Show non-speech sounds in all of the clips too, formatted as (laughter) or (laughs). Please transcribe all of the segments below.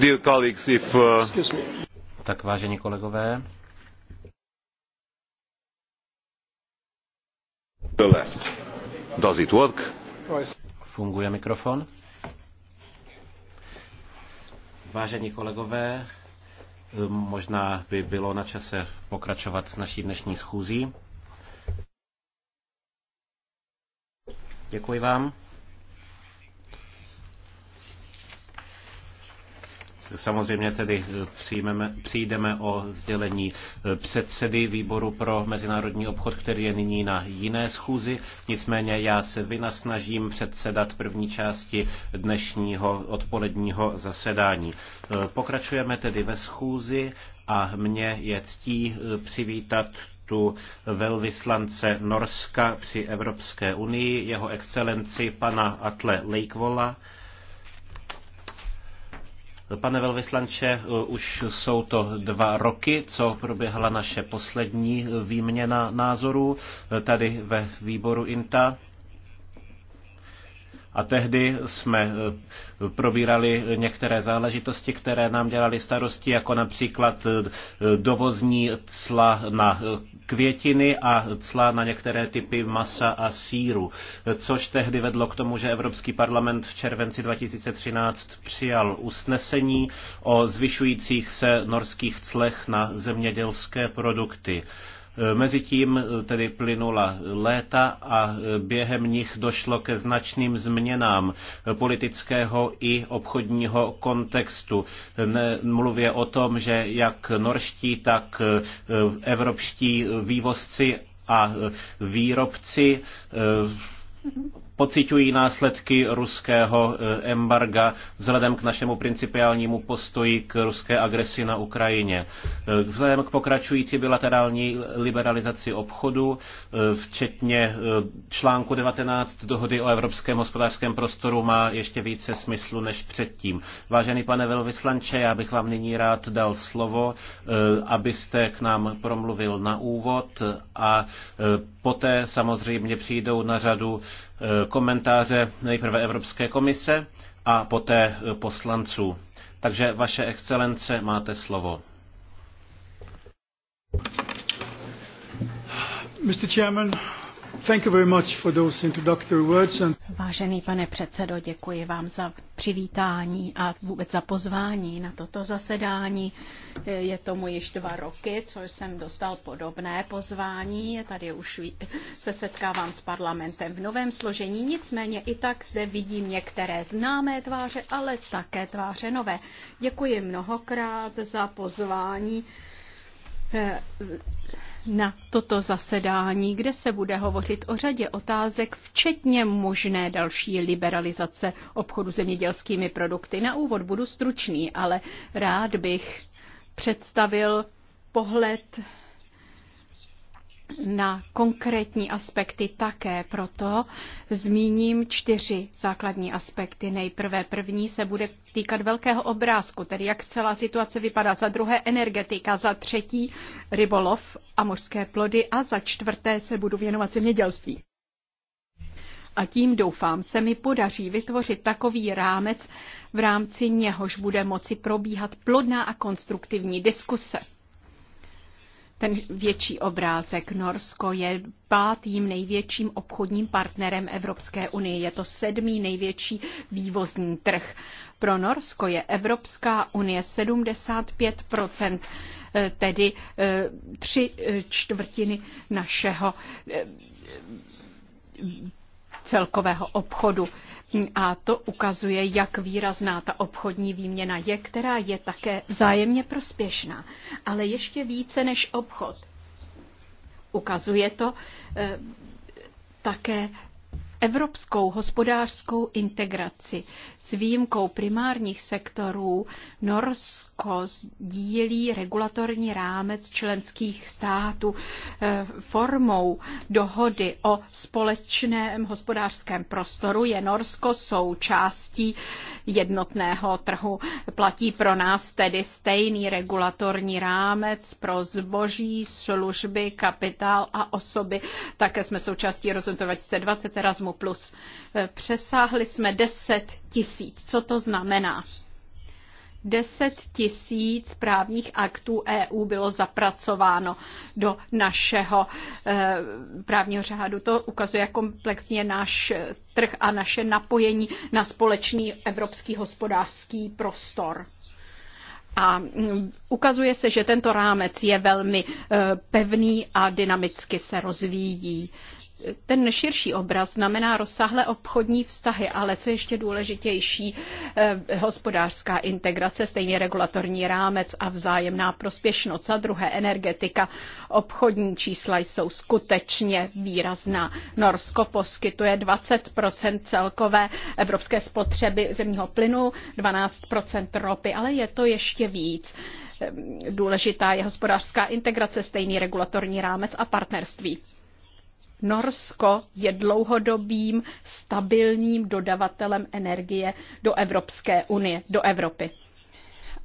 Uh, tak vážení kolegové. The left. Does it work? Funguje mikrofon? Vážení kolegové, možná by bylo na čase pokračovat s naší dnešní schůzí. Děkuji vám. Samozřejmě tedy eh, přijmeme, přijdeme o sdělení eh, předsedy výboru pro mezinárodní obchod, který je nyní na jiné schůzi. Nicméně já se vynasnažím předsedat první části dnešního odpoledního zasedání. Eh, pokračujeme tedy ve schůzi a mně je ctí přivítat tu velvyslance Norska při Evropské unii, jeho excelenci pana Atle Lakevola, Pane velvyslanče, eh, už jsou to dva roky, co proběhla naše poslední eh, výměna názorů eh, tady ve výboru INTA. A tehdy jsme eh, probírali některé záležitosti, které nám dělali starosti, jako například eh, dovozní cla na eh, květiny a cla na některé typy masa a síru, což tehdy vedlo k tomu, že Evropský parlament v červenci 2013 přijal usnesení o zvyšujících se norských clech na zemědělské produkty. Mezitím eh, tedy plynula léta a eh, během nich došlo ke značným změnám politického i obchodního kontextu. Mluvě o tom, že jak norští, tak eh, evropští vývozci a výrobci pociťují následky ruského e, embarga vzhledem k našemu principiálnímu postoji k ruské agresi na Ukrajině. E, vzhledem k pokračující bilaterální liberalizaci obchodu, e, včetně článku 19 dohody o Evropském hospodářském prostoru, má ještě více smyslu než předtím. Vážený pane velvyslanče, já bych vám nyní rád dal slovo, abyste k nám promluvil na úvod a poté samozřejmě přijdou na řadu Eh, komentáře nejprve Evropské komise a poté eh, poslanců. Takže vaše excelence, máte slovo. Mr. Chairman, Vážený pane předsedo, děkuji vám za přivítání a vůbec za pozvání na toto zasedání. Je tomu již dva roky, co jsem dostal podobné pozvání. Tady už se setkávám s parlamentem v novém složení, nicméně i tak zde vidím některé známé tváře, ale také tváře nové. Děkuji mnohokrát za pozvání eh, na toto zasedání, kde se bude hovořit o řadě otázek, včetně možné další liberalizace obchodu zemědělskými produkty. Na úvod budu stručný, ale rád bych představil pohled na konkrétní aspekty také, proto zmíním čtyři základní aspekty. Nejprve první se bude týkat velkého obrázku, tedy jak celá situace vypadá, za druhé energetika, za třetí rybolov a mořské plody a za čtvrté se budu věnovat zemědělství. A tím doufám se mi podaří vytvořit takový rámec, v rámci něhož bude moci probíhat plodná a konstruktivní diskuse ten větší obrázek. Norsko je pátým největším obchodním partnerem Evropské unie. Je to sedmý největší vývozní trh. Pro Norsko je Evropská unie 75 eh, tedy eh, tři eh, čtvrtiny našeho celkového obchodu. A to ukazuje, jak výrazná ta obchodní výměna je, která je také vzájemně prospěšná, ale ještě více než obchod. Ukazuje to e, také evropskou hospodářskou integraci. S výjimkou primárních sektorů Norsko sdílí regulatorní rámec členských států eh, formou dohody o společném hospodářském prostoru. Je Norsko součástí jednotného trhu. Platí pro nás tedy stejný regulatorní rámec pro zboží, služby, kapitál a osoby. Také jsme součástí Horizontu 2020 Erasmus Erasmu+. Eh, přesáhli jsme 10 tisíc. Co to znamená? 10 tisíc právních aktů EU bylo zapracováno do našeho eh, právního řádu. To ukazuje, jak komplexně náš eh, trh a naše napojení na společný evropský hospodářský prostor. A mm, ukazuje se, že tento rámec je velmi pevný a dynamicky se rozvíjí ten širší obraz znamená rozsáhlé obchodní vztahy, ale co ještě důležitější, eh, hospodářská integrace, stejně regulatorní rámec a vzájemná prospěšnost. a druhé, energetika. Obchodní čísla jsou skutečně výrazná. Norsko poskytuje 20 celkové evropské spotřeby zemního plynu, 12 ropy, ale je to ještě víc ehm, důležitá je hospodářská integrace, stejný regulatorní rámec a partnerství. Norsko je dlouhodobým stabilním dodavatelem energie do Evropské unie, do Evropy.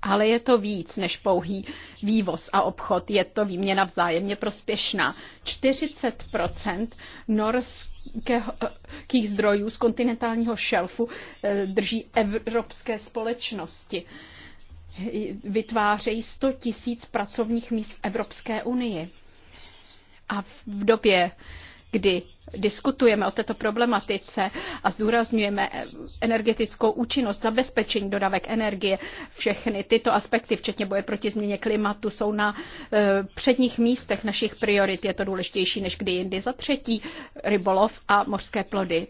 Ale je to víc než pouhý vývoz a obchod, je to výměna vzájemně prospěšná. 40 norských zdrojů z kontinentálního šelfu eh, drží evropské společnosti. Vytvářejí 100 tisíc pracovních míst v Evropské unii. A v době kdy diskutujeme o této problematice a zdůrazňujeme energetickou účinnost, zabezpečení dodavek energie, všechny tyto aspekty, včetně boje proti změně klimatu, jsou na eh, předních místech našich priorit. Je to důležitější než kdy jindy. Za třetí rybolov a mořské plody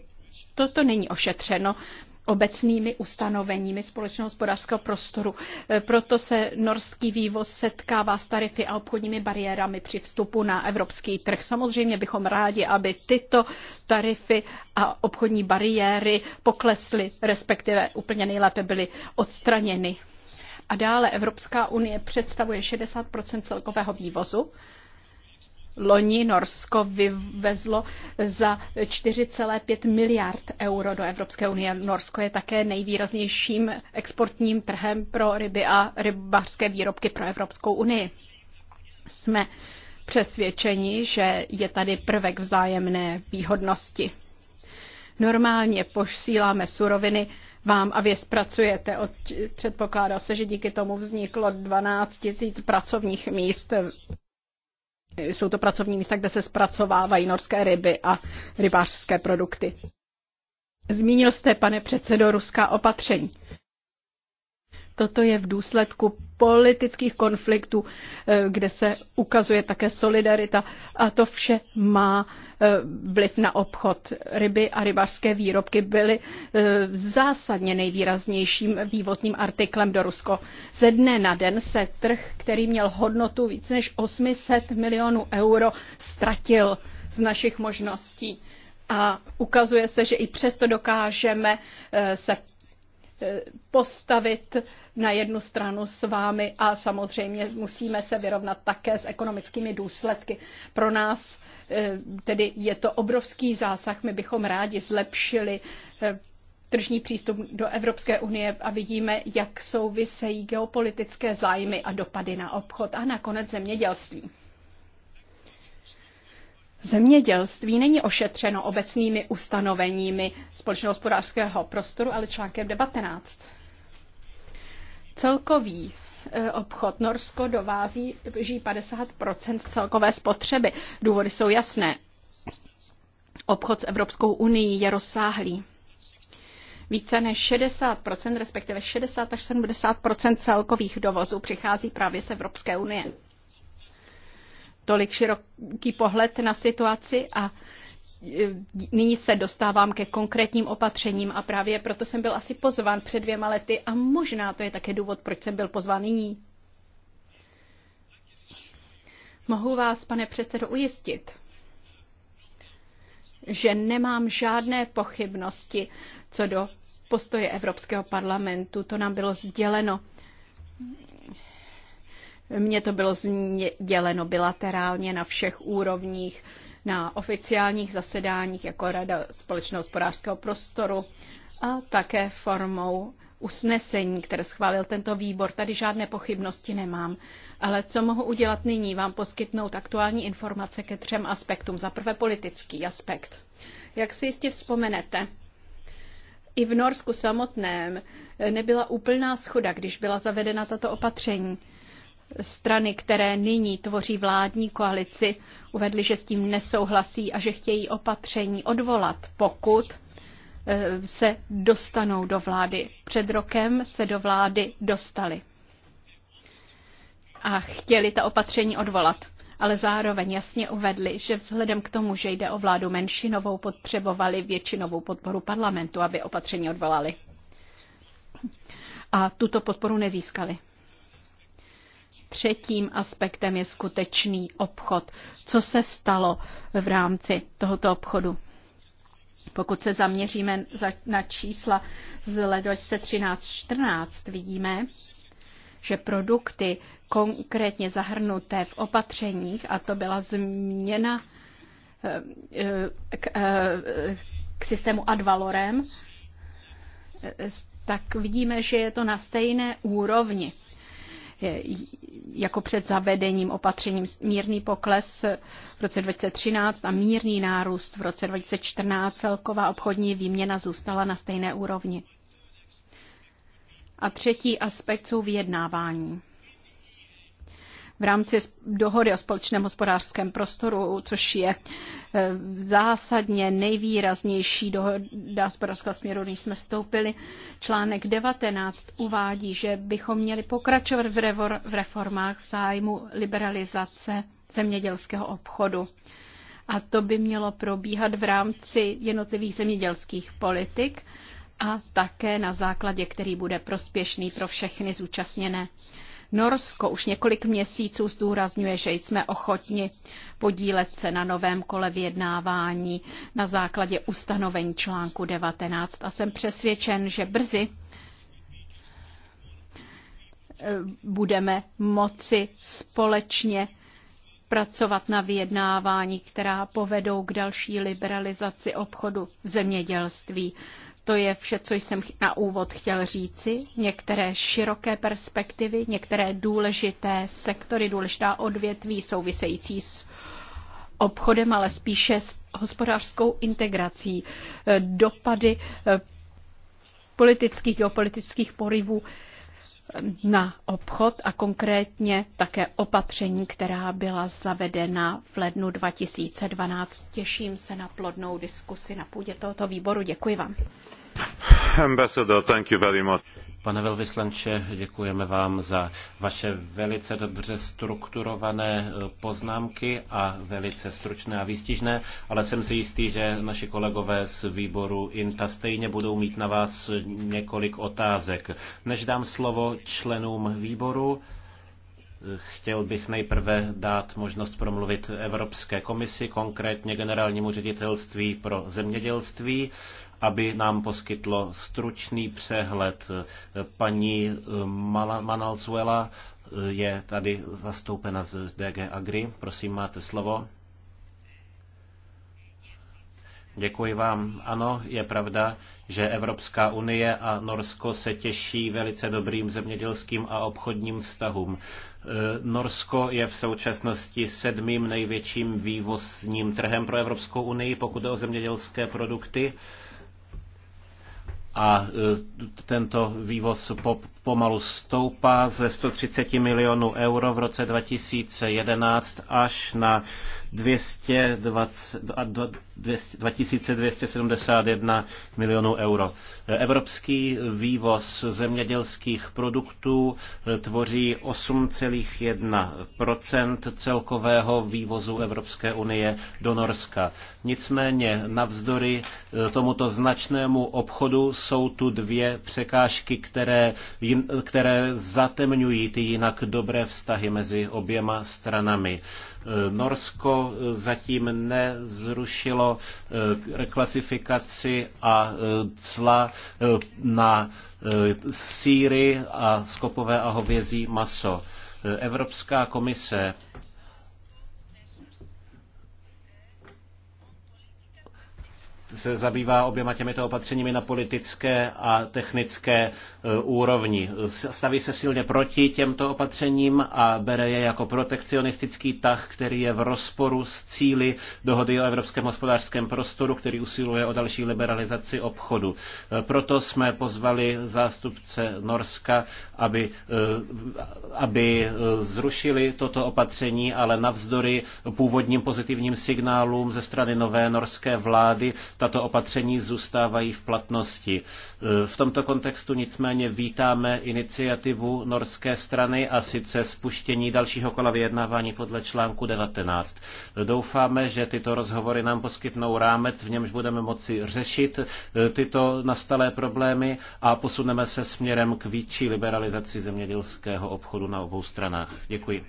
toto není ošetřeno obecnými ustanoveními společného hospodářského prostoru. E, proto se norský vývoz setkává s tarify a obchodními bariérami při vstupu na evropský trh. Samozřejmě bychom rádi, aby tyto tarify a obchodní bariéry poklesly, respektive úplně nejlépe byly odstraněny. A dále Evropská unie představuje 60 celkového vývozu loni Norsko vyvezlo za 4,5 miliard euro do Evropské unie. Norsko je také nejvýraznějším exportním trhem pro ryby a rybářské výrobky pro Evropskou unii. Jsme přesvědčeni, že je tady prvek vzájemné výhodnosti. Normálně posíláme suroviny vám a vy zpracujete. Od, předpokládá se, že díky tomu vzniklo 12 000 pracovních míst jsou to pracovní místa, kde se zpracovávají norské ryby a rybářské produkty. Zmínil jste, pane předsedo, ruská opatření. Toto je v důsledku politických konfliktů, eh, kde se ukazuje také solidarita a to vše má eh, vliv na obchod. Ryby a rybářské výrobky byly eh, zásadně nejvýraznějším vývozním artiklem do Rusko. Ze dne na den se trh, který měl hodnotu více než 800 milionů euro, ztratil z našich možností. A ukazuje se, že i přesto dokážeme se Eh, postavit na jednu stranu s vámi a samozřejmě musíme se vyrovnat také s ekonomickými důsledky. Pro nás eh, tedy je to obrovský zásah. My bychom rádi zlepšili eh, tržní přístup do Evropské unie a vidíme, jak souvisejí geopolitické zájmy a dopady na obchod a nakonec zemědělství zemědělství není ošetřeno obecnými ustanoveními společného hospodářského prostoru, ale článkem 19. Celkový e, obchod Norsko dovází 50 z celkové spotřeby. Důvody jsou jasné. Obchod s Evropskou unii je rozsáhlý. Více než 60 respektive 60 až 70 celkových dovozů přichází právě z Evropské unie tolik široký pohled na situaci a e, nyní se dostávám ke konkrétním opatřením a právě proto jsem byl asi pozván před dvěma lety a možná to je také důvod, proč jsem byl pozván nyní. Mohu vás, pane předsedo, ujistit, že nemám žádné pochybnosti co do postoje Evropského parlamentu. To nám bylo sděleno mně to bylo děleno bilaterálně na všech úrovních, na oficiálních zasedáních jako Rada společného hospodářského prostoru a také formou usnesení, které schválil tento výbor. Tady žádné pochybnosti nemám. Ale co mohu udělat nyní? Vám poskytnout aktuální informace ke třem aspektům. Za prvé politický aspekt. Jak si jistě vzpomenete, i v Norsku samotném nebyla úplná schoda, když byla zavedena tato opatření strany, které nyní tvoří vládní koalici, uvedly, že s tím nesouhlasí a že chtějí opatření odvolat, pokud eh, se dostanou do vlády. Před rokem se do vlády dostali a chtěli ta opatření odvolat, ale zároveň jasně uvedli, že vzhledem k tomu, že jde o vládu menšinovou, potřebovali většinovou podporu parlamentu, aby opatření odvolali. A tuto podporu nezískali. Třetím aspektem je skutečný obchod. Co se stalo v rámci tohoto obchodu? Pokud se zaměříme na čísla z let 2013-14, vidíme, že produkty konkrétně zahrnuté v opatřeních, a to byla změna eh, eh, k, eh, k systému ad valorem, tak vidíme, že je to na stejné úrovni Eh, jako před zavedením opatřením mírný pokles v roce 2013 a mírný nárůst v roce 2014. Celková obchodní výměna zůstala na stejné úrovni. A třetí aspekt jsou vyjednávání v rámci dohody o společném hospodářském prostoru, což je eh, zásadně nejvýraznější dohoda hospodářského směru, když jsme vstoupili. Článek 19 uvádí, že bychom měli pokračovat v reformách v zájmu liberalizace zemědělského obchodu a to by mělo probíhat v rámci jednotlivých zemědělských politik a také na základě, který bude prospěšný pro všechny zúčastněné. Norsko už několik měsíců zdůrazňuje, že jsme ochotni podílet se na novém kole vyjednávání na základě ustanovení článku 19 a jsem přesvědčen, že brzy eh, budeme moci společně pracovat na vyjednávání, která povedou k další liberalizaci obchodu v zemědělství. To je vše, co jsem na úvod chtěl říci. Některé široké perspektivy, některé důležité sektory, důležitá odvětví související s obchodem, ale spíše s hospodářskou integrací. Eh, dopady eh, politických, geopolitických porivů na obchod a konkrétně také opatření, která byla zavedena v lednu 2012. Těším se na plodnou diskusi na půdě tohoto výboru. Děkuji vám. Ambassador, thank you very much. Pane velvyslanče, děkujeme vám za vaše velice dobře strukturované eh, poznámky a velice stručné a výstižné, ale jsem si jistý, že naši kolegové z výboru INTA stejně budou mít na vás několik otázek. Než dám slovo členům výboru, eh, Chtěl bych nejprve dát možnost promluvit Evropské komisi, konkrétně generálnímu ředitelství pro zemědělství aby nám poskytlo stručný přehled. Paní eh, Manalzuela eh, je tady zastoupena z DG Agri. Prosím, máte slovo. Děkuji vám. Ano, je pravda, že Evropská unie a Norsko se těší velice dobrým zemědělským a obchodním vztahům. Eh, Norsko je v současnosti sedmým největším vývozním trhem pro Evropskou unii, pokud jde o zemědělské produkty a e, tento vývoz pomalu stoupá ze 130 milionů euro v roce 2011 až na 220, 2271 milionů euro. Evropský vývoz zemědělských produktů eh, tvoří 8,1 celkového vývozu Evropské unie do Norska. Nicméně navzdory eh, tomuto značnému obchodu jsou tu dvě překážky, které, které zatemňují ty jinak dobré vztahy mezi oběma stranami. Eh, Norsko zatím nezrušilo reklasifikaci a cla Eh, na eh, síry a skopové a hovězí maso. Eh, Evropská komise se zabývá oběma těmito opatřeními na politické a technické eh, úrovni. Staví se silně proti těmto opatřením a bere je jako protekcionistický tah, který je v rozporu s cíly dohody o evropském hospodářském prostoru, který usiluje o další liberalizaci obchodu. Eh, proto jsme pozvali zástupce Norska, aby, eh, aby zrušili toto opatření, ale navzdory původním pozitivním signálům ze strany nové norské vlády tato opatření zůstávají v platnosti. E, v tomto kontextu nicméně vítáme iniciativu norské strany a sice spuštění dalšího kola vyjednávání podle článku 19. Doufáme, že tyto rozhovory nám poskytnou rámec, v němž budeme moci řešit e, tyto nastalé problémy a posuneme se směrem k větší liberalizaci zemědělského obchodu na obou stranách. Děkuji.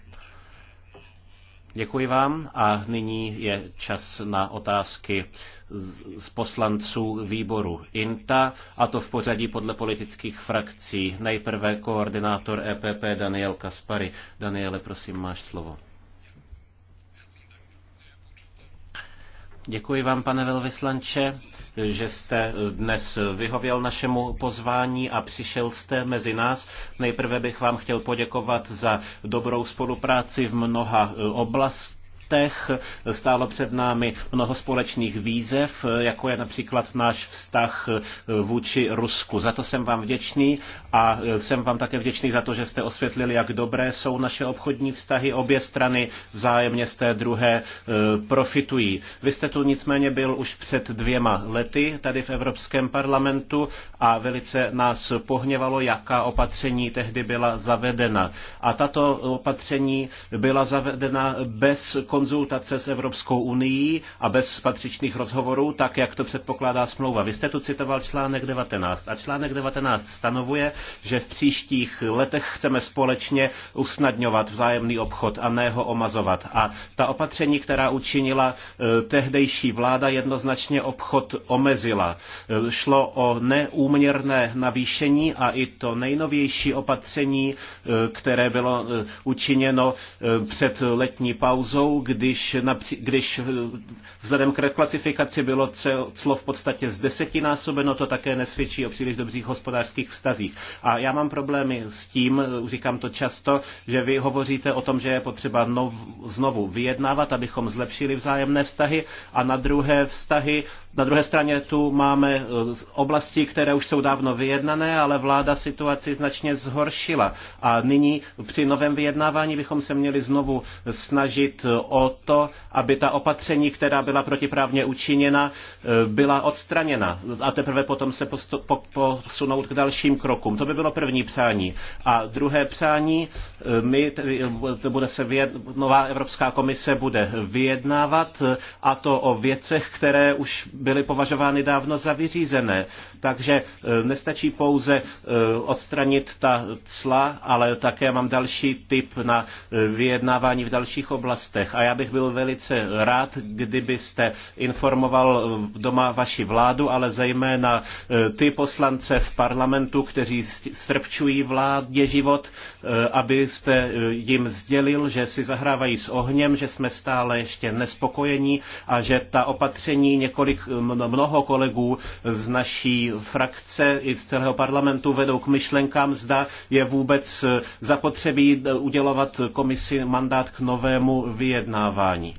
Děkuji vám a nyní je čas na otázky z poslanců výboru INTA, a to v pořadí podle politických frakcí. Nejprve koordinátor EPP Daniel Kaspary. Daniele, prosím, máš slovo. Děkuji vám, pane velvyslanče že jste dnes vyhověl našemu pozvání a přišel jste mezi nás. Nejprve bych vám chtěl poděkovat za dobrou spolupráci v mnoha oblastech letech. Stálo před námi mnoho společných výzev, jako je například náš vztah vůči Rusku. Za to jsem vám vděčný a jsem vám také vděčný za to, že jste osvětlili, jak dobré jsou naše obchodní vztahy. Obě strany vzájemně z té druhé eh, profitují. Vy jste tu nicméně byl už před dvěma lety tady v Evropském parlamentu a velice nás pohněvalo, jaká opatření tehdy byla zavedena. A tato opatření byla zavedena bez konzultace s Evropskou unii a bez patřičných rozhovorů, tak jak to předpokládá smlouva. Vy jste tu citoval článek 19 a článek 19 stanovuje, že v příštích letech chceme společně usnadňovat vzájemný obchod a ne ho omazovat. A ta opatření, která učinila eh, tehdejší vláda, jednoznačně obchod omezila. Eh, šlo o neúměrné navýšení a i to nejnovější opatření, eh, které bylo učiněno před letní pauzou, když, napří, když eh, vzhledem k reklasifikaci bylo clo v podstatě z desetinásobeno, to také nesvědčí o příliš dobrých hospodářských vztazích. A já mám problémy s tím, eh, říkám to často, že vy hovoříte o tom, že je potřeba nov, znovu vyjednávat, abychom zlepšili vzájemné vztahy a na druhé vztahy, na druhé straně tu máme eh, oblasti, které už jsou dávno vyjednané, ale vláda situaci značně zhoršila. A nyní při novém vyjednávání bychom se měli znovu snažit o o to, aby ta opatření, která byla protiprávně učiněna, eh, byla odstraněna a teprve potom se posunout k dalším krokům. To by bylo první přání. A druhé přání, eh, my, to bude se vyjed, nová Evropská komise bude vyjednávat a to o věcech, které už byly považovány dávno za vyřízené. Takže eh, nestačí pouze odstranit ta cla, ale také mám další typ na vyjednávání v dalších oblastech. A já bych byl velice rád, kdybyste informoval doma vaši vládu, ale zejména e, ty poslance v parlamentu, kteří strpčují vládě život, e, abyste e, jim sdělil, že si zahrávají s ohněm, že jsme stále ještě nespokojení a že ta opatření několik, mnoho kolegů z naší frakce i z celého parlamentu vedou k myšlenkám, zda je vůbec zapotřebí udělovat komisi mandát k novému vyjednání vyjednávání.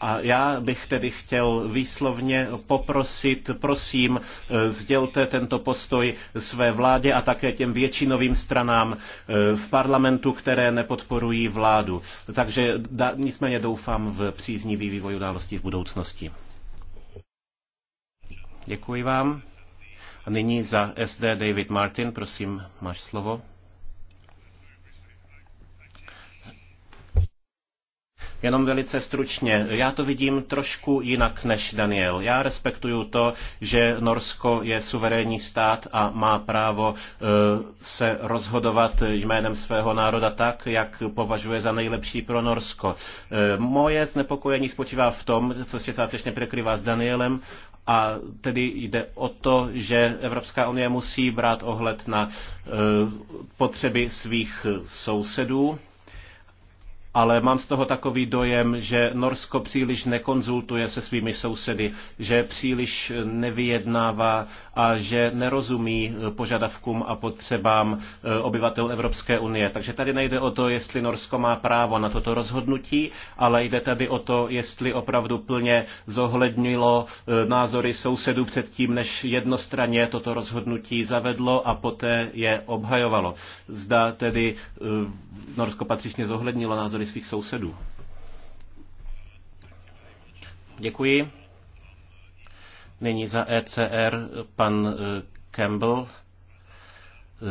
A já bych tedy chtěl výslovně poprosit, prosím, sdělte tento postoj své vládě a také těm většinovým stranám eh, v parlamentu, které nepodporují vládu. Takže da, nicméně doufám v příznivý vývoj událostí v budoucnosti. Děkuji vám. A nyní za SD David Martin, prosím, máš slovo. Jenom velice stručně. Já to vidím trošku jinak než Daniel. Já respektuju to, že Norsko je suverénní stát a má právo eh, se rozhodovat jménem svého národa tak, jak považuje za nejlepší pro Norsko. Eh, moje znepokojení spočívá v tom, co se částečně překrývá s Danielem, a tedy jde o to, že Evropská unie musí brát ohled na eh, potřeby svých sousedů, ale mám z toho takový dojem, že Norsko příliš nekonzultuje se svými sousedy, že příliš nevyjednává a že nerozumí eh, požadavkům a potřebám eh, obyvatel Evropské unie. Takže tady nejde o to, jestli Norsko má právo na toto rozhodnutí, ale jde tady o to, jestli opravdu plně zohlednilo eh, názory sousedů předtím, než jednostranně toto rozhodnutí zavedlo a poté je obhajovalo. Zda tedy Norsko patřičně zohlednilo názory zabili svých sousedů. Děkuji. Nyní za ECR pan eh, Campbell.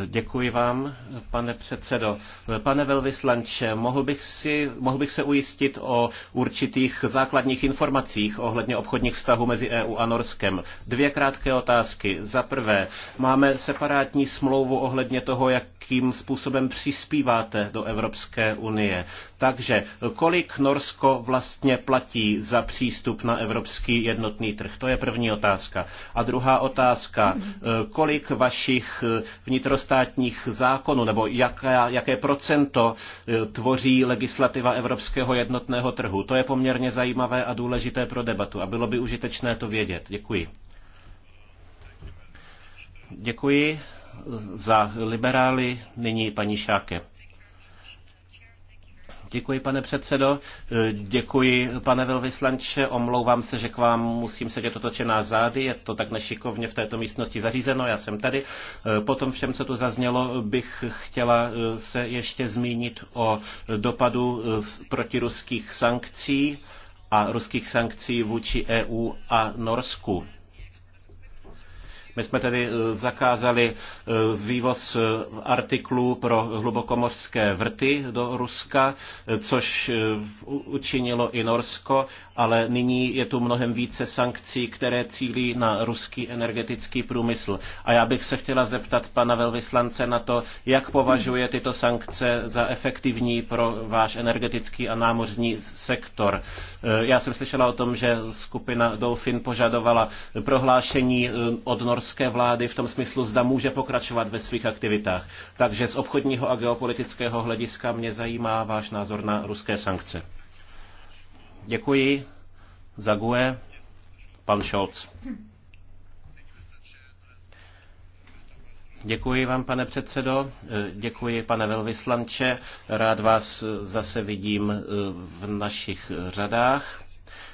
Děkuji vám, pane předsedo. Pane velvyslanče, mohl bych, si, mohl bych se ujistit o určitých základních informacích ohledně obchodních vztahů mezi EU a Norskem. Dvě krátké otázky. Za prvé, máme separátní smlouvu ohledně toho, jakým způsobem přispíváte do Evropské unie. Takže kolik Norsko vlastně platí za přístup na evropský jednotný trh? To je první otázka. A druhá otázka, kolik vašich vnitrostátních vnitrostátních zákonů, nebo jaká, jaké procento e, tvoří legislativa Evropského jednotného trhu. To je poměrně zajímavé a důležité pro debatu a bylo by užitečné to vědět. Děkuji. Děkuji za liberály, nyní paní Šáke. Děkuji, pane předsedo. E, děkuji, pane velvyslanče. Omlouvám se, že k vám musím sedět otočená zády. Je to tak nešikovně v této místnosti zařízeno. Já jsem tady. E, Potom všem, co tu zaznělo, bych chtěla e, se ještě zmínit o dopadu protiruských sankcí a ruských sankcí vůči EU a Norsku. My jsme tedy eh, zakázali eh, vývoz eh, artiklů pro hlubokomorské vrty do Ruska, což učinilo i Norsko, ale nyní je tu mnohem více sankcí, které cílí na ruský energetický průmysl. A já bych se chtěla zeptat pana velvyslance na to, jak považuje tyto sankce za efektivní pro váš energetický a námořní sektor. Já jsem slyšela o tom, že skupina Dolphin požadovala prohlášení od Norska, norské vlády v tom smyslu, zda může pokračovat ve svých aktivitách. Takže z obchodního a geopolitického hlediska mě zajímá váš názor na ruské sankce. Děkuji. Zague. Pan Scholz. Děkuji vám, pane předsedo, děkuji, pane velvyslanče. Rád vás zase vidím v našich řadách.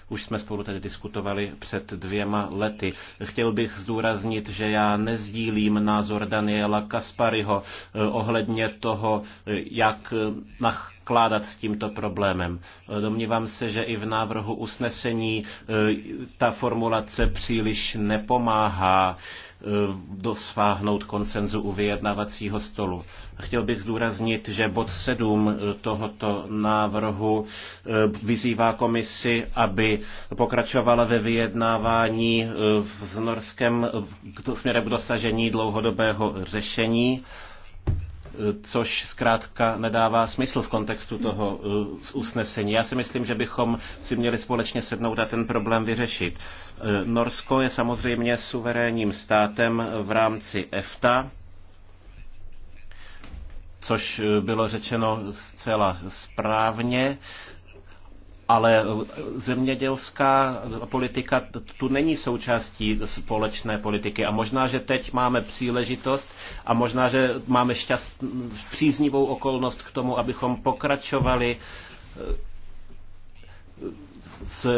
Už jsme spolu tedy diskutovali před dvěma lety. Chtěl bych zdůraznit, že já nezdílím názor Daniela Kaspariho eh, ohledně toho, eh, jak nach eh, nakládat s tímto problémem. Domnívám se, že i v návrhu usnesení ta formulace příliš nepomáhá Eh, dosáhnout konsenzu u vyjednavacího stolu. Chtěl bych zdůraznit, že bod 7 eh, tohoto návrhu eh, vyzývá komisi, aby pokračovala ve vyjednávání s Norskem směrem k dosažení dlouhodobého řešení což zkrátka nedává smysl v kontextu toho eh, usnesení. Já si myslím, že bychom si měli společně sednout a ten problém vyřešit. Eh, Norsko je samozřejmě suverénním státem v rámci EFTA, což eh, bylo řečeno zcela správně ale eh, zemědělská politika tu není součástí společné politiky a možná, že teď máme příležitost a možná, že máme šťast, příznivou okolnost k tomu, abychom pokračovali eh, se,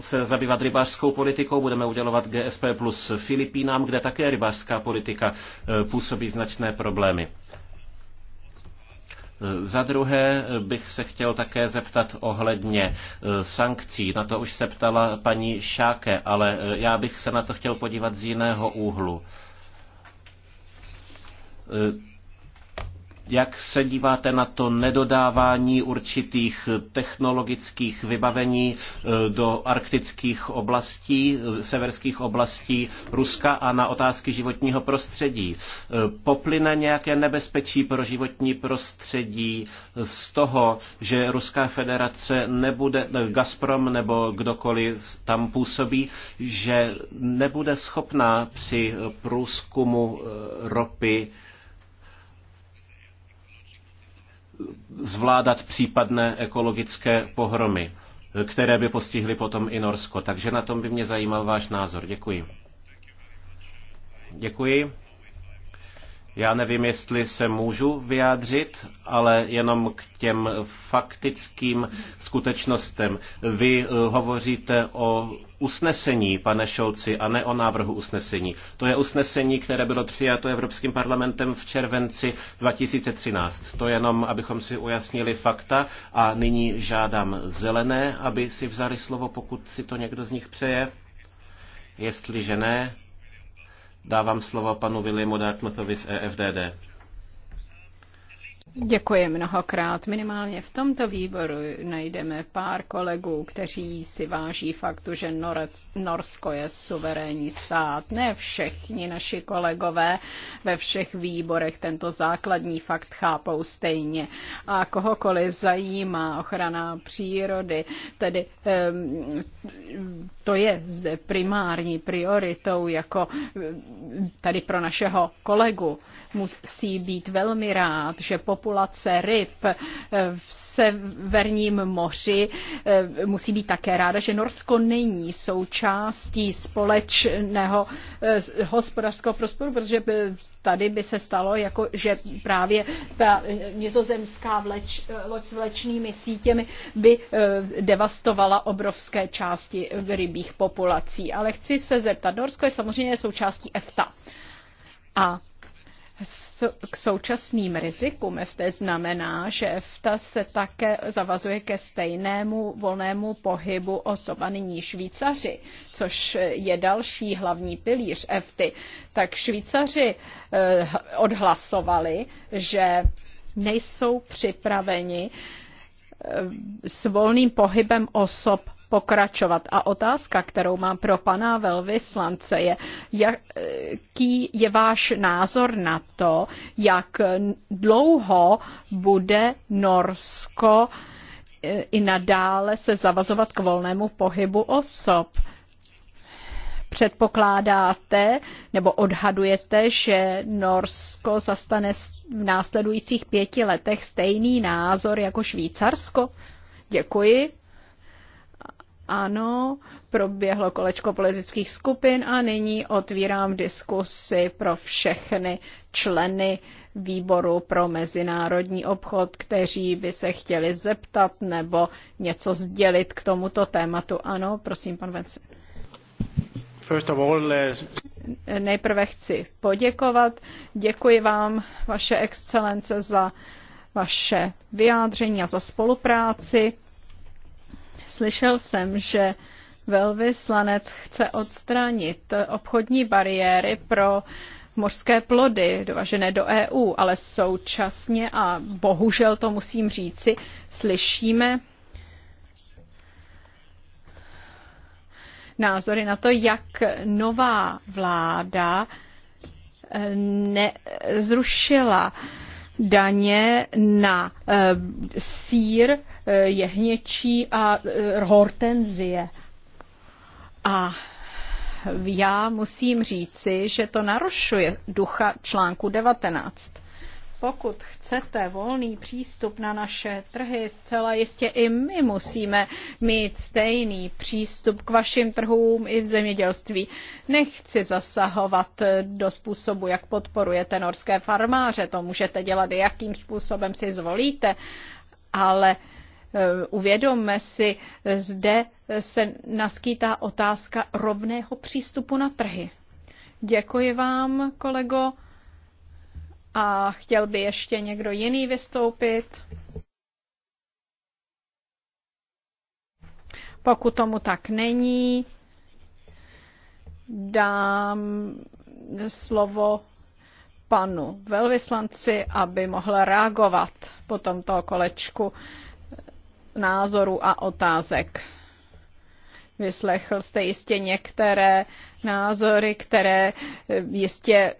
se zabývat rybářskou politikou, budeme udělovat GSP plus Filipínám, kde také rybářská politika eh, působí značné problémy. Za druhé bych se chtěl také zeptat ohledně e, sankcí. Na to už se ptala paní Šáke, ale e, já bych se na to chtěl podívat z jiného úhlu e, jak se díváte na to nedodávání určitých technologických vybavení eh, do arktických oblastí, severských oblastí Ruska a na otázky životního prostředí? Eh, poplyne nějaké nebezpečí pro životní prostředí z toho, že Ruská federace nebude, eh, Gazprom nebo kdokoliv tam působí, že nebude schopná při průzkumu ropy zvládat případné ekologické pohromy, které by postihly potom i Norsko. Takže na tom by mě zajímal váš názor. Děkuji. Děkuji. Já nevím, jestli se můžu vyjádřit, ale jenom k těm faktickým skutečnostem. Vy eh, hovoříte o usnesení, pane Šolci, a ne o návrhu usnesení. To je usnesení, které bylo přijato Evropským parlamentem v červenci 2013. To jenom, abychom si ujasnili fakta a nyní žádám zelené, aby si vzali slovo, pokud si to někdo z nich přeje. Jestliže ne, Dávám slovo panu Williamu Dartmouthovi z EFDD. Děkuji mnohokrát. Minimálně v tomto výboru najdeme pár kolegů, kteří si váží faktu, že Norsko je suverénní stát. Ne všichni naši kolegové ve všech výborech tento základní fakt chápou stejně. A kohokoliv zajímá ochrana přírody, tedy um, to je zde primární prioritou, jako eh, tady pro našeho kolegu. Musí být velmi rád, že populace ryb eh, v Severním moři eh, musí být také ráda, že Norsko není součástí společného hospodářského prostoru, protože tady by se stalo, jako, že právě ta nizozemská vleč, loď s vlečnými sítěmi by devastovala obrovské části rybí rybích populací. Ale chci se zeptat, Norsko je samozřejmě součástí EFTA. A k současným rizikům EFTA znamená, že EFTA se také zavazuje ke stejnému volnému pohybu osoba nyní Švýcaři, což je další hlavní pilíř EFTY. Tak Švýcaři eh, odhlasovali, že nejsou připraveni eh, s volným pohybem osob pokračovat. A otázka, kterou mám pro pana velvyslance, je, jaký je váš názor na to, jak dlouho bude Norsko eh, i nadále se zavazovat k volnému pohybu osob předpokládáte nebo odhadujete, že Norsko zastane v následujících pěti letech stejný názor jako Švýcarsko? Děkuji. Ano, proběhlo kolečko politických skupin a nyní otvírám diskusy pro všechny členy výboru pro mezinárodní obchod, kteří by se chtěli zeptat nebo něco sdělit k tomuto tématu. Ano, prosím, pan Vencen. Eh, Nejprve chci poděkovat. Děkuji vám, vaše excelence, za vaše vyjádření a za spolupráci Slyšel jsem, že velvyslanec chce odstranit obchodní bariéry pro mořské plody dovažené do EU, ale současně, a bohužel to musím říci, slyšíme názory na to, jak nová vláda eh, nezrušila daně na eh, sír, jehněčí a e, hortenzie. A já musím říci, že to narušuje ducha článku 19. Pokud chcete volný přístup na naše trhy, zcela jistě i my musíme mít stejný přístup k vašim trhům i v zemědělství. Nechci zasahovat do způsobu, jak podporujete norské farmáře, to můžete dělat, jakým způsobem si zvolíte, ale uh, Eh, uvědomme si, eh, zde eh, se naskýtá otázka rovného přístupu na trhy. Děkuji vám, kolego. A chtěl by ještě někdo jiný vystoupit? Pokud tomu tak není, dám slovo panu velvyslanci, aby mohl reagovat po tomto kolečku názorů a otázek. Vyslechl jste jistě některé názory, které eh, jistě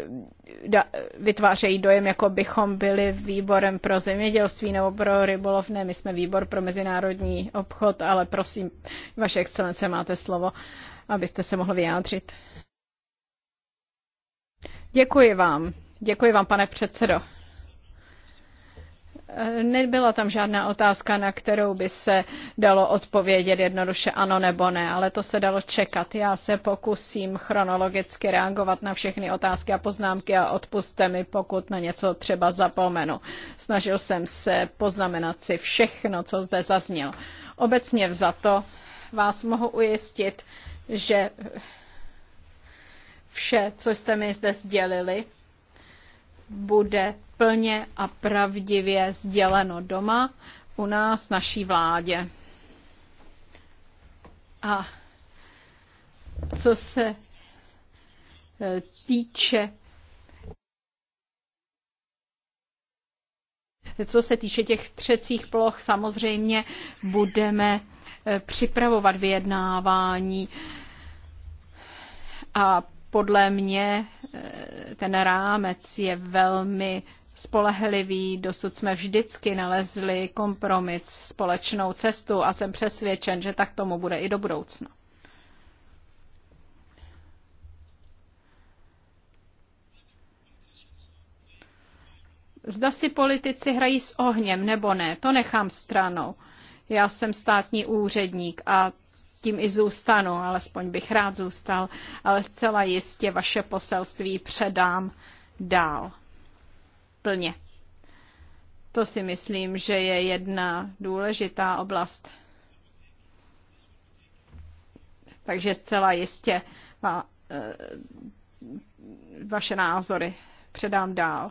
eh, vytvářejí dojem, jako bychom byli výborem pro zemědělství nebo pro rybolov. Ne, my jsme výbor pro mezinárodní obchod, ale prosím, vaše excelence, máte slovo, abyste se mohl vyjádřit. Děkuji vám. Děkuji vám, pane předsedo. Nebyla tam žádná otázka, na kterou by se dalo odpovědět jednoduše ano nebo ne, ale to se dalo čekat. Já se pokusím chronologicky reagovat na všechny otázky a poznámky a odpuste mi, pokud na něco třeba zapomenu. Snažil jsem se poznamenat si všechno, co zde zaznělo. Obecně vzato vás mohu ujistit, že vše, co jste mi zde sdělili, bude plně a pravdivě sděleno doma u nás naší vládě. A co se e, týče co se týče těch třecích ploch, samozřejmě budeme e, připravovat vyjednávání a podle mě eh, ten rámec je velmi spolehlivý. Dosud jsme vždycky nalezli kompromis, společnou cestu a jsem přesvědčen, že tak tomu bude i do budoucna. Zda si politici hrají s ohněm nebo ne, to nechám stranou. Já jsem státní úředník a tím i zůstanu, alespoň bych rád zůstal, ale zcela jistě vaše poselství předám dál. Plně. To si myslím, že je jedna důležitá oblast. Takže zcela jistě va, eh, vaše názory předám dál.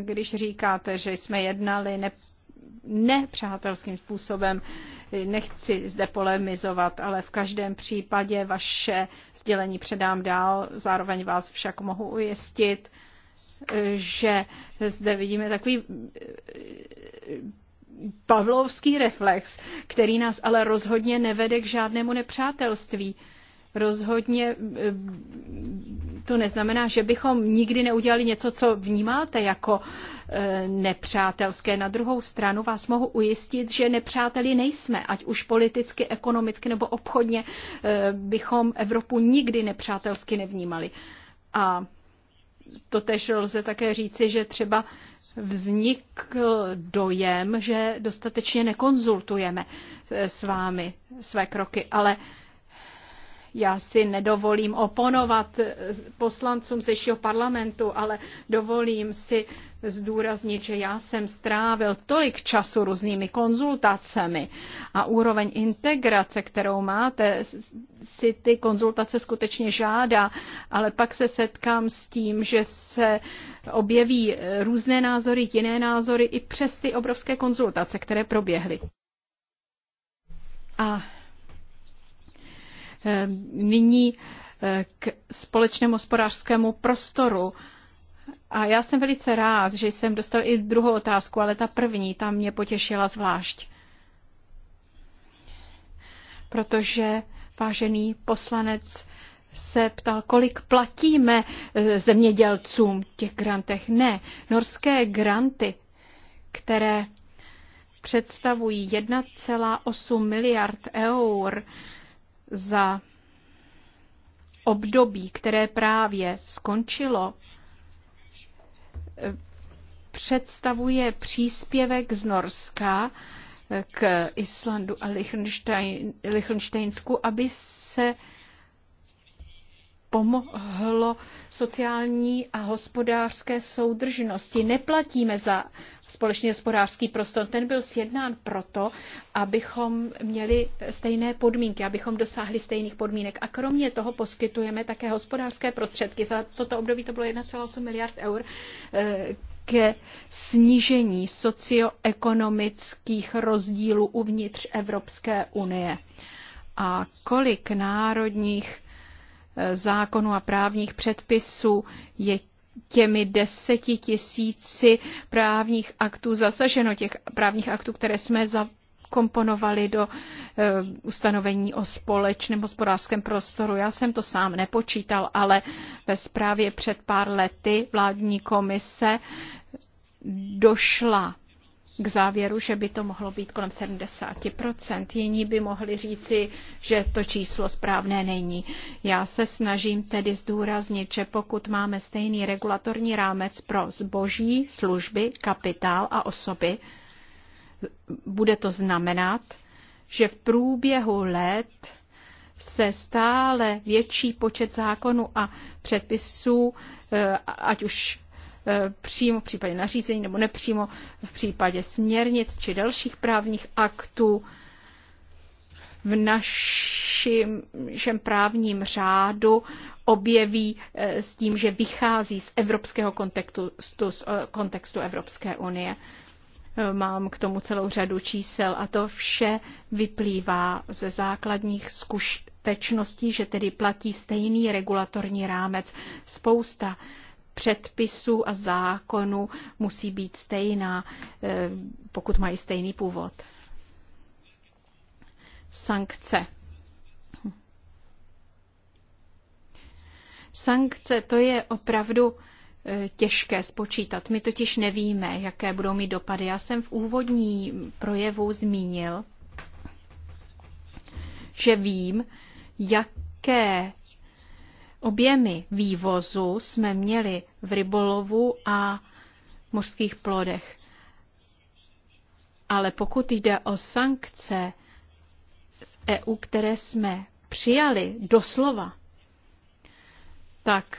Když říkáte, že jsme jednali nepřátelským způsobem. Nechci zde polemizovat, ale v každém případě vaše sdělení předám dál. Zároveň vás však mohu ujistit, že zde vidíme takový eh, pavlovský reflex, který nás ale rozhodně nevede k žádnému nepřátelství rozhodně eh, to neznamená, že bychom nikdy neudělali něco, co vnímáte jako eh, nepřátelské. Na druhou stranu vás mohu ujistit, že nepřáteli nejsme, ať už politicky, ekonomicky nebo obchodně eh, bychom Evropu nikdy nepřátelsky nevnímali. A to tež lze také říci, že třeba vznikl dojem, že dostatečně nekonzultujeme s vámi své kroky, ale já si nedovolím oponovat poslancům zešiho parlamentu, ale dovolím si zdůraznit, že já jsem strávil tolik času různými konzultacemi a úroveň integrace, kterou máte, si ty konzultace skutečně žádá, ale pak se setkám s tím, že se objeví různé názory, jiné názory i přes ty obrovské konzultace, které proběhly. A Eh, nyní eh, k společnému hospodářskému prostoru. A já jsem velice rád, že jsem dostal i druhou otázku, ale ta první, ta mě potěšila zvlášť. Protože vážený poslanec se ptal, kolik platíme eh, zemědělcům těch grantech. Ne, norské granty, které představují 1,8 miliard eur, za období, které právě skončilo, představuje příspěvek z Norska k Islandu a Lichtensteinsku, aby se pomohlo sociální a hospodářské soudržnosti. Neplatíme za společný hospodářský prostor. Ten byl sjednán proto, abychom měli stejné podmínky, abychom dosáhli stejných podmínek. A kromě toho poskytujeme také hospodářské prostředky. Za toto období to bylo 1,8 miliard eur eh, ke snížení socioekonomických rozdílů uvnitř Evropské unie. A kolik národních zákonů a právních předpisů je těmi deseti tisíci právních aktů zasaženo, těch právních aktů, které jsme za komponovali do e, ustanovení o společném hospodářském prostoru. Já jsem to sám nepočítal, ale ve zprávě před pár lety vládní komise došla k závěru, že by to mohlo být kolem 70%. Jiní by mohli říci, že to číslo správné není. Já se snažím tedy zdůraznit, že pokud máme stejný regulatorní rámec pro zboží, služby, kapitál a osoby, bude to znamenat, že v průběhu let se stále větší počet zákonů a předpisů, eh, ať už Eh, přímo v případě nařízení nebo nepřímo v případě směrnic či dalších právních aktů v našem právním řádu objeví eh, s tím, že vychází z evropského kontextu, z eh, kontextu Evropské unie. Mám k tomu celou řadu čísel a to vše vyplývá ze základních zkušeností, že tedy platí stejný regulatorní rámec. Spousta předpisů a zákonů musí být stejná, eh, pokud mají stejný původ. Sankce. Sankce to je opravdu eh, těžké spočítat. My totiž nevíme, jaké budou mít dopady. Já jsem v úvodní projevu zmínil, že vím, jaké Objemy vývozu jsme měli v rybolovu a mořských plodech. Ale pokud jde o sankce z EU, které jsme přijali doslova, tak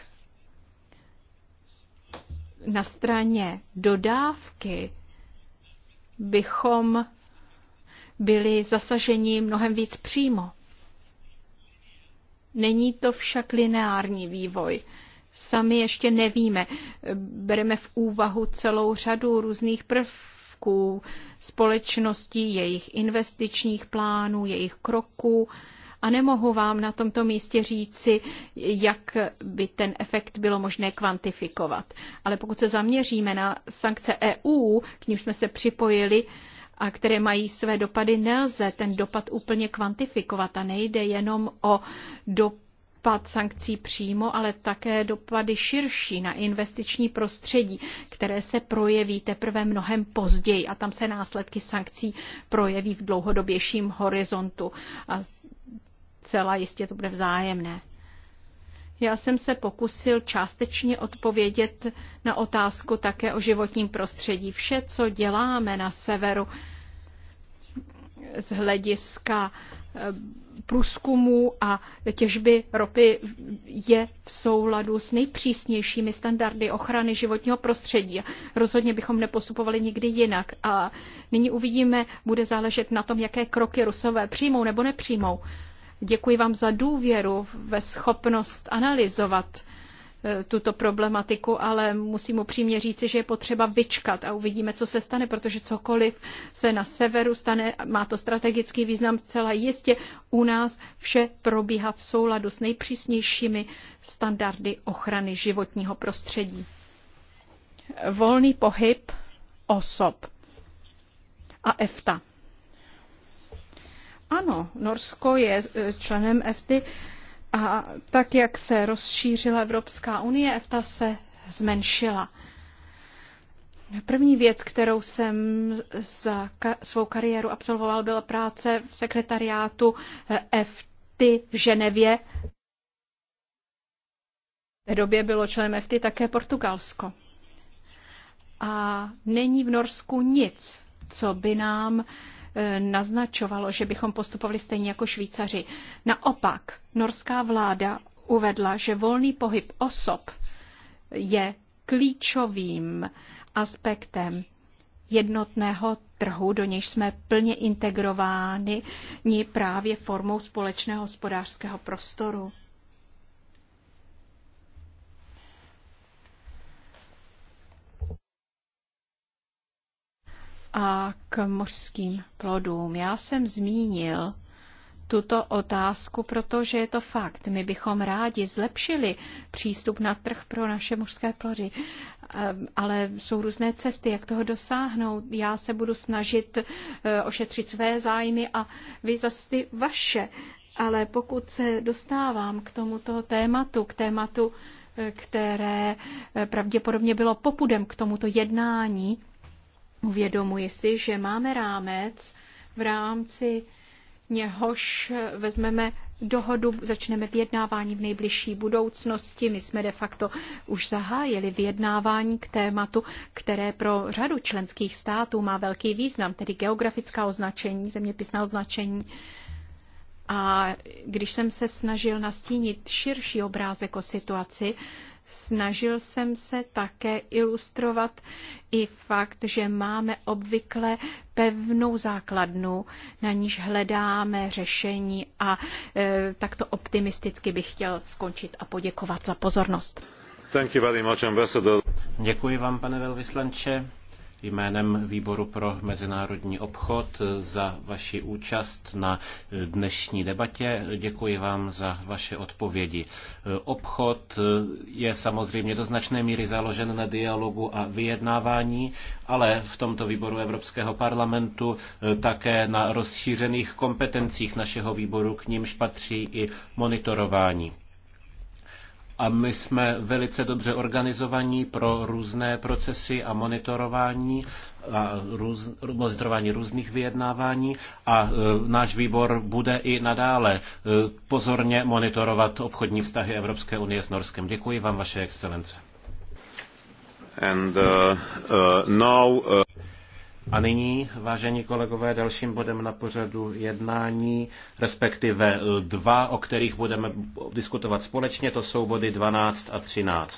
na straně dodávky bychom byli zasaženi mnohem víc přímo. Není to však lineární vývoj. Sami ještě nevíme. Bereme v úvahu celou řadu různých prvků společností, jejich investičních plánů, jejich kroků a nemohu vám na tomto místě říci, jak by ten efekt bylo možné kvantifikovat. Ale pokud se zaměříme na sankce EU, k nímž jsme se připojili, a které mají své dopady, nelze ten dopad úplně kvantifikovat a nejde jenom o dopad sankcí přímo, ale také dopady širší na investiční prostředí, které se projeví teprve mnohem později a tam se následky sankcí projeví v dlouhodobějším horizontu a celá jistě to bude vzájemné. Já jsem se pokusil částečně odpovědět na otázku také o životním prostředí. Vše, co děláme na severu, z hlediska eh, průzkumu a těžby ropy je v souladu s nejpřísnějšími standardy ochrany životního prostředí. Rozhodně bychom nepostupovali nikdy jinak. A nyní uvidíme, bude záležet na tom, jaké kroky Rusové přijmou nebo nepřijmou. Děkuji vám za důvěru ve schopnost analyzovat Eh, tuto problematiku, ale musím upřímně říci, že je potřeba vyčkat a uvidíme, co se stane, protože cokoliv se na severu stane, má to strategický význam zcela jistě. U nás vše probíhá v souladu s nejpřísnějšími standardy ochrany životního prostředí. Volný pohyb osob a EFTA. Ano, Norsko je eh, členem EFTA. A tak, jak se rozšířila Evropská unie, EFTA se zmenšila. První věc, kterou jsem za ka- svou kariéru absolvoval, byla práce v sekretariátu eh, FT v Ženevě. V té době bylo členem FT také Portugalsko. A není v Norsku nic, co by nám uh, Eh, naznačovalo, že bychom postupovali stejně jako Švýcaři. Naopak, norská vláda uvedla, že volný pohyb osob je klíčovým aspektem jednotného trhu, do nějž jsme plně integrováni právě formou společného hospodářského prostoru. a k mořským plodům. Já jsem zmínil tuto otázku, protože je to fakt. My bychom rádi zlepšili přístup na trh pro naše mořské plody, eh, ale jsou různé cesty, jak toho dosáhnout. Já se budu snažit eh, ošetřit své zájmy a vy zase ty vaše. Ale pokud se dostávám k tomuto tématu, k tématu, eh, které pravděpodobně bylo popudem k tomuto jednání, Uvědomuji si, že máme rámec, v rámci něhož vezmeme dohodu, začneme vyjednávání v nejbližší budoucnosti. My jsme de facto už zahájili vyjednávání k tématu, které pro řadu členských států má velký význam, tedy geografická označení, zeměpisná označení. A když jsem se snažil nastínit širší obrázek o situaci, Snažil jsem se také ilustrovat i fakt, že máme obvykle pevnou základnu, na níž hledáme řešení a e, takto optimisticky bych chtěl skončit a poděkovat za pozornost. Thank you very much, Děkuji vám, pane velvyslanče jménem Výboru pro mezinárodní obchod za vaši účast na dnešní debatě. Děkuji vám za vaše odpovědi. Obchod je samozřejmě do značné míry založen na dialogu a vyjednávání, ale v tomto výboru Evropského parlamentu eh, také na rozšířených kompetencích našeho výboru, k nímž patří i monitorování a my jsme velice dobře organizovaní pro různé procesy a monitorování a růz, monitorování různých vyjednávání a e, náš výbor bude i nadále e, pozorně monitorovat obchodní vztahy Evropské unie s Norskem. Děkuji vám, vaše excelence. And, uh, uh, now, uh... A nyní, vážení kolegové, dalším bodem na pořadu jednání, respektive eh, dva, o kterých budeme diskutovat společně, to jsou body 12 a 13.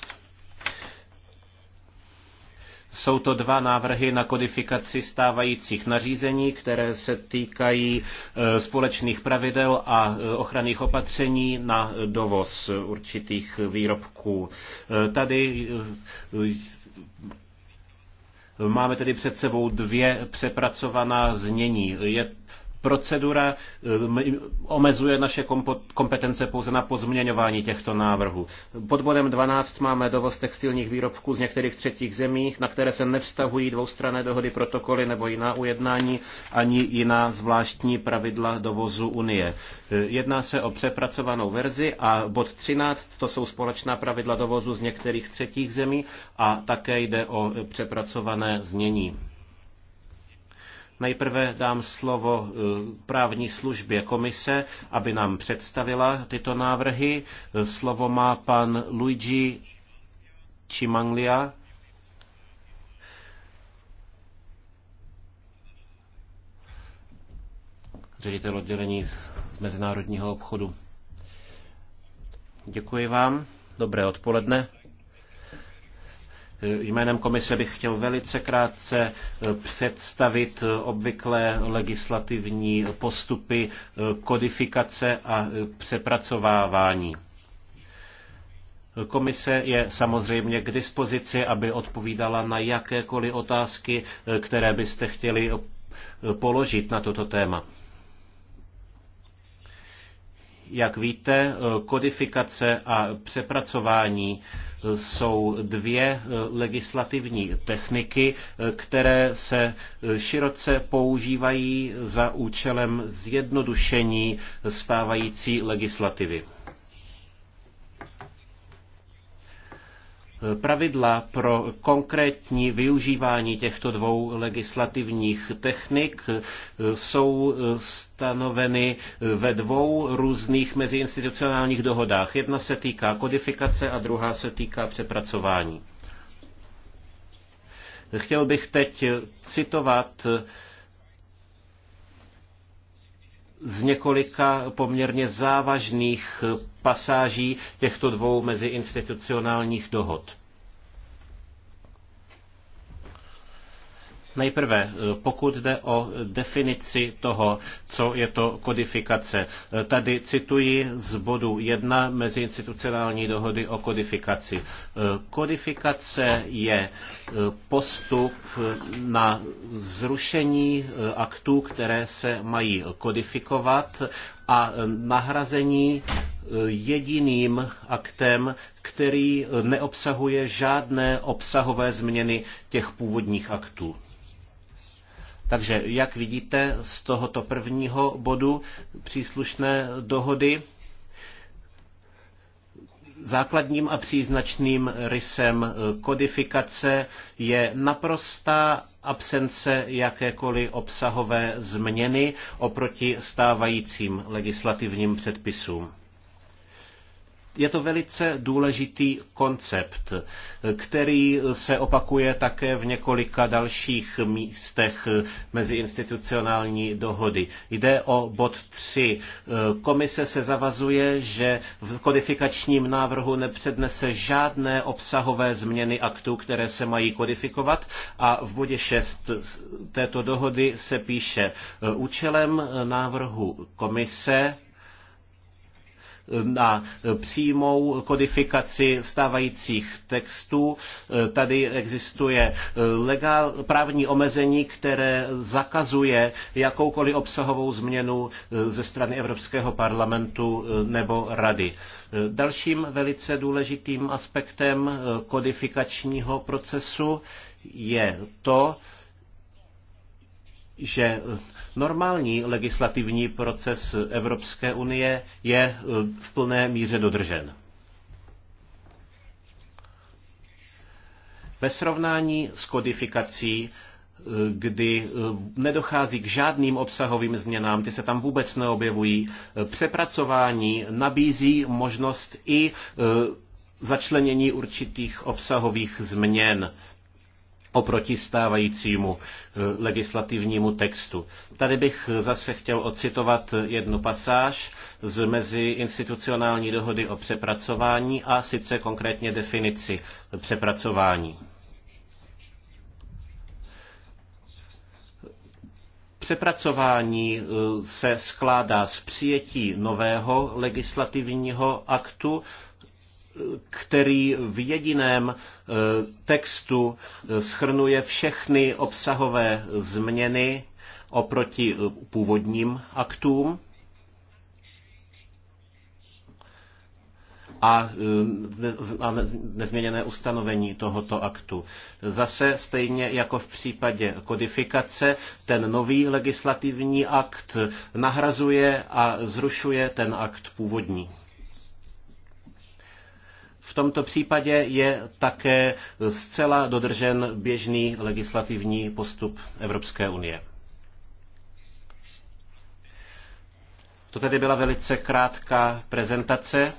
Jsou to dva návrhy na kodifikaci stávajících nařízení, které se týkají eh, společných pravidel a eh, ochranných opatření na dovoz určitých výrobků. Tady Máme tedy před sebou dvě přepracovaná znění. Je procedura eh, omezuje naše kompetence pouze na pozměňování těchto návrhů. Pod bodem 12 máme dovoz textilních výrobků z některých třetích zemí, na které se nevztahují dvoustranné dohody, protokoly nebo jiná ujednání, ani jiná zvláštní pravidla dovozu Unie. Eh, jedná se o přepracovanou verzi a bod 13 to jsou společná pravidla dovozu z některých třetích zemí a také jde o eh, přepracované znění. Nejprve dám slovo eh, právní službě komise, aby nám představila tyto návrhy. Eh, slovo má pan Luigi Cimanglia. ředitel oddělení z mezinárodního obchodu. Děkuji vám. Dobré odpoledne. Eh, jménem komise bych chtěl velice krátce eh, představit eh, obvyklé legislativní postupy kodifikace a přepracovávání. Komise je samozřejmě k dispozici, aby odpovídala na jakékoliv otázky, které byste chtěli položit na toto téma. Jak víte, kodifikace a přepracování jsou dvě legislativní techniky, které se široce používají za účelem zjednodušení stávající legislativy. Pravidla pro konkrétní využívání těchto dvou legislativních technik eh, jsou eh, stanoveny eh, ve dvou různých meziinstitucionálních dohodách. Jedna se týká kodifikace a druhá se týká přepracování. Chtěl bych teď citovat z několika poměrně závažných pasáží těchto dvou meziinstitucionálních dohod. Nejprve, eh, pokud jde o definici toho, co je to kodifikace. Eh, tady cituji z bodu 1 meziinstitucionální dohody o kodifikaci. Eh, kodifikace je postup na zrušení aktů, které se mají kodifikovat a nahrazení jediným aktem, který neobsahuje žádné obsahové změny těch původních aktů. Takže, jak vidíte z tohoto prvního bodu příslušné dohody, základním a příznačným rysem eh, kodifikace je naprostá absence jakékoliv obsahové změny oproti stávajícím legislativním předpisům je to velice důležitý koncept, který se opakuje také v několika dalších místech meziinstitucionální dohody. Jde o bod 3. Komise se zavazuje, že v kodifikačním návrhu nepřednese žádné obsahové změny aktů, které se mají kodifikovat a v bodě 6 této dohody se píše účelem návrhu komise na přímou kodifikaci stávajících textů. Tady existuje legál, právní omezení, které zakazuje jakoukoliv obsahovou změnu ze strany Evropského parlamentu nebo rady. Dalším velice důležitým aspektem kodifikačního procesu je to, že normální legislativní proces Evropské unie je eh, v plné míře dodržen. Ve srovnání s kodifikací, eh, kdy eh, nedochází k žádným obsahovým změnám, ty se tam vůbec neobjevují, přepracování nabízí možnost i začlenění určitých obsahových změn oproti stávajícímu eh, legislativnímu textu. Tady bych zase chtěl ocitovat jednu pasáž z meziinstitucionální dohody o přepracování a sice konkrétně definici přepracování. Přepracování eh, se skládá z přijetí nového legislativního aktu který v jediném eh, textu eh, schrnuje všechny obsahové změny oproti eh, původním aktům. a, nezměněné ustanovení tohoto aktu. Zase stejně jako v případě kodifikace, ten nový legislativní akt nahrazuje a zrušuje ten akt původní. V tomto případě je také zcela dodržen běžný legislativní postup Evropské unie. To tedy byla velice krátká prezentace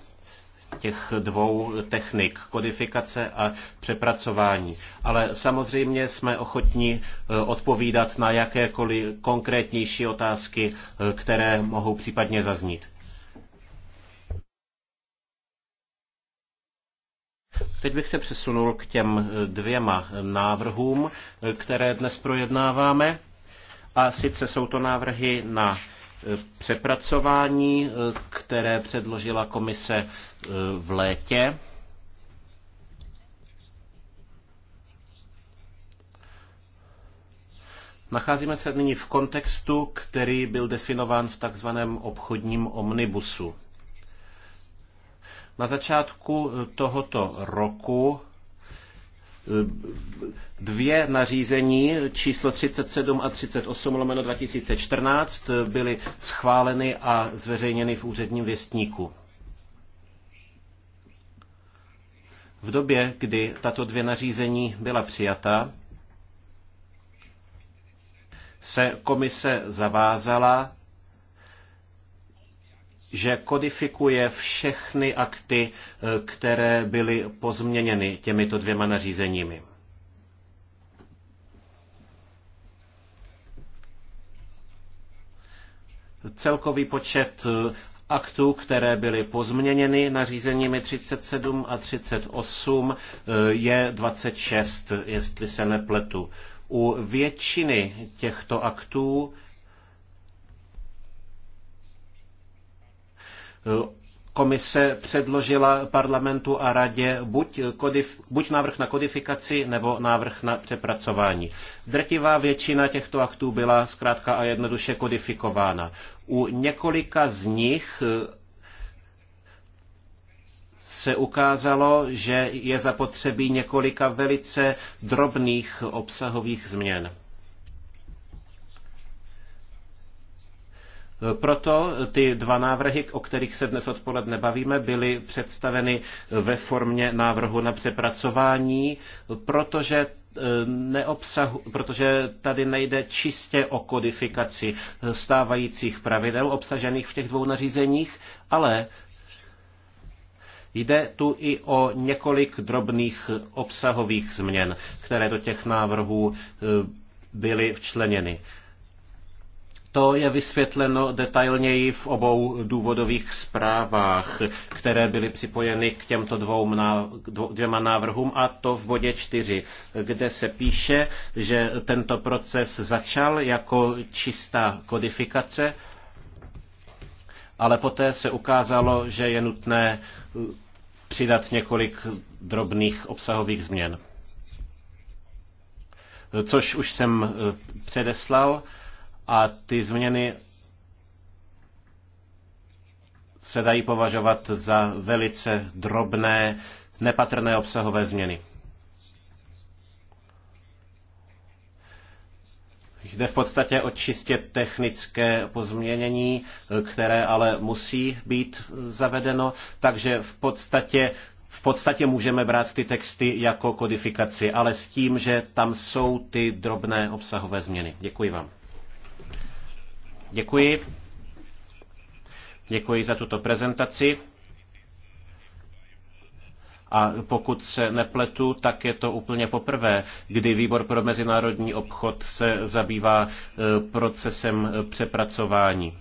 těch dvou technik, kodifikace a přepracování. Ale samozřejmě jsme ochotní eh, odpovídat na jakékoliv konkrétnější otázky, eh, které mohou případně zaznít. Teď bych se přesunul k těm eh, dvěma eh, návrhům, eh, které dnes projednáváme. A sice jsou to návrhy na přepracování, které předložila komise v létě. Nacházíme se nyní v kontextu, který byl definován v takzvaném obchodním omnibusu. Na začátku eh, tohoto roku eh, dvě nařízení číslo 37 a 38 lomeno 2014 eh, byly schváleny a zveřejněny v úředním věstníku. V době, kdy tato dvě nařízení byla přijata, se komise zavázala že kodifikuje všechny akty, eh, které byly pozměněny těmito dvěma nařízeními. Celkový počet eh, aktů, které byly pozměněny nařízeními 37 a 38, eh, je 26, jestli se nepletu. U většiny těchto aktů komise předložila parlamentu a radě buď, kodif, buď návrh na kodifikaci nebo návrh na přepracování. Drtivá většina těchto aktů byla zkrátka a jednoduše kodifikována. U několika z nich eh, se ukázalo, že je zapotřebí několika velice drobných obsahových změn. Proto ty dva návrhy, o kterých se dnes odpoledne bavíme, byly představeny ve formě návrhu na přepracování, protože e, neobsahu, protože tady nejde čistě o kodifikaci stávajících pravidel obsažených v těch dvou nařízeních, ale Jde tu i o několik drobných obsahových změn, které do těch návrhů e, byly včleněny. To je vysvětleno detailněji v obou důvodových zprávách, které byly připojeny k těmto dvou, dvěma návrhům, a to v bodě 4, kde se píše, že tento proces začal jako čistá kodifikace, ale poté se ukázalo, že je nutné přidat několik drobných obsahových změn. Což už jsem eh, předeslal a ty změny se dají považovat za velice drobné, nepatrné obsahové změny. Jde v podstatě o čistě technické pozměnění, které ale musí být zavedeno, takže v podstatě v podstatě můžeme brát ty texty jako kodifikaci, ale s tím, že tam jsou ty drobné obsahové změny. Děkuji vám. Děkuji. Děkuji za tuto prezentaci. A pokud se nepletu, tak je to úplně poprvé, kdy Výbor pro mezinárodní obchod se zabývá e, procesem přepracování.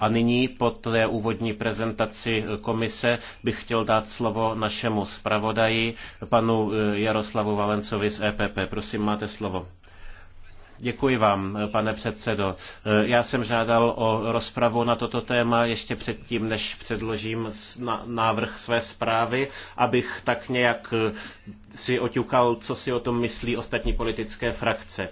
A nyní po té úvodní prezentaci komise bych chtěl dát slovo našemu zpravodaji, panu e, Jaroslavu Valencovi z EPP. Prosím, máte slovo. Děkuji vám, pane předsedo. Já jsem žádal o rozpravu na toto téma ještě předtím, než předložím návrh své zprávy, abych tak nějak si oťukal, co si o tom myslí ostatní politické frakce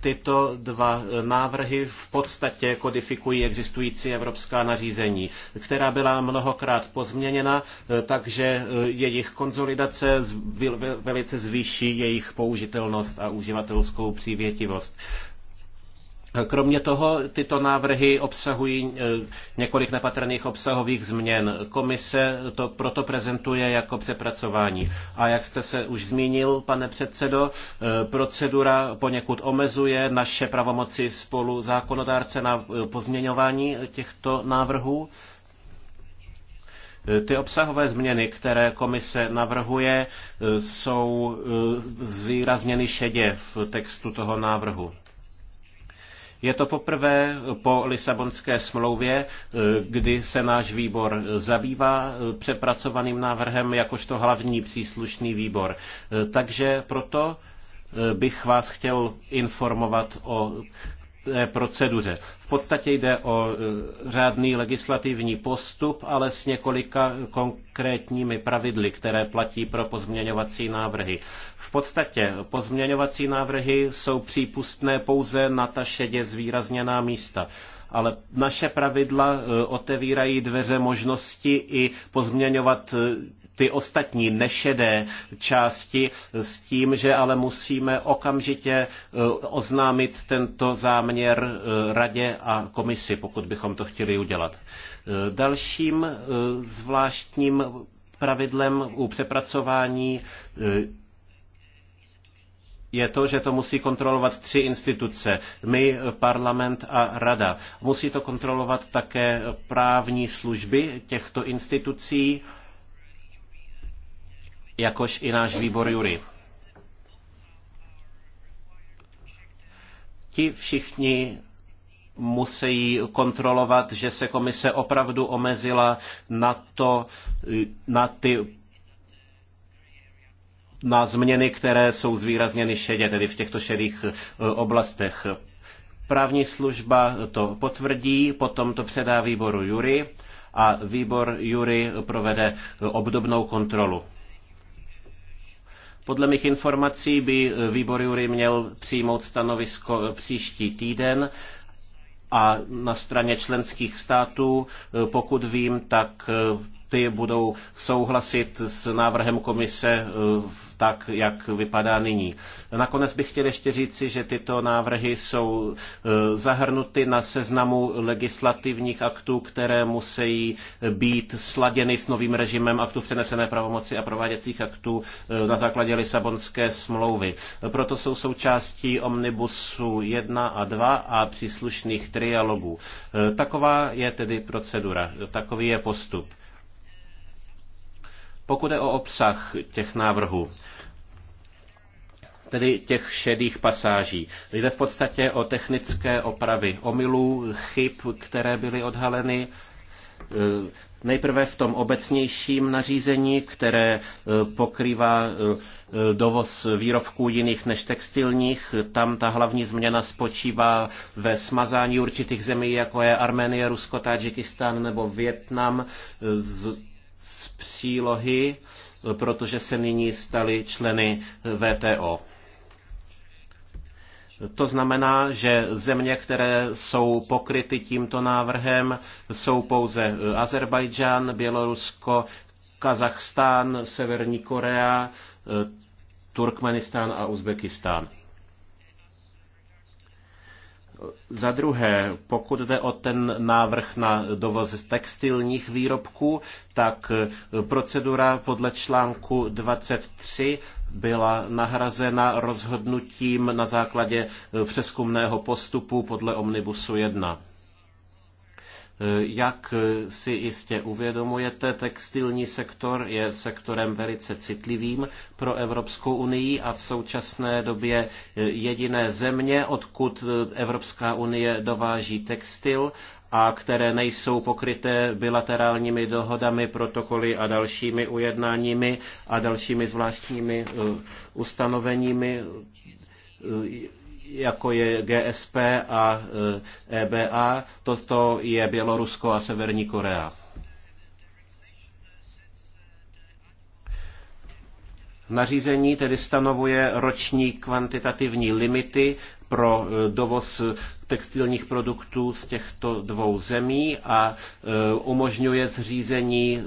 tyto dva návrhy v podstatě kodifikují existující evropská nařízení, která byla mnohokrát pozměněna, eh, takže eh, jejich konzolidace velice zvýší jejich použitelnost a uživatelskou přívětivost. Kromě toho tyto návrhy obsahují eh, několik nepatrných obsahových změn. Komise to proto prezentuje jako přepracování. A jak jste se už zmínil, pane předsedo, eh, procedura poněkud omezuje naše pravomoci spolu zákonodárce na eh, pozměňování těchto návrhů. Ty obsahové změny, které komise navrhuje, jsou zvýrazněny šedě v textu toho návrhu. Je to poprvé po Lisabonské smlouvě, eh, kdy se náš výbor zabývá eh, přepracovaným návrhem jakožto hlavní příslušný výbor. Eh, takže proto bych vás chtěl informovat o proceduře. V podstatě jde o e, řádný legislativní postup, ale s několika konkrétními pravidly, které platí pro pozměňovací návrhy. V podstatě pozměňovací návrhy jsou přípustné pouze na ta šedě zvýrazněná místa ale naše pravidla e, otevírají dveře možnosti i pozměňovat e, ty ostatní nešedé části s tím, že ale musíme okamžitě eh, oznámit tento záměr eh, radě a komisi, pokud bychom to chtěli udělat. Eh, dalším zvláštním pravidlem u přepracování je to, že to musí kontrolovat tři instituce. My, parlament a rada. Musí to kontrolovat také právní služby těchto institucí jakož i náš výbor Jury. Ti všichni musí kontrolovat, že se komise opravdu omezila na, to, na ty na změny, které jsou zvýrazněny šedě, tedy v těchto šedých eh, oblastech. Právní služba to potvrdí, potom to předá výboru Jury a výbor Jury provede eh, obdobnou kontrolu. Podle mých informací by eh, výbor Jury měl přijmout stanovisko eh, příští týden a na straně členských států, eh, pokud vím, tak ty budou souhlasit s návrhem komise v tak, jak vypadá nyní. Nakonec bych chtěl ještě říci, že tyto návrhy jsou eh, zahrnuty na seznamu legislativních aktů, které musí být sladěny s novým režimem aktů přenesené pravomoci a prováděcích aktů eh, na základě Lisabonské smlouvy. Proto jsou součástí Omnibusu 1 a 2 a příslušných trialogů. Eh, taková je tedy procedura, takový je postup. Pokud je o obsah těch návrhů, tedy těch šedých pasáží. Jde v podstatě o technické opravy omylů, chyb, které byly odhaleny. E, nejprve v tom obecnějším nařízení, které e, pokrývá e, dovoz výrobků jiných než textilních. Tam ta hlavní změna spočívá ve smazání určitých zemí, jako je Arménie, Rusko, Tadžikistán nebo Větnam z z přílohy, protože se nyní stali členy VTO. To znamená, že země, které jsou pokryty tímto návrhem, jsou pouze eh, Azerbajdžán, Bělorusko, Kazachstán, Severní Korea, eh, Turkmenistán a Uzbekistán. Za druhé, pokud jde o ten návrh na dovoz textilních výrobků, tak procedura podle článku 23 byla nahrazena rozhodnutím na základě přeskumného postupu podle Omnibusu 1. Jak si jistě uvědomujete, textilní sektor je sektorem velice citlivým pro Evropskou unii a v současné době jediné země, odkud Evropská unie dováží textil a které nejsou pokryté bilaterálními dohodami, protokoly a dalšími ujednáními a dalšími zvláštními eh, ustanoveními eh, jako je GSP a EBA, e toto je Bělorusko a Severní Korea. Nařízení tedy stanovuje roční kvantitativní limity pro e, dovoz textilních produktů z těchto dvou zemí a e, umožňuje zřízení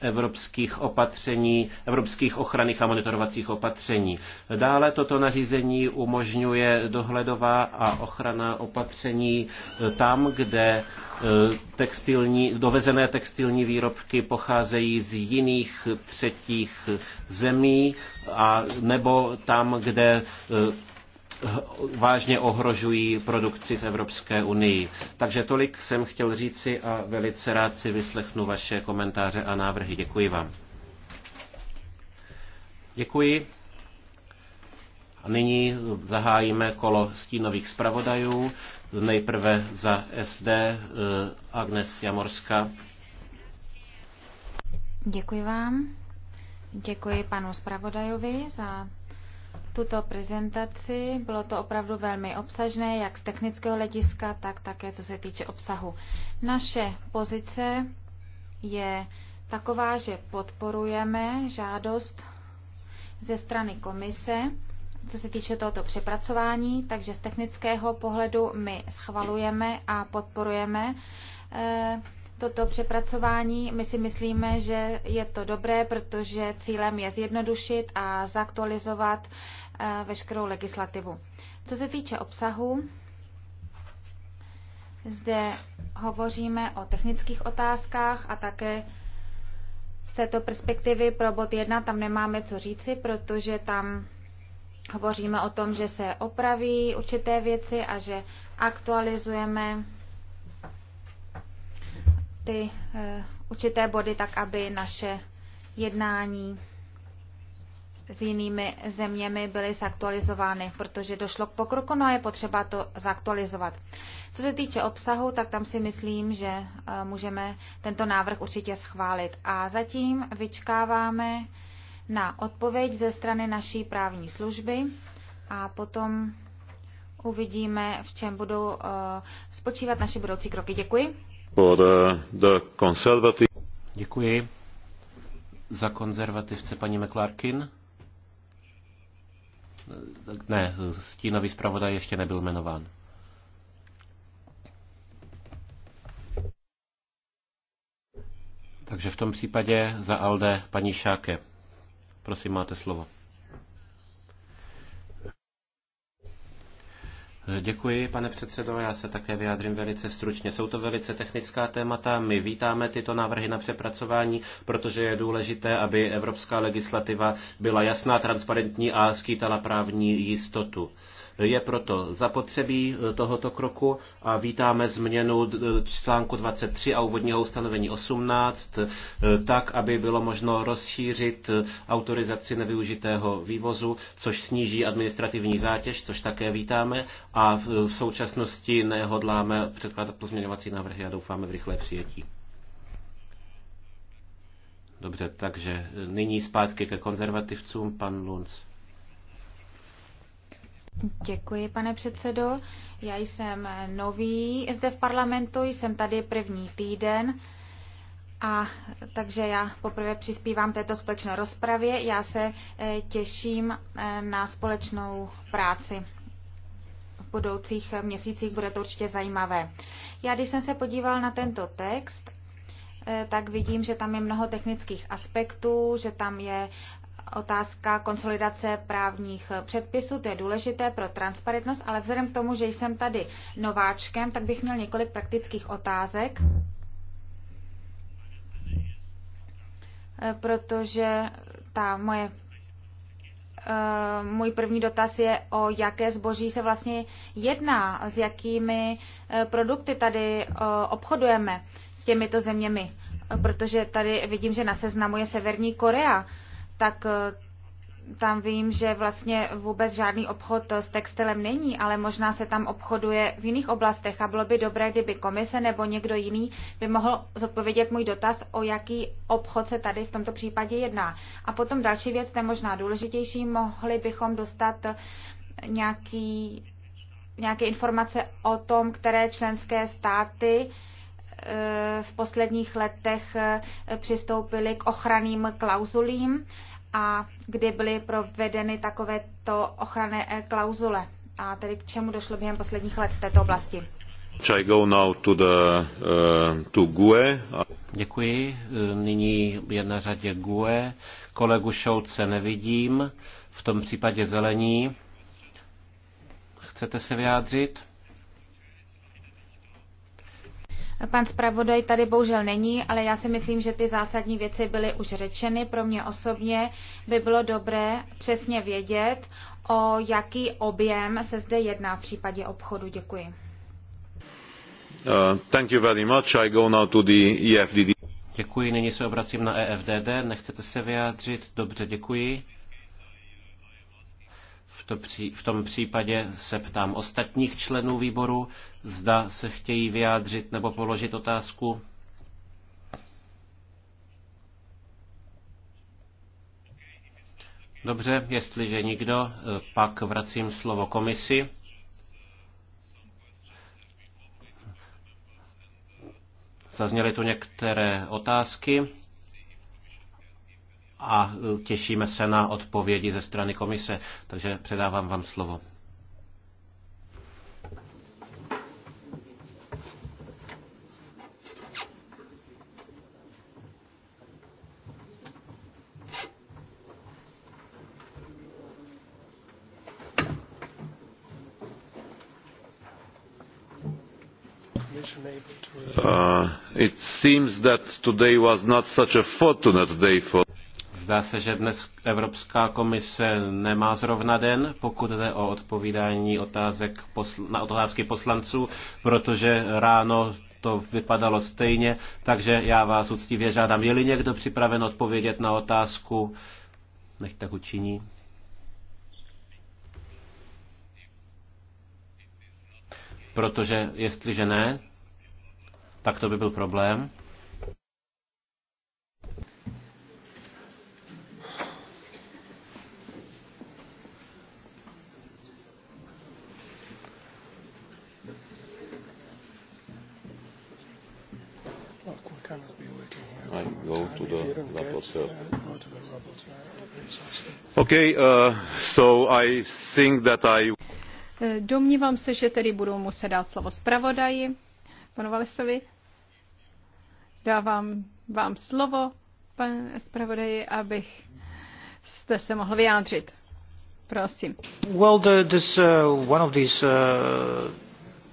evropských opatření, evropských ochranných a monitorovacích opatření. Dále toto nařízení umožňuje dohledová a ochrana opatření eh, tam, kde eh, textilní, dovezené textilní výrobky pocházejí z jiných třetích eh, zemí a nebo tam, kde Eh, vážně ohrožují produkci v Evropské unii. Takže tolik jsem chtěl říci a velice rád si vyslechnu vaše komentáře a návrhy. Děkuji vám. Děkuji. A nyní zahájíme kolo stínových zpravodajů. Nejprve za SD eh, Agnes Jamorska. Děkuji vám. Děkuji panu zpravodajovi za tuto prezentaci. Bylo to opravdu velmi obsažné, jak z technického hlediska, tak také co se týče obsahu. Naše pozice je taková, že podporujeme žádost ze strany komise, co se týče tohoto přepracování, takže z technického pohledu my schvalujeme a podporujeme eh, toto přepracování. My si myslíme, že je to dobré, protože cílem je zjednodušit a zaktualizovat Eh, veškerou legislativu. Co se týče obsahu, zde hovoříme o technických otázkách a také z této perspektivy pro bod 1 tam nemáme co říci, protože tam hovoříme o tom, že se opraví určité věci a že aktualizujeme ty eh, určité body tak, aby naše jednání s jinými zeměmi byly zaktualizovány, protože došlo k pokroku, no a je potřeba to zaktualizovat. Co se týče obsahu, tak tam si myslím, že eh, můžeme tento návrh určitě schválit. A zatím vyčkáváme na odpověď ze strany naší právní služby a potom uvidíme, v čem budou eh, spočívat naše budoucí kroky. Děkuji. For the, eh, the conservative... Děkuji. Za konzervativce paní McClarkin. Ne, stínový zpravodaj ještě nebyl jmenován. Takže v tom případě za Alde paní Šáke. Prosím, máte slovo. Děkuji, pane předsedo. Já se také vyjádřím velice stručně. Jsou to velice technická témata. My vítáme tyto návrhy na přepracování, protože je důležité, aby evropská legislativa byla jasná, transparentní a skýtala právní jistotu. Je proto zapotřebí eh, tohoto kroku a vítáme změnu eh, článku 23 a úvodního ustanovení 18, eh, tak, aby bylo možno rozšířit autorizaci nevyužitého vývozu, což sníží administrativní zátěž, což také vítáme a v současnosti nehodláme předkládat pozměňovací návrhy a doufáme v rychlé přijetí. Dobře, takže nyní zpátky ke konzervativcům, pan Lunc. Děkuji, pane předsedo. Já jsem nový zde v parlamentu, jsem tady první týden. A takže já poprvé přispívám této společné rozpravě. Já se eh, těším eh, na společnou práci. V budoucích měsících bude to určitě zajímavé. Já, když jsem se podíval na tento text, eh, tak vidím, že tam je mnoho technických aspektů, že tam je otázka konsolidace právních předpisů, to je důležité pro transparentnost, ale vzhledem k tomu, že jsem tady nováčkem, tak bych měl několik praktických otázek. Eh, protože ta moje eh, můj první dotaz je, o jaké zboží se vlastně jedná, s jakými eh, produkty tady obchodujeme s těmito zeměmi, protože tady vidím, že na seznamu je Severní Korea tak eh, tam vím, že vlastně vůbec žádný obchod eh, s textilem není, ale možná se tam obchoduje v jiných oblastech a bylo by dobré, kdyby komise nebo někdo jiný by mohl zodpovědět můj dotaz, o jaký obchod se tady v tomto případě jedná. A potom další věc, to je možná důležitější, mohli bychom dostat eh, nějaký, nějaké informace o tom, které členské státy uh, Eh, v posledních letech eh, přistoupili k ochranným klauzulím a kdy byly provedeny takovéto ochranné eh, klauzule a tedy k čemu došlo během posledních let v této oblasti. GUE. Děkuji. Nyní je na řadě GUE. Kolegu Šouce nevidím. V tom případě zelení. Chcete se vyjádřit? Pan zpravodaj tady bohužel není, ale já si myslím, že ty zásadní věci byly už řečeny. Pro mě osobně by bylo dobré přesně vědět, o jaký objem se zde jedná v případě obchodu. Děkuji. Uh, thank you very much. I go now to the EFDD. Děkuji, nyní se obracím na EFDD. Nechcete se vyjádřit? Dobře, děkuji to při, v tom případě se ptám ostatních členů výboru, zda se chtějí vyjádřit nebo položit otázku. Dobře, jestliže nikdo, pak vracím slovo komisi. Zazněly tu některé otázky a e, těšíme se na odpovědi ze strany komise, takže předávám vám slovo. Uh, it seems that today was not such a fortunate day for Zdá se, že dnes Evropská komise nemá zrovna den, pokud jde o odpovídání otázek posl- na otázky poslanců, protože ráno to vypadalo stejně, takže já vás uctivě žádám, je-li někdo připraven odpovědět na otázku, nech tak učiní. Protože jestliže ne, tak to by byl problém. Okay, uh, so I think that I... Eh, domnívám se, že tedy budou muset dát slovo zpravodaji, panu Valesovi. Dávám vám slovo, pane zpravodaji, abych jste se mohl vyjádřit. Prosím. Well, the, this, uh, one of these, uh,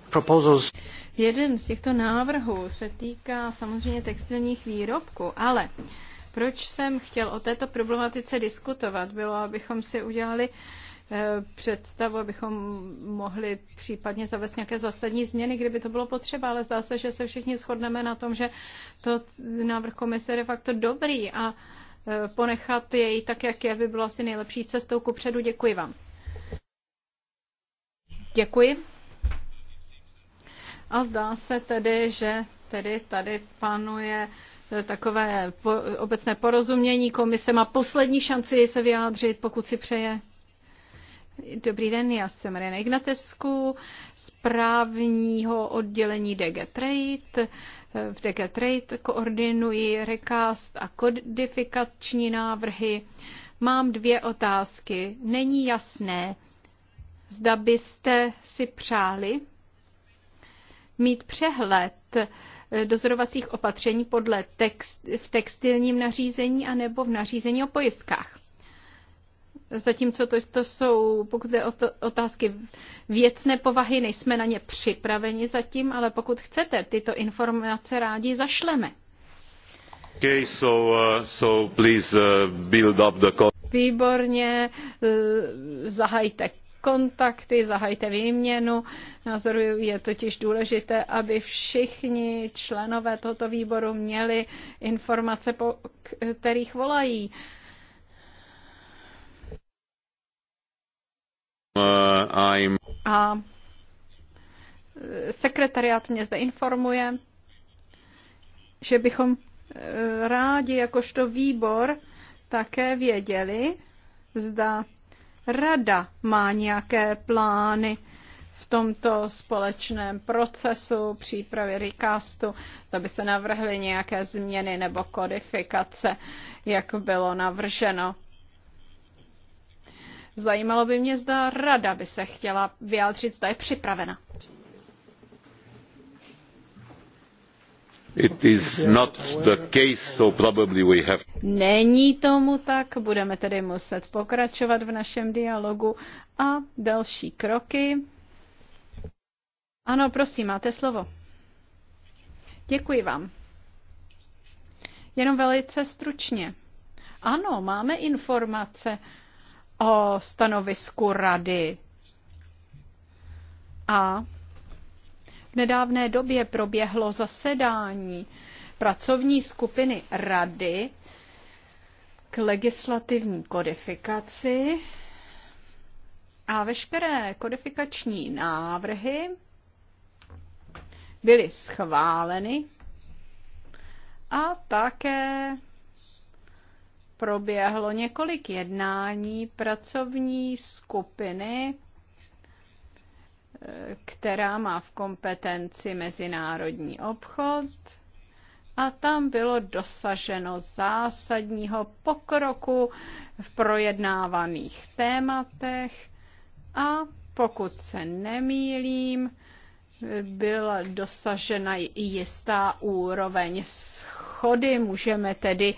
proposals... Jeden z těchto návrhů se týká samozřejmě textilních výrobků, ale uh, proč jsem chtěl o této problematice diskutovat? Bylo, abychom si udělali eh, představu, abychom mohli případně zavést nějaké zásadní změny, kdyby to bylo potřeba, ale zdá se, že se všichni shodneme na tom, že to návrh komise je de facto dobrý a eh, ponechat jej tak, jak je, by bylo asi nejlepší cestou ku předu. Děkuji vám. Děkuji. A zdá se tedy, že tedy tady panuje Eh, takové obecné porozumění. Komise má poslední šanci se vyjádřit, pokud si přeje. Dobrý den, já jsem René Ignatescu z právního oddělení DG Trade. V DG Trade koordinuji recast a kodifikační návrhy. Mám dvě otázky. Není jasné, zda byste si přáli mít přehled dozorovacích opatření podle text, v textilním nařízení anebo v nařízení o pojistkách. Zatímco to, to jsou, pokud jde o to, otázky věcné povahy, nejsme na ně připraveni zatím, ale pokud chcete, tyto informace rádi zašleme. Okay, so, uh, so please, uh, build up the... Výborně, uh, zahajte kontakty, zahajte výměnu názorů. Je totiž důležité, aby všichni členové tohoto výboru měli informace, po kterých volají. Uh, A eh, sekretariát mě zde informuje, že bychom eh, rádi jakožto výbor také věděli, zda rada má nějaké plány v tomto společném procesu přípravy recastu, to by se navrhly nějaké změny nebo kodifikace, jak bylo navrženo. Zajímalo by mě, zda rada by se chtěla vyjádřit, zda je připravena. Není tomu tak, budeme tedy muset pokračovat v našem dialogu a další kroky. Ano, prosím, máte slovo. Děkuji vám. Jenom velice stručně. Ano, máme informace o stanovisku rady. A v nedávné době proběhlo zasedání pracovní skupiny Rady k legislativní kodifikaci a veškeré kodifikační návrhy byly schváleny a také proběhlo několik jednání pracovní skupiny která má v kompetenci mezinárodní obchod a tam bylo dosaženo zásadního pokroku v projednávaných tématech a pokud se nemýlím, byla dosažena i jistá úroveň schopnosti schody, Můžeme tedy eh,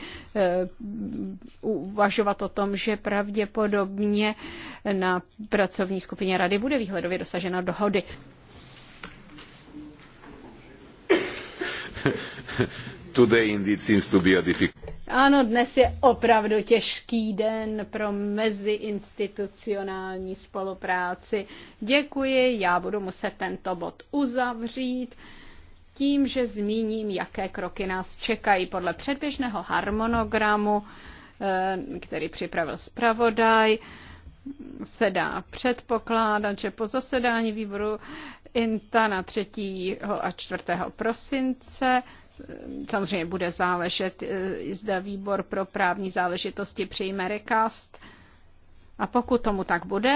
uvažovat o tom, že pravděpodobně na pracovní skupině rady bude výhledově dosažena dohody. Ano, dnes je opravdu těžký den pro meziinstitucionální spolupráci. Děkuji, já budu muset tento bod uzavřít tím, že zmíním, jaké kroky nás čekají podle předběžného harmonogramu, eh, který připravil zpravodaj. Se dá předpokládat, že po zasedání výboru INTA na 3. a 4. prosince eh, samozřejmě bude záležet, eh, zda výbor pro právní záležitosti přijme rekast. A pokud tomu tak bude,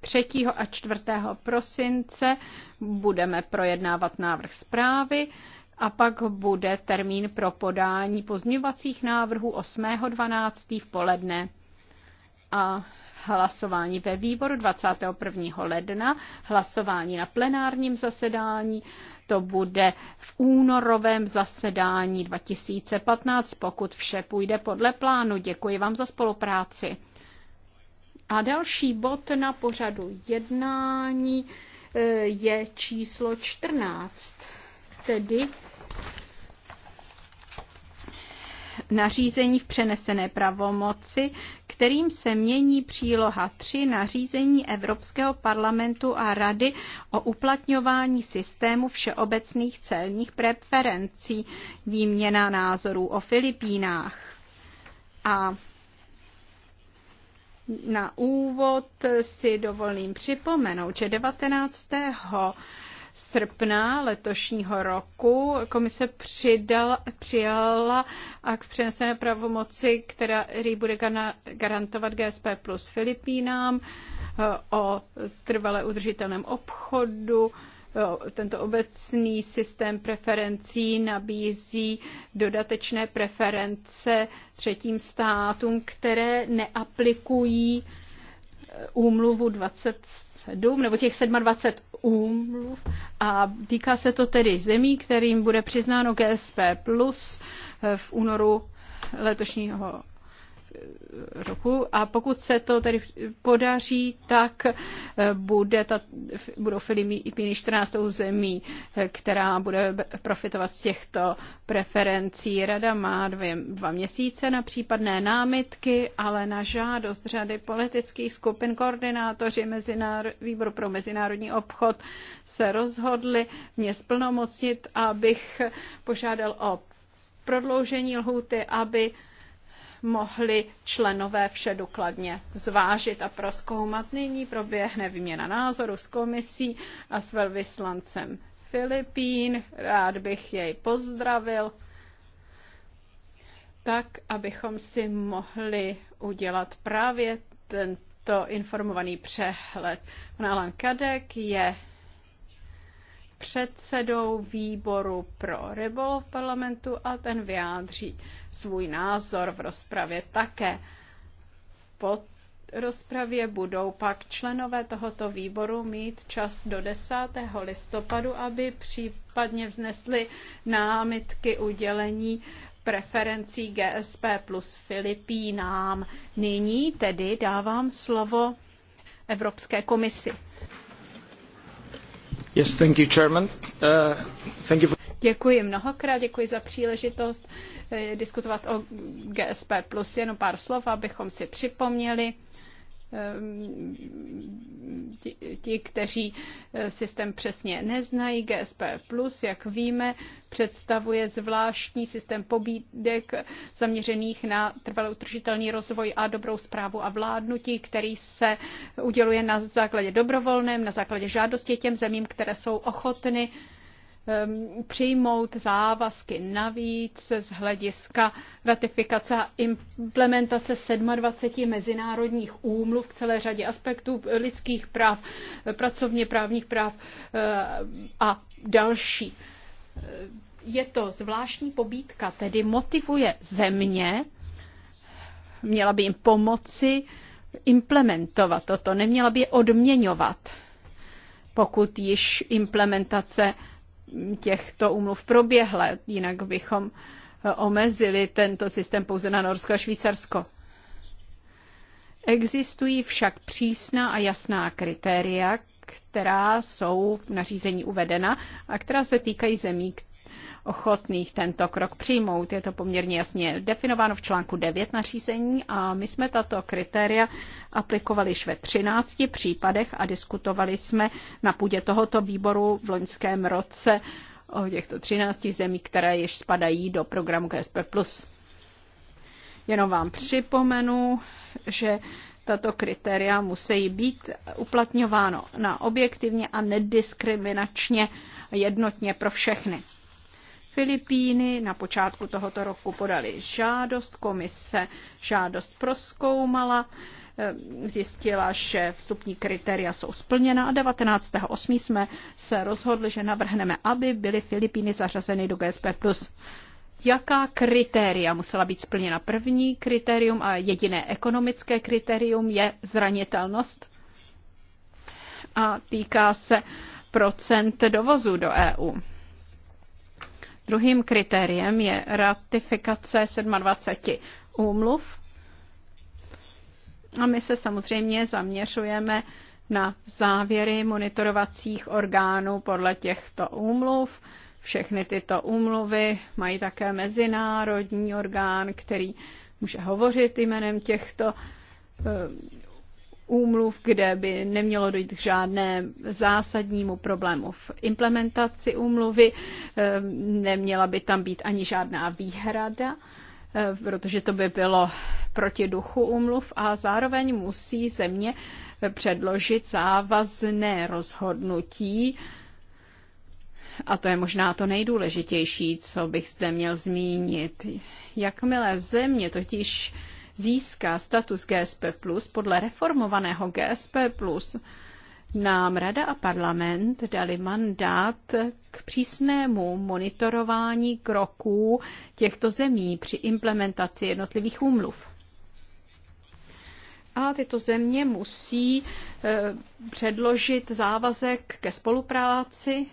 3. a 4. prosince budeme projednávat návrh zprávy a pak bude termín pro podání pozměvacích návrhů 8.12. v poledne. A hlasování ve výboru 21. ledna, hlasování na plenárním zasedání, to bude v únorovém zasedání 2015, pokud vše půjde podle plánu. Děkuji vám za spolupráci. A další bod na pořadu jednání e, je číslo 14, tedy nařízení v přenesené pravomoci, kterým se mění příloha 3 nařízení Evropského parlamentu a Rady o uplatňování systému všeobecných celních preferencí, výměna názorů o Filipínách. A na úvod si dovolím připomenout, že 19 srpna letošního roku komise přidal, přijala a k přenesené pravomoci, který bude garantovat GSP plus Filipínám eh, o trvale udržitelném obchodu, tento obecný systém preferencí nabízí dodatečné preference třetím státům, které neaplikují eh, úmluvu 27 nebo těch 27 úmluv a týká se to tedy zemí, kterým bude přiznáno GSP plus eh, v únoru letošního roku a pokud se to tedy podaří, tak eh, bude ta, budou Filipíny 14. zemí, eh, která bude profitovat z těchto preferencí. Rada má dvě, dva měsíce na případné námitky, ale na žádost řady politických skupin koordinátoři mezinár, výboru pro mezinárodní obchod se rozhodli mě splnomocnit, abych požádal o prodloužení lhůty, aby mohli členové vše důkladně zvážit a proskoumat. Nyní proběhne výměna názoru s komisí a s velvyslancem Filipín. Rád bych jej pozdravil tak, abychom si mohli udělat právě tento informovaný přehled. Pan Alan Kadek je předsedou výboru pro rybolov parlamentu a ten vyjádří svůj názor v rozpravě také. Po rozpravě budou pak členové tohoto výboru mít čas do 10. listopadu, aby případně vznesli námitky udělení preferencí GSP plus Filipínám. Nyní tedy dávám slovo Evropské komisi. Uh, děkuji mnohokrát, děkuji za příležitost eh, diskutovat o GSP+. Plus. Jenom pár slov, abychom si připomněli Ehm, ti, ti, kteří eh, systém přesně neznají, GSP+, Plus, jak víme, představuje zvláštní systém pobídek zaměřených na trvalou udržitelný rozvoj a dobrou zprávu a vládnutí, který se uděluje na základě dobrovolném, na základě žádosti těm zemím, které jsou ochotny uh, Ehm, přijmout závazky navíc z hlediska ratifikace a implementace 27 mezinárodních úmluv v celé řadě aspektů lidských práv, pracovně právních práv ehm, a další. Ehm, je to zvláštní pobídka, tedy motivuje země, měla by jim pomoci implementovat toto, neměla by je odměňovat, pokud již implementace těchto umluv proběhle, jinak bychom eh, omezili tento systém pouze na Norsko a Švýcarsko. Existují však přísná a jasná kritéria, která jsou v nařízení uvedena a která se týkají zemí, ochotných tento krok přijmout. Je to poměrně jasně definováno v článku 9 nařízení a my jsme tato kritéria aplikovali již ve 13 případech a diskutovali jsme na půdě tohoto výboru v loňském roce o těchto 13 zemí, které již spadají do programu GSP+. Jenom vám připomenu, že tato kritéria musí být uplatňováno na objektivně a nediskriminačně jednotně pro všechny. Filipíny na počátku tohoto roku podali žádost, komise žádost proskoumala, eh, zjistila, že vstupní kritéria jsou splněna a 19.8. jsme se rozhodli, že navrhneme, aby byly Filipíny zařazeny do GSP+. Jaká kritéria musela být splněna? První kritérium a jediné ekonomické kritérium je zranitelnost a týká se procent dovozu do EU. Druhým kritériem je ratifikace 27 úmluv. A my se samozřejmě zaměřujeme na závěry monitorovacích orgánů podle těchto úmluv. Všechny tyto úmluvy mají také mezinárodní orgán, který může hovořit jménem těchto eh, úmluv, kde by nemělo dojít k žádnému zásadnímu problému v implementaci úmluvy, ehm, neměla by tam být ani žádná výhrada, ehm, protože to by bylo proti duchu úmluv a zároveň musí země předložit závazné rozhodnutí, a to je možná to nejdůležitější, co bych zde měl zmínit. Jakmile země totiž uh, získá status GSP+, podle reformovaného GSP+, nám Rada a parlament dali mandát k přísnému monitorování kroků těchto zemí při implementaci jednotlivých úmluv. A tyto země musí eh, předložit závazek ke spolupráci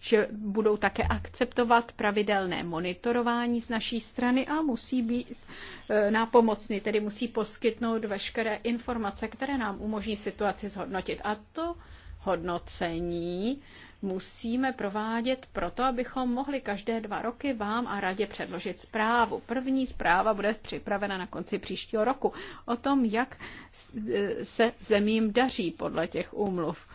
že budou také akceptovat pravidelné monitorování z naší strany a musí být e, nápomocný, tedy musí poskytnout veškeré informace, které nám umožní situaci zhodnotit. A to hodnocení musíme provádět proto, abychom mohli každé dva roky vám a radě předložit zprávu. První zpráva bude připravena na konci příštího roku o tom, jak e, se zemím daří podle těch úmluv.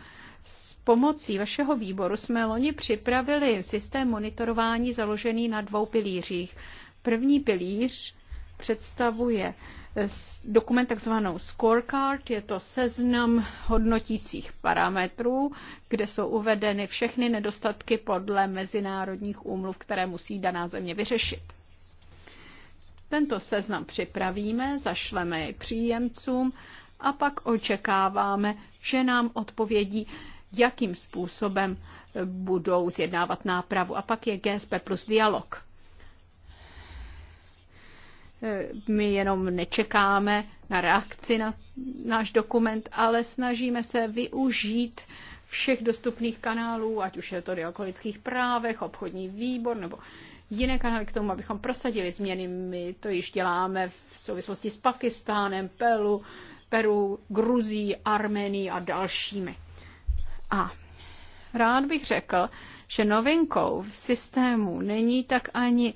S pomocí vašeho výboru jsme loni připravili systém monitorování založený na dvou pilířích. První pilíř představuje eh, dokument takzvanou scorecard, je to seznam hodnotících parametrů, kde jsou uvedeny všechny nedostatky podle mezinárodních úmluv, které musí daná země vyřešit. Tento seznam připravíme, zašleme jej příjemcům a pak očekáváme, že nám odpovědí, jakým způsobem eh, budou zjednávat nápravu. A pak je GSP plus dialog. Eh, my jenom nečekáme na reakci na náš dokument, ale snažíme se využít všech dostupných kanálů, ať už je to o právech, obchodní výbor nebo jiné kanály k tomu, abychom prosadili změny. My to již děláme v souvislosti s Pakistánem, Pelu, Peru, Gruzí, Arménii a dalšími. A rád bych řekl, že novinkou v systému není tak ani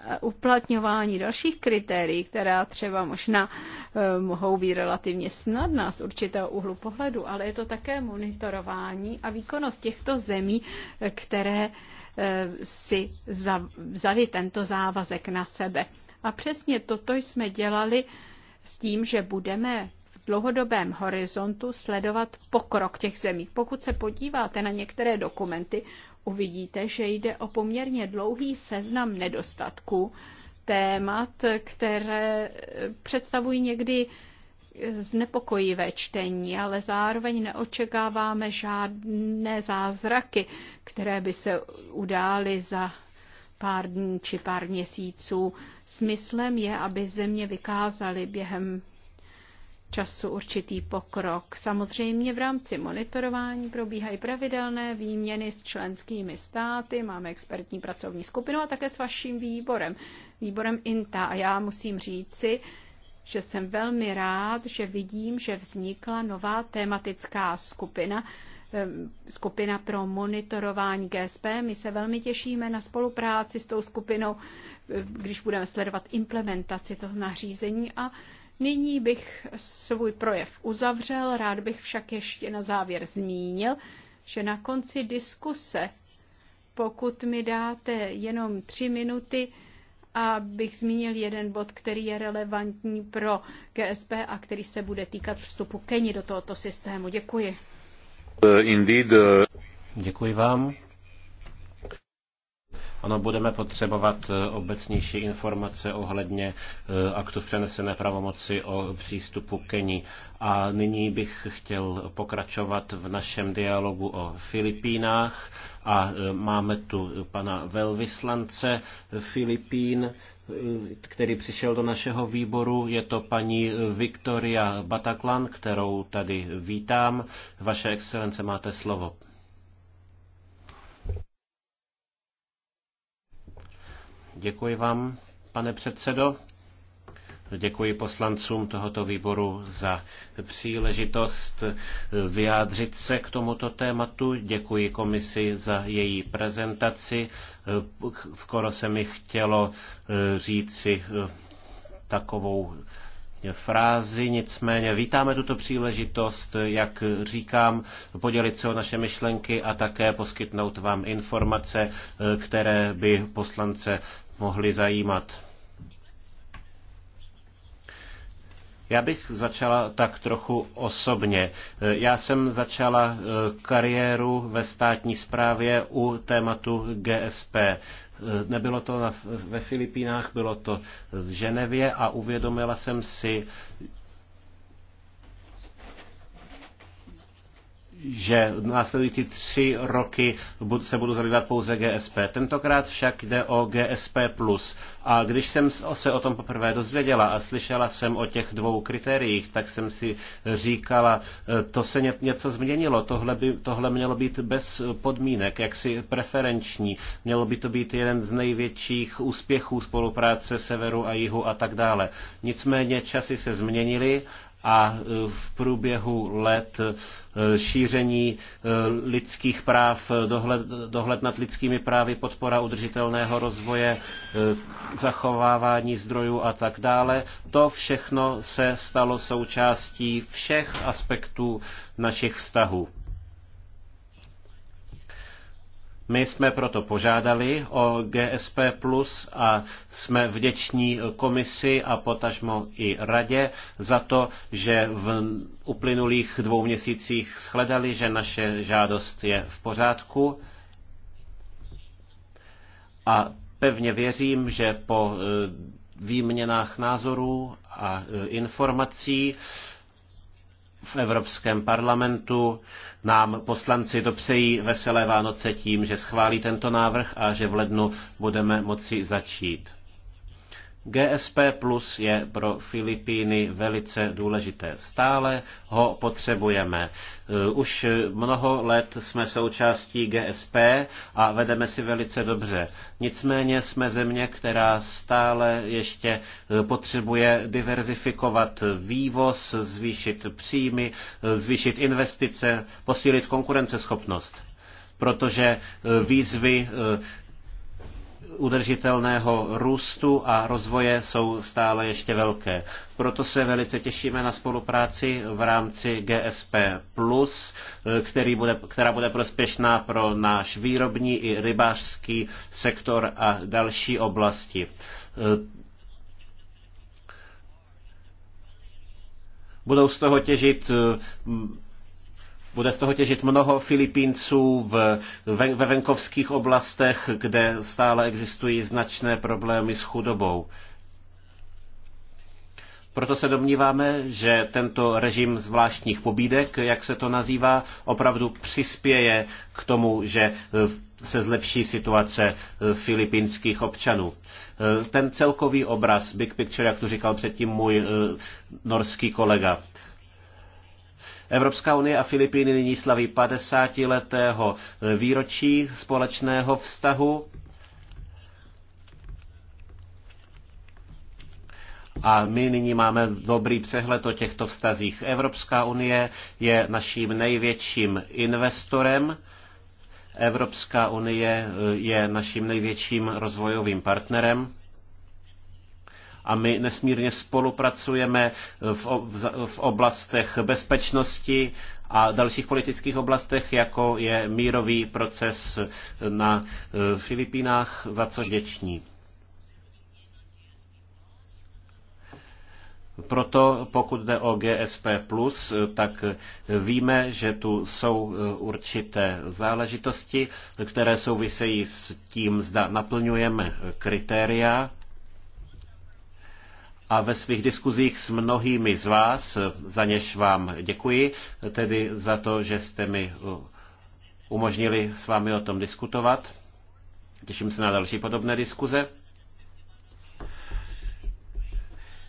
e, uplatňování dalších kritérií, která třeba možná e, mohou být relativně snadná z určitého úhlu pohledu, ale je to také monitorování a výkonnost těchto zemí, e, které si vzali tento závazek na sebe. A přesně toto jsme dělali s tím, že budeme dlouhodobém horizontu sledovat pokrok těch zemí. Pokud se podíváte na některé dokumenty, uvidíte, že jde o poměrně dlouhý seznam nedostatků, témat, které představují někdy znepokojivé čtení, ale zároveň neočekáváme žádné zázraky, které by se udály za pár dní či pár měsíců. Smyslem je, aby země vykázaly během času určitý pokrok. Samozřejmě v rámci monitorování probíhají pravidelné výměny s členskými státy, máme expertní pracovní skupinu a také s vaším výborem, výborem INTA. A já musím říci, že jsem velmi rád, že vidím, že vznikla nová tematická skupina, skupina pro monitorování GSP. My se velmi těšíme na spolupráci s tou skupinou, e, když budeme sledovat implementaci toho nařízení a Nyní bych svůj projev uzavřel, rád bych však ještě na závěr zmínil, že na konci diskuse, pokud mi dáte jenom tři minuty, abych zmínil jeden bod, který je relevantní pro GSP a který se bude týkat vstupu Keni do tohoto systému. Děkuji. Uh, indeed. Uh, Děkuji vám. Ano, budeme potřebovat eh, obecnější informace ohledně eh, aktu v přenesené pravomoci o přístupu Keni. A nyní bych chtěl pokračovat v našem dialogu o Filipínách a eh, máme tu pana velvyslance Filipín, který přišel do našeho výboru. Je to paní Viktoria Bataklan, kterou tady vítám. Vaše excelence, máte slovo. Děkuji vám, pane předsedo. Děkuji poslancům tohoto výboru za příležitost vyjádřit se k tomuto tématu. Děkuji komisi za její prezentaci. Skoro se mi chtělo eh, říci eh, takovou frázi, nicméně vítáme tuto příležitost, jak říkám, podělit se o naše myšlenky a také poskytnout vám informace, eh, které by poslance Mohli zajímat. Já bych začala tak trochu osobně. Já jsem začala eh, kariéru ve státní správě u tématu GSP. Eh, nebylo to ve Filipínách, bylo to v Ženevě a uvědomila jsem si, že následující tři roky se budu zabývat pouze GSP. Tentokrát však jde o GSP+. A když jsem se o tom poprvé dozvěděla a slyšela jsem o těch dvou kritériích, tak jsem si říkala, e, to se něco změnilo, tohle, by, tohle mělo být bez podmínek, jaksi preferenční, mělo by to být jeden z největších úspěchů spolupráce severu a jihu a tak dále. Nicméně časy se změnily a e, v průběhu let e, šíření e, lidských práv, dohled, dohled nad lidskými právy, podpora udržitelného rozvoje, zachovávání zdrojů a tak dále. To všechno se stalo součástí všech aspektů našich vztahů. My jsme proto požádali o GSP Plus a jsme vděční komisi a potažmo i radě za to, že v uplynulých dvou měsících shledali, že naše žádost je v pořádku. A pevně věřím, že po e, výměnách názorů a e, informací v Evropském parlamentu. Nám poslanci dopřejí veselé Vánoce tím, že schválí tento návrh a že v lednu budeme moci začít. GSP Plus je pro Filipíny velice důležité. Stále ho potřebujeme. Eh, už mnoho let jsme součástí GSP a vedeme si velice dobře. Nicméně jsme země, která stále ještě eh, potřebuje diverzifikovat vývoz, zvýšit příjmy, eh, zvýšit investice, posílit konkurenceschopnost protože výzvy udržitelného růstu a rozvoje jsou stále ještě velké. Proto se velice těšíme na spolupráci v rámci GSP+, který bude, která bude prospěšná pro náš výrobní i rybářský sektor a další oblasti. Budou z toho těžit bude z toho těžit mnoho Filipínců v, ve, ve venkovských oblastech, kde stále existují značné problémy s chudobou. Proto se domníváme, že tento režim zvláštních pobídek, jak se to nazývá, opravdu přispěje k tomu, že eh, se zlepší situace eh, filipínských občanů. Eh, ten celkový obraz, big picture, jak tu říkal předtím můj norský kolega, Evropská unie a Filipíny nyní slaví 50 letého výročí společného vztahu. A my nyní máme dobrý přehled o těchto vztazích. Evropská unie je naším největším investorem. Evropská unie je naším největším rozvojovým partnerem a my nesmírně spolupracujeme v oblastech bezpečnosti a dalších politických oblastech, jako je mírový proces na e, Filipínách, za což děční. Proto pokud jde o GSP+, e, tak víme, že tu jsou e, určité záležitosti, které souvisejí s tím, zda naplňujeme kritéria a ve svých diskuzích s mnohými z vás, za něž vám děkuji, tedy za to, že jste mi uh, umožnili s vámi o tom diskutovat. Těším se na další podobné diskuze.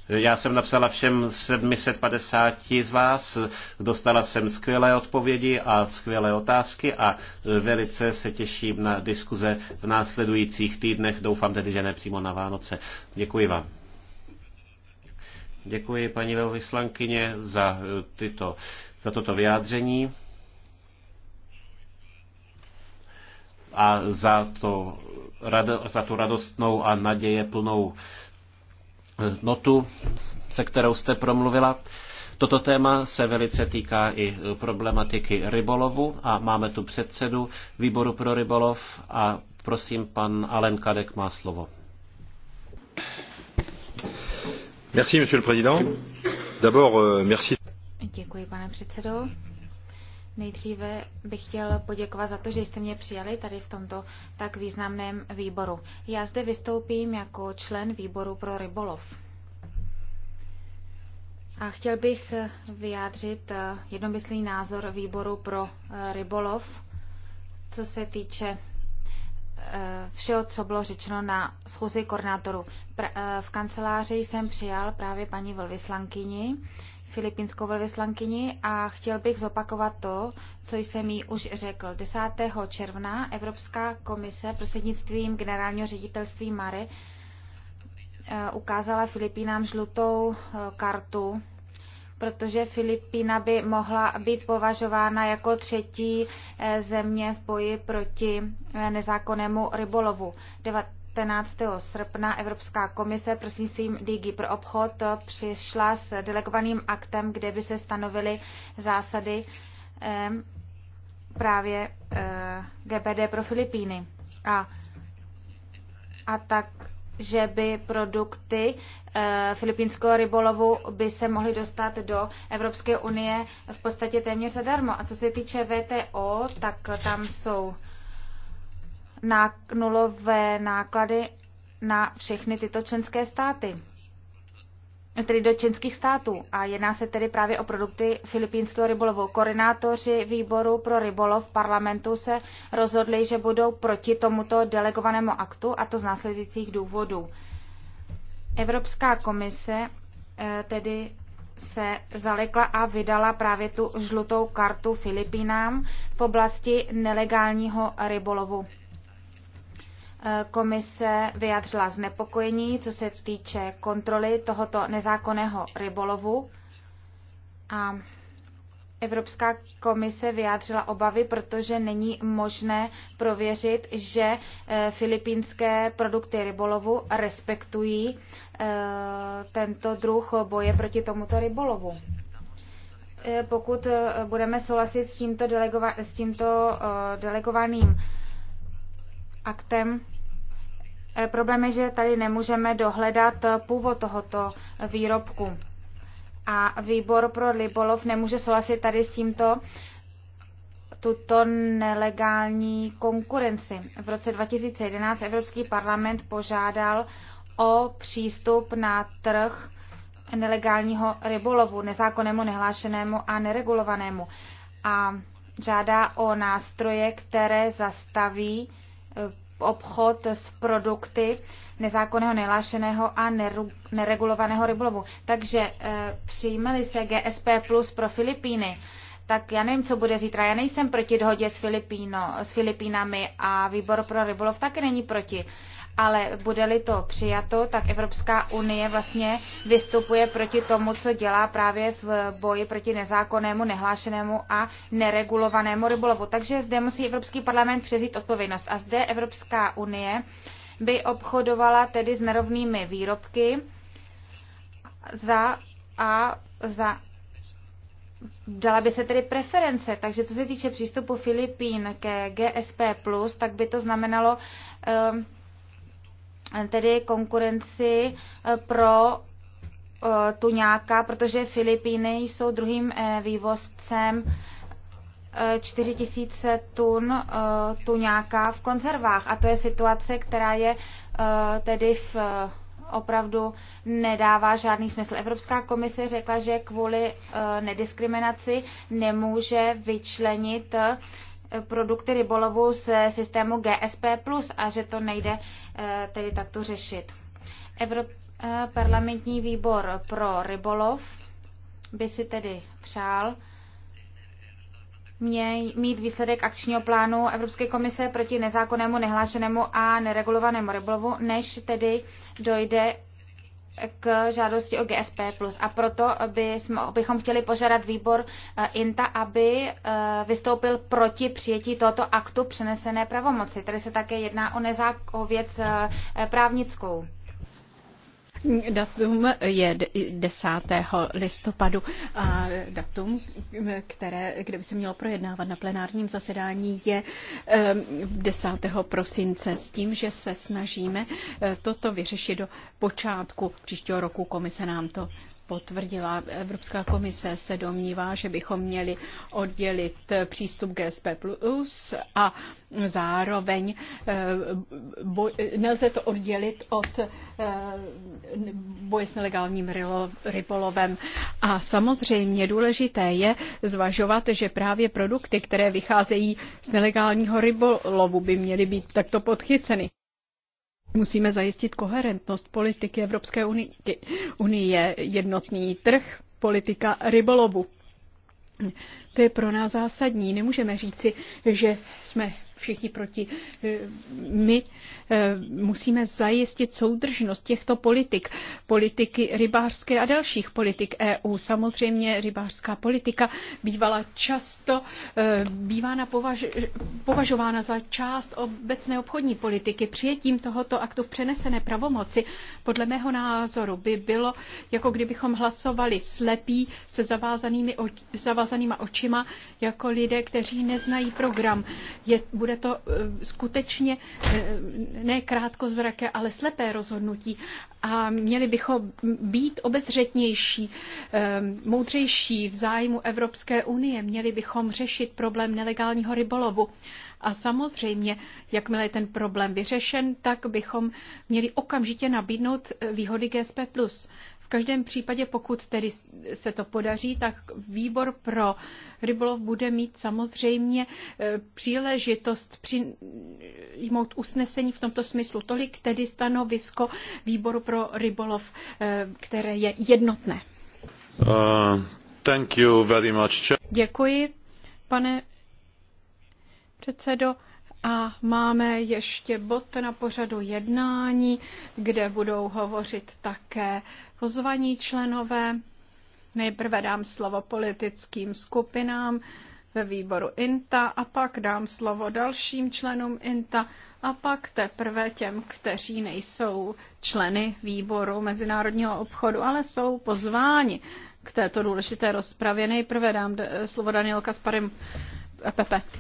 Já jsem napsala všem 750 z vás, dostala jsem skvělé odpovědi a skvělé otázky a eh, velice se těším na diskuze v následujících týdnech. Doufám tedy, že ne přímo na Vánoce. Děkuji vám. Děkuji paní velvyslankyně za, eh, tyto, za toto vyjádření a za, to, za tu radostnou a naděje plnou eh, notu, se kterou jste promluvila. Toto téma se velice týká i eh, problematiky rybolovu a máme tu předsedu výboru pro rybolov a prosím, pan Alen Kadek má slovo monsieur le président. D'abord, euh, merci. Děkuji, pane předsedo. Nejdříve bych chtěl poděkovat za to, že jste mě přijali tady v tomto tak významném výboru. Já zde vystoupím jako člen výboru pro rybolov. A chtěl bych vyjádřit eh, jednomyslný názor výboru pro eh, rybolov, co se týče Eh, všeho, co bylo řečeno na schůzi koordinátorů. Eh, v kanceláři jsem přijal právě paní velvyslankyni, filipínskou velvyslankyni a chtěl bych zopakovat to, co jsem jí už řekl. 10. června Evropská komise prostřednictvím generálního ředitelství Mare eh, ukázala Filipínám žlutou kartu protože Filipína by mohla být považována jako třetí eh, země v boji proti eh, nezákonnému rybolovu. 19. srpna Evropská komise prostřednictvím DIGI pro obchod eh, přišla s delegovaným aktem, kde by se stanovily zásady právě GBD pro Filipíny. A, a tak že by produkty eh, filipínského rybolovu by se mohly dostat do Evropské unie v podstatě téměř zadarmo. A co se týče VTO, tak tam jsou nulové náklady na všechny tyto členské státy tedy do čínských států. A jedná se tedy právě o produkty filipínského rybolovu. Koordinátoři výboru pro rybolov parlamentu se rozhodli, že budou proti tomuto delegovanému aktu a to z následujících důvodů. Evropská komise eh, tedy se zalekla a vydala právě tu žlutou kartu Filipínám v oblasti nelegálního rybolovu Komise vyjádřila znepokojení, co se týče kontroly tohoto nezákonného rybolovu. A Evropská komise vyjádřila obavy, protože není možné prověřit, že eh, filipínské produkty rybolovu respektují eh, tento druh boje proti tomuto rybolovu. Eh, pokud budeme souhlasit s tímto, delegova- s tímto delegovaným aktem, Eh, problém je, že tady nemůžeme dohledat eh, původ tohoto eh, výrobku. A výbor pro Libolov nemůže souhlasit tady s tímto tuto nelegální konkurenci. V roce 2011 Evropský parlament požádal o přístup na trh nelegálního rybolovu, nezákonnému, nehlášenému a neregulovanému. A žádá o nástroje, které zastaví obchod s produkty nezákonného, nelášeného a neregulovaného rybolovu. Takže eh, přijmeli se GSP plus pro Filipíny, tak já nevím, co bude zítra. Já nejsem proti dohodě s, Filipíno, s Filipínami a výbor pro rybolov taky není proti ale bude-li to přijato, tak Evropská unie vlastně vystupuje proti tomu, co dělá právě v boji proti nezákonnému, nehlášenému a neregulovanému rybolovu. Takže zde musí Evropský parlament přezít odpovědnost. A zde Evropská unie by obchodovala tedy s nerovnými výrobky za a za dala by se tedy preference. Takže co se týče přístupu Filipín ke GSP+, tak by to znamenalo um, tedy konkurenci eh, pro eh, tuňáka, protože Filipíny jsou druhým eh, vývozcem 4 000 tun tuňáka v konzervách. A to je situace, která je tedy v opravdu nedává žádný smysl. Evropská komise řekla, že kvůli nediskriminaci nemůže vyčlenit produkty rybolovu z systému GSP+, a že to nejde eh, tedy takto řešit. Evrop, eh, parlamentní výbor pro rybolov by si tedy přál mě, mít výsledek akčního plánu Evropské komise proti nezákonnému, nehlášenému a neregulovanému rybolovu, než tedy dojde k žádosti o GSP+. A proto by jsme, bychom chtěli požádat výbor eh, INTA, aby eh, vystoupil proti přijetí tohoto aktu přenesené pravomoci. Tady se také jedná o, nezák- o věc eh, právnickou. Datum je 10. listopadu a datum, které, kde by se mělo projednávat na plenárním zasedání, je 10. prosince s tím, že se snažíme eh, toto vyřešit do počátku příštího roku. Komise nám to potvrdila Evropská komise, se domnívá, že bychom měli oddělit přístup GSP plus a zároveň eh, nelze to oddělit od eh, boje s nelegálním rybolovem. A samozřejmě důležité je zvažovat, že právě produkty, které vycházejí z nelegálního rybolovu, by měly být takto podchyceny. Musíme zajistit koherentnost politiky Evropské unie. Unie jednotný trh, politika rybolovu. To je pro nás zásadní. Nemůžeme říci, že jsme všichni proti. Eh, my eh, musíme zajistit soudržnost těchto politik, politiky rybářské a dalších politik EU. Samozřejmě rybářská politika bývala často, eh, bývá považ, považována za část obecné obchodní politiky. Přijetím tohoto aktu v přenesené pravomoci podle mého názoru by bylo, jako kdybychom hlasovali slepí se zavázanými, zavázanýma očima, jako lidé, kteří neznají program. Je, bude bude to e, skutečně e, ne krátkozraké, ale slepé rozhodnutí. A měli bychom být obezřetnější, e, moudřejší v zájmu Evropské unie. Měli bychom řešit problém nelegálního rybolovu. A samozřejmě, jakmile je ten problém vyřešen, tak bychom měli okamžitě nabídnout výhody GSP+. V každém případě, pokud tedy se to podaří, tak výbor pro rybolov bude mít samozřejmě e, příležitost přijmout usnesení v tomto smyslu. Tolik tedy stanovisko výboru pro rybolov, e, které je jednotné. Uh, thank you very much. Děkuji, pane předsedo. A máme ještě bod na pořadu jednání, kde budou hovořit také pozvaní členové. Nejprve dám slovo politickým skupinám ve výboru INTA a pak dám slovo dalším členům INTA a pak teprve těm, kteří nejsou členy výboru mezinárodního obchodu, ale jsou pozváni k této důležité rozpravě. Nejprve dám eh, slovo Daniel Kasparim.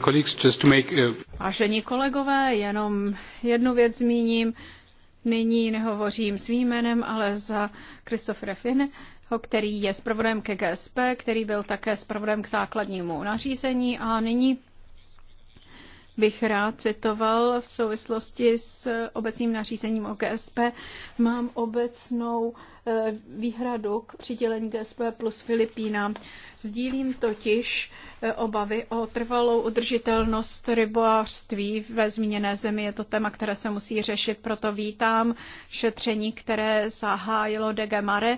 Uh, Vážení kolegové, jenom jednu věc zmíním. Nyní nehovořím svým jménem, ale za christophera Finn, který je zpravodajem ke GSP, který byl také zpravodajem k základnímu nařízení a nyní bych rád citoval v souvislosti s obecným nařízením o GSP. Mám obecnou eh, výhradu k přidělení GSP plus Filipína. Sdílím totiž eh, obavy o trvalou udržitelnost rybářství ve zmíněné zemi. Je to téma, které se musí řešit, proto vítám šetření, které zahájilo de Mare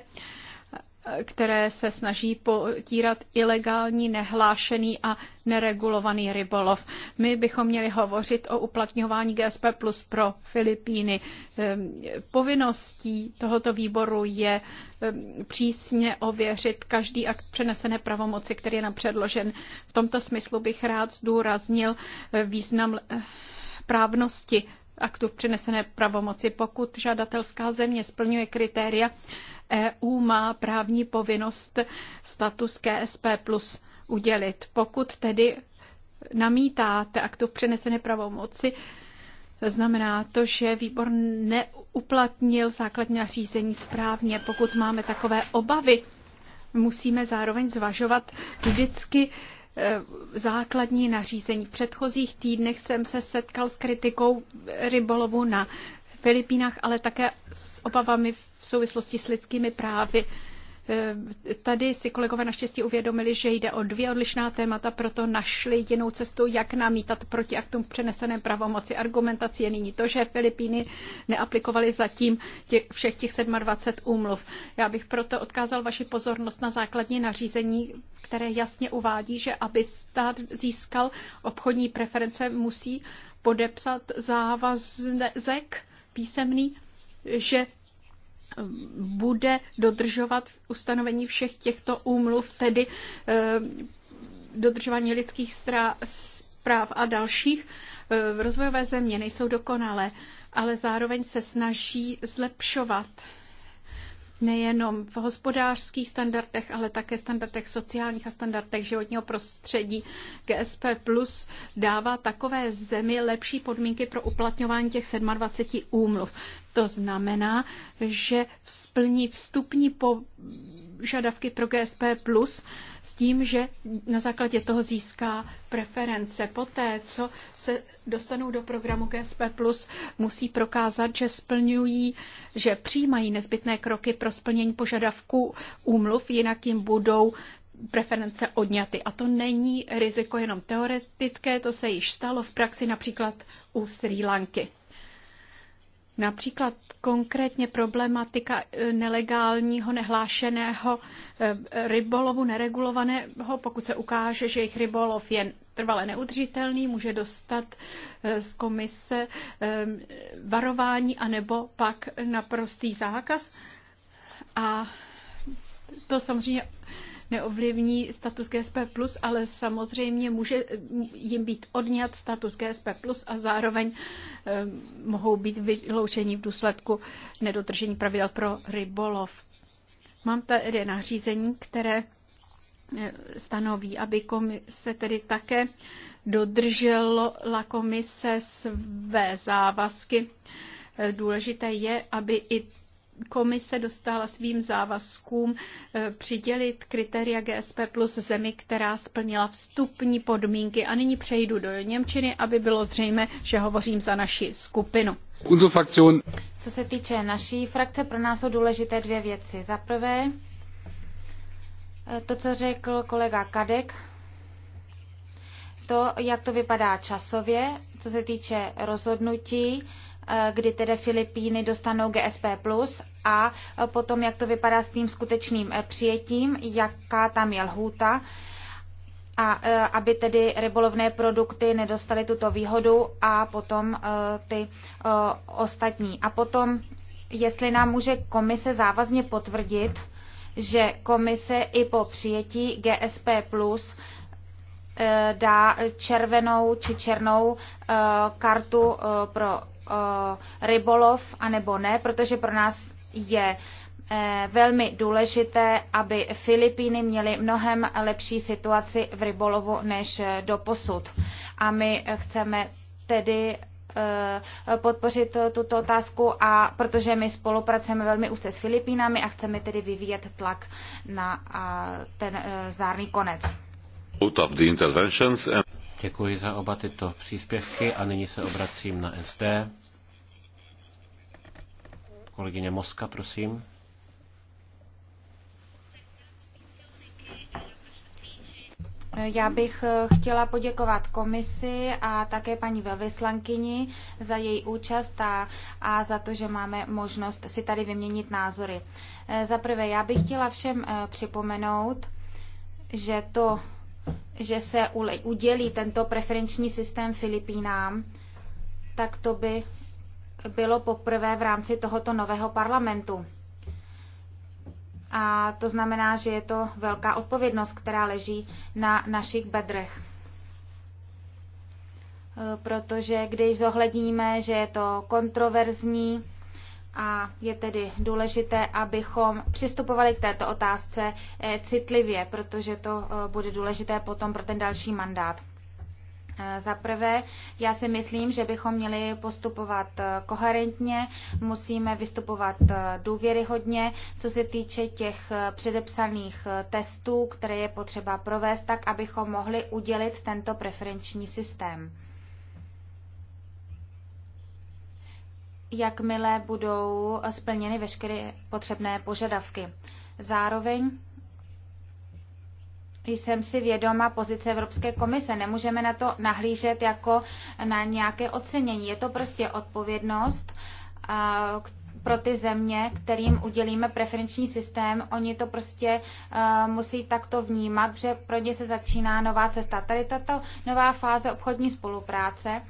které se snaží potírat ilegální, nehlášený a neregulovaný rybolov. My bychom měli hovořit o uplatňování GSP plus pro Filipíny. Ehm, povinností tohoto výboru je ehm, přísně ověřit každý akt přenesené pravomoci, který je nám předložen. V tomto smyslu bych rád zdůraznil eh, význam eh, právnosti aktu v přenesené pravomoci. Pokud žadatelská země splňuje kritéria, EU má právní povinnost status KSP plus udělit. Pokud tedy namítáte aktu v přenesené pravomoci, Znamená to, že výbor neuplatnil základní řízení správně. Pokud máme takové obavy, musíme zároveň zvažovat vždycky Eh, základní nařízení. V předchozích týdnech jsem se setkal s kritikou rybolovu na Filipínách, ale také s obavami v souvislosti s lidskými právy. Eh, tady si kolegové naštěstí uvědomili, že jde o dvě odlišná témata, proto našli jinou cestu, jak namítat proti aktům přenesené pravomoci. Argumentací je nyní to, že Filipíny neaplikovaly zatím těch, všech těch 27 úmluv. Já bych proto odkázal vaši pozornost na základní nařízení, které jasně uvádí, že aby stát získal obchodní preference, musí podepsat závazek písemný, že bude dodržovat ustanovení všech těchto úmluv, tedy eh, dodržování lidských práv a dalších. V eh, rozvojové země nejsou dokonalé, ale zároveň se snaží zlepšovat nejenom v hospodářských standardech, ale také standardech sociálních a standardech životního prostředí. GSP Plus dává takové zemi lepší podmínky pro uplatňování těch 27 úmluv. To znamená, že splní vstupní požadavky pro GSP plus s tím, že na základě toho získá preference. Poté, co se dostanou do programu GSP plus, musí prokázat, že splňují, že přijímají nezbytné kroky pro splnění požadavků úmluv, jinak jim budou preference odňaty. A to není riziko jenom teoretické, to se již stalo v praxi například u Sri Lanky. Například konkrétně problematika e, nelegálního, nehlášeného e, rybolovu, neregulovaného, pokud se ukáže, že jejich rybolov je trvale neudržitelný, může dostat e, z komise varování anebo pak naprostý zákaz. A to samozřejmě neovlivní status GSP+, ale samozřejmě může jim být odňat status GSP+, a zároveň eh, mohou být vyloučeni v důsledku nedodržení pravidel pro rybolov. Mám tady nařízení, které eh, stanoví, aby komise tedy také dodržela komise své závazky. Eh, důležité je, aby i komise dostala svým závazkům eh, přidělit kritéria GSP plus zemi, která splnila vstupní podmínky. A nyní přejdu do Němčiny, aby bylo zřejmé, že hovořím za naši skupinu. Co se týče naší frakce, pro nás jsou důležité dvě věci. Za prvé, eh, to, co řekl kolega Kadek, to, jak to vypadá časově, co se týče rozhodnutí Eh, kdy tedy Filipíny dostanou GSP+, a eh, potom, jak to vypadá s tím skutečným eh, přijetím, jaká tam je lhůta, a aby tedy rybolovné produkty nedostaly tuto výhodu a potom ty ostatní. A potom, jestli nám může komise závazně potvrdit, že komise i po přijetí GSP plus dá červenou či černou kartu pro Eh, rybolov anebo ne, protože pro nás je eh, velmi důležité, aby Filipíny měly mnohem lepší situaci v rybolovu než eh, do posud. A my chceme tedy podpořit tuto otázku a protože my spolupracujeme velmi úzce s Filipínami a chceme tedy vyvíjet tlak na ten zárný konec. Děkuji za oba tyto příspěvky a nyní se obracím na SD. Kolegyně Moska, prosím. Já bych eh, chtěla poděkovat komisi a také paní velvyslankyni za její účast a, a za to, že máme možnost si tady vyměnit názory. Eh, za prvé, já bych chtěla všem eh, připomenout, že to že se udělí tento preferenční systém Filipínám, tak to by bylo poprvé v rámci tohoto nového parlamentu. A to znamená, že je to velká odpovědnost, která leží na našich bedrech. E, protože když zohledníme, že je to kontroverzní, a je tedy důležité, abychom přistupovali k této otázce eh, citlivě, protože to eh, bude důležité potom pro ten další mandát. Eh, za prvé, já si myslím, že bychom měli postupovat koherentně, musíme vystupovat důvěryhodně, co se týče těch předepsaných testů, které je potřeba provést, tak abychom mohli udělit tento preferenční systém. jakmile budou splněny veškeré potřebné požadavky. Zároveň jsem si vědoma pozice Evropské komise. Nemůžeme na to nahlížet jako na nějaké ocenění. Je to prostě odpovědnost pro ty země, kterým udělíme preferenční systém. Oni to prostě musí takto vnímat, že pro ně se začíná nová cesta. Tady tato nová fáze obchodní spolupráce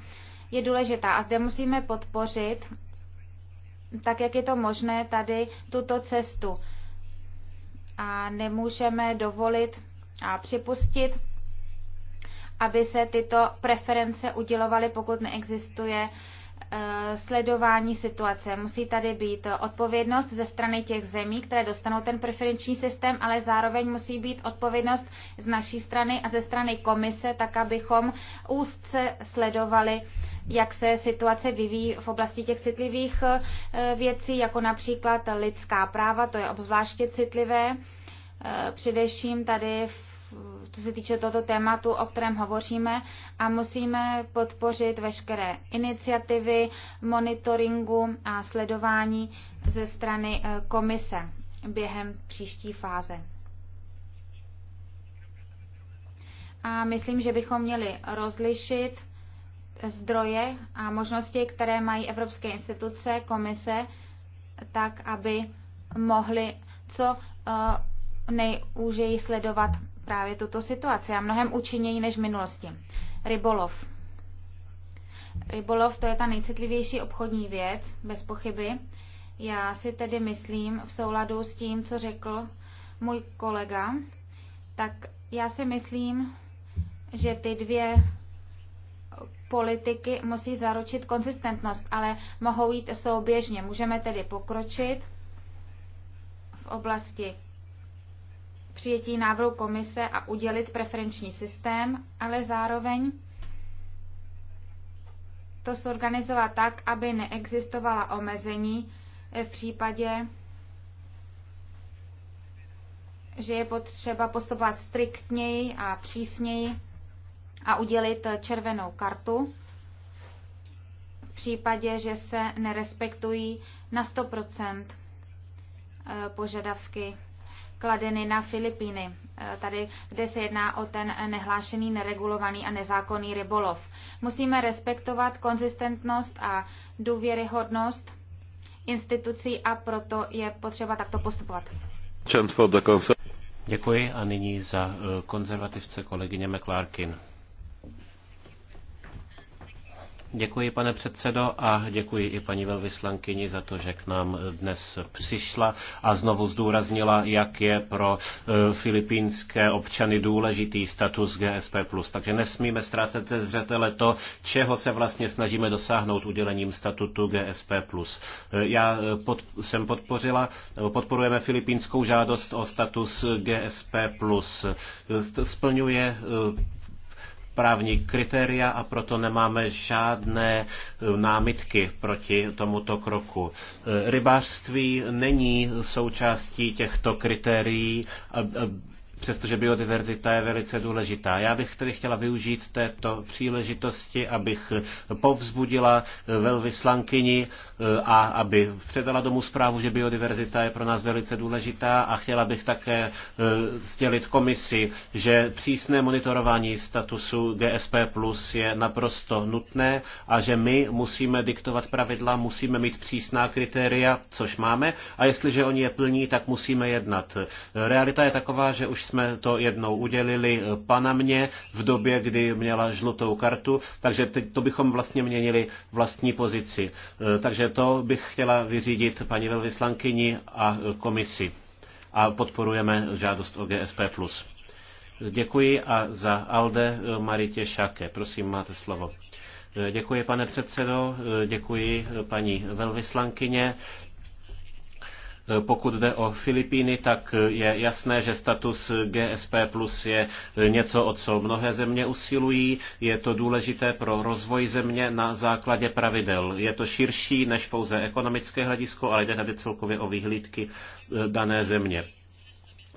je důležitá a zde musíme podpořit tak jak je to možné, tady tuto cestu. A nemůžeme dovolit a připustit, aby se tyto preference udělovaly, pokud neexistuje eh, sledování situace. Musí tady být odpovědnost ze strany těch zemí, které dostanou ten preferenční systém, ale zároveň musí být odpovědnost z naší strany a ze strany komise, tak abychom úzce sledovali jak se situace vyvíjí v oblasti těch citlivých eh, věcí, jako například lidská práva, to je obzvláště citlivé. Eh, především tady, co se týče tohoto tématu, o kterém hovoříme, a musíme podpořit veškeré iniciativy, monitoringu a sledování ze strany eh, komise během příští fáze. A myslím, že bychom měli rozlišit zdroje a možnosti, které mají evropské instituce, komise, tak, aby mohli co eh, nejúžeji sledovat právě tuto situaci a mnohem účinněji než v minulosti. Rybolov. Rybolov to je ta nejcitlivější obchodní věc, bez pochyby. Já si tedy myslím v souladu s tím, co řekl můj kolega, tak já si myslím, že ty dvě politiky musí zaručit konzistentnost, ale mohou jít souběžně. Můžeme tedy pokročit v oblasti přijetí návrhu komise a udělit preferenční systém, ale zároveň to zorganizovat tak, aby neexistovala omezení v případě, že je potřeba postupovat striktněji a přísněji a udělit červenou kartu v případě, že se nerespektují na 100% eh, požadavky kladeny na Filipíny, eh, tady, kde se jedná o ten nehlášený, neregulovaný a nezákonný rybolov. Musíme respektovat konzistentnost a důvěryhodnost institucí a proto je potřeba takto postupovat. Děkuji a nyní za eh, konzervativce kolegyně McClarkin. Děkuji, pane předsedo, a děkuji i paní velvyslankyni za to, že k nám dnes přišla a znovu zdůraznila, jak je pro eh, filipínské občany důležitý status GSP+. Takže nesmíme ztrácet ze zřetele to, čeho se vlastně snažíme dosáhnout udělením statutu GSP+. Eh, já eh, pod, jsem podpořila, podporujeme filipínskou žádost o status GSP+. Splňuje správní kritéria a proto nemáme žádné eh, námitky proti tomuto kroku. Eh, rybářství není součástí těchto kritérií eh, přestože biodiverzita je velice důležitá. Já bych tedy chtěla využít této příležitosti, abych povzbudila velvyslankyni eh, a aby předala domů zprávu, že biodiverzita je pro nás velice důležitá a chtěla bych také eh, sdělit komisi, že přísné monitorování statusu GSP Plus je naprosto nutné a že my musíme diktovat pravidla, musíme mít přísná kritéria, což máme a jestliže oni je plní, tak musíme jednat. Realita je taková, že už jsme to jednou udělili eh, Panamě v době, kdy měla žlutou kartu, takže teď to bychom vlastně měnili vlastní pozici. Eh, takže to bych chtěla vyřídit paní velvyslankyni a eh, komisi. A podporujeme žádost o GSP+. Děkuji a za Alde Maritě Šake. Prosím, máte slovo. Děkuji, pane předsedo, děkuji paní velvyslankyně Eh, pokud jde o Filipíny, tak eh, je jasné, že status GSP plus je eh, něco, o co mnohé země usilují. Je to důležité pro rozvoj země na základě pravidel. Je to širší než pouze ekonomické hledisko, ale jde tady celkově o vyhlídky dané země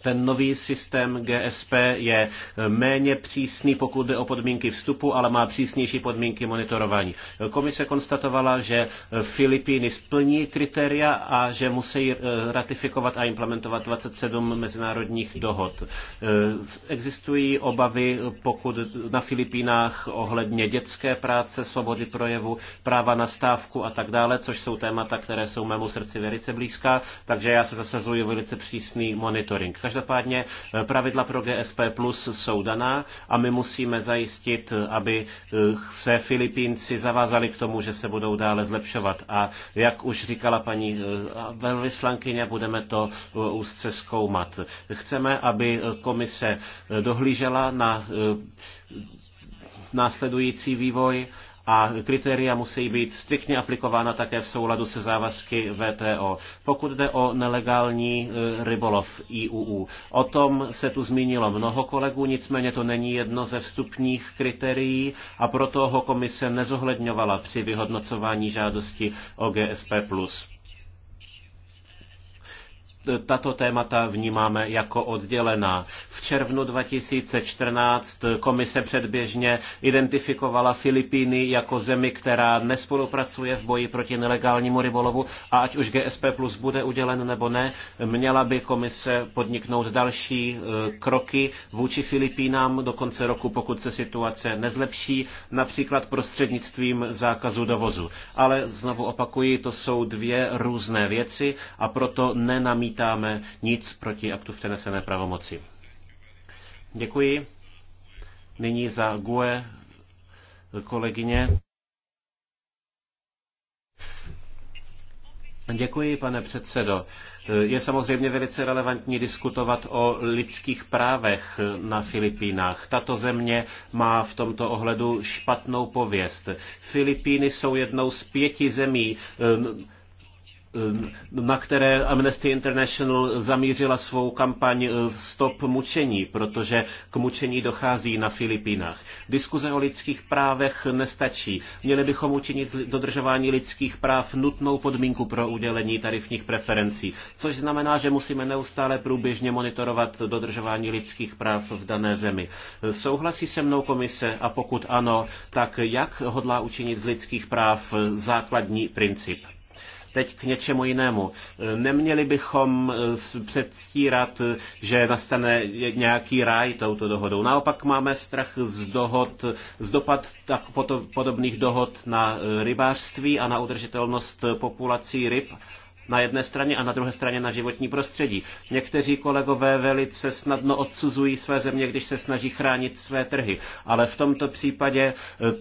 ten nový systém GSP je méně přísný, pokud jde o podmínky vstupu, ale má přísnější podmínky monitorování. Komise konstatovala, že Filipíny splní kritéria a že musí eh, ratifikovat a implementovat 27 mezinárodních dohod. Eh, existují obavy pokud na Filipínách ohledně dětské práce, svobody projevu, práva na stávku a tak dále, což jsou témata, které jsou mému srdci velice blízká, takže já se zasazuji velice přísný monitoring. Každopádně eh, pravidla pro GSP Plus jsou daná a my musíme zajistit, eh, aby eh, se Filipínci zavázali k tomu, že se budou dále zlepšovat. A jak už říkala paní velvyslankyně, budeme to úzce zkoumat. Chceme, aby komise dohlížela na následující vývoj a kritéria musí být striktně aplikována také v souladu se závazky VTO. Pokud jde o nelegální e, rybolov IUU, o tom se tu zmínilo mnoho kolegů, nicméně to není jedno ze vstupních kritérií a proto ho komise nezohledňovala při vyhodnocování žádosti o GSP+ tato témata vnímáme jako oddělená. V červnu 2014 komise předběžně identifikovala Filipíny jako zemi, která nespolupracuje v boji proti nelegálnímu rybolovu a ať už GSP plus bude udělen nebo ne, měla by komise podniknout další e, kroky vůči Filipínám do konce roku, pokud se situace nezlepší, například prostřednictvím zákazu dovozu. Ale znovu opakuji, to jsou dvě různé věci a proto nenamítám odmítáme nic proti aktu v přenesené pravomoci. Děkuji. Nyní za GUE kolegyně. Děkuji, pane předsedo. Je samozřejmě velice relevantní diskutovat o lidských právech na Filipínách. Tato země má v tomto ohledu špatnou pověst. Filipíny jsou jednou z pěti zemí, Ehm, na které Amnesty International zamířila svou kampaň eh, Stop mučení, protože k mučení dochází na Filipínách. Diskuze o lidských právech nestačí. Měli bychom učinit dodržování lidských práv nutnou podmínku pro udělení tarifních preferencí, což znamená, že musíme neustále průběžně monitorovat dodržování lidských práv v dané zemi. Eh, souhlasí se mnou komise a pokud ano, tak jak hodlá učinit z lidských práv eh, základní princip? Teď k něčemu jinému. E, neměli bychom e, předstírat, e, že nastane nějaký ráj touto dohodou. Naopak máme strach z dohod, z dopad tak podobných dohod na rybářství a na udržitelnost populací ryb na jedné straně a na druhé straně na životní prostředí. Někteří kolegové velice snadno odsuzují své země, když se snaží chránit své trhy, ale v tomto případě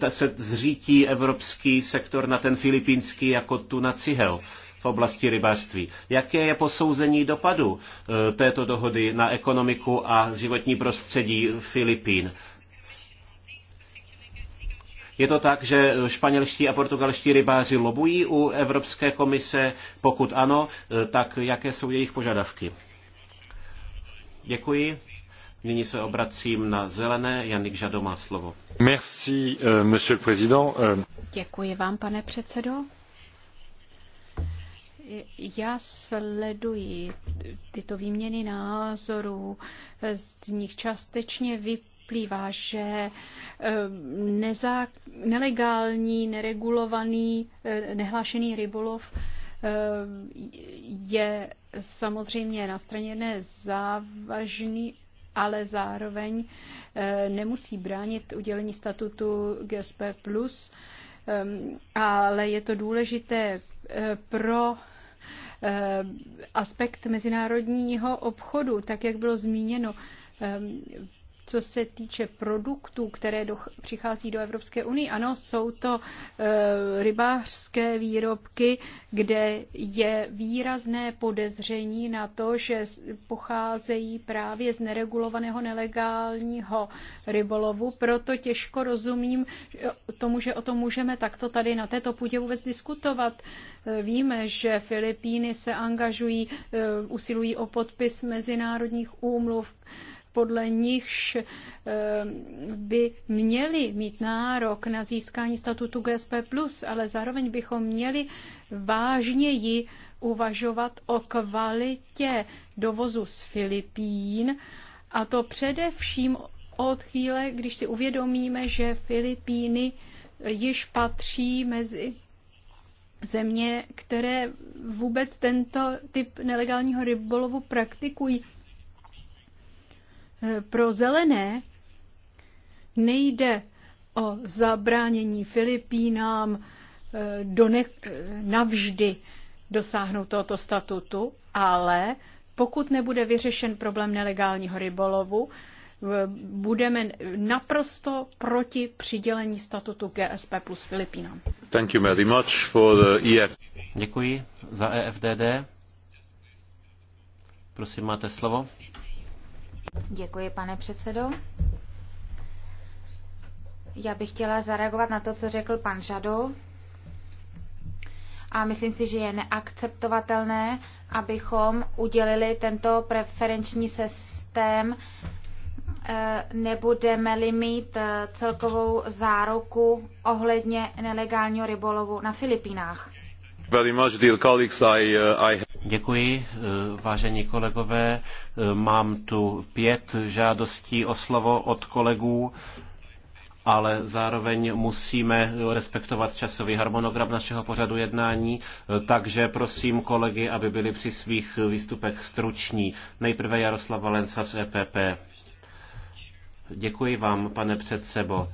eh, se zřítí evropský sektor na ten filipínský jako tu na cihel v oblasti rybářství. Jaké je posouzení dopadu eh, této dohody na ekonomiku a životní prostředí Filipín? Je to tak, že španělští a portugalští rybáři lobují u Evropské komise? Pokud ano, tak jaké jsou jejich požadavky? Děkuji. Nyní se obracím na zelené. Janik Žado má slovo. Merci, euh, monsieur le président. Euh, Děkuji vám, pane předsedo. Já sleduji tyto výměny názorů, z nich částečně vyplývá, vyplývá, že eh, nezá, nelegální, neregulovaný, eh, nehlášený rybolov eh, je samozřejmě na straně jedné závažný, ale zároveň nemusí bránit udělení statutu GSP+, ale je to důležité pro aspekt mezinárodního obchodu, tak jak bylo zmíněno co se týče produktů, které do, přichází do Evropské unie, ano, jsou to e, rybářské výrobky, kde je výrazné podezření na to, že pocházejí právě z neregulovaného nelegálního rybolovu. Proto těžko rozumím eh, tomu, že o tom můžeme takto tady na této půdě vůbec diskutovat. Eh, víme, že Filipíny se angažují, usilují o podpis mezinárodních úmluv, podle nichž eh, by měli mít nárok na získání statutu GSP+, ale zároveň bychom měli vážněji uvažovat o kvalitě dovozu z Filipín, a to především od chvíle, když si uvědomíme, že Filipíny již patří mezi země, které vůbec tento typ nelegálního rybolovu praktikují. Pro zelené nejde o zabránění Filipínám eh, do ne- eh, navždy dosáhnout tohoto statutu, ale pokud nebude vyřešen problém nelegálního rybolovu, eh, budeme naprosto proti přidělení statutu GSP plus Filipínám. Thank you very much for the EF. Děkuji za EFDD. Prosím, máte slovo. Děkuji, pane předsedo. Já bych chtěla zareagovat na to, co řekl pan Žado. A myslím si, že je neakceptovatelné, abychom udělili tento preferenční systém, eh, nebudeme-li mít eh, celkovou záruku ohledně nelegálního rybolovu na Filipínách. Very much, dear colleagues, I, eh, I... Děkuji, eh, vážení kolegové. Eh, mám tu pět žádostí o slovo od kolegů, ale zároveň musíme respektovat časový harmonogram našeho pořadu jednání, eh, takže prosím kolegy, aby byli při svých výstupech struční. Nejprve Jaroslav Valenca z EPP. Děkuji vám, pane předsebo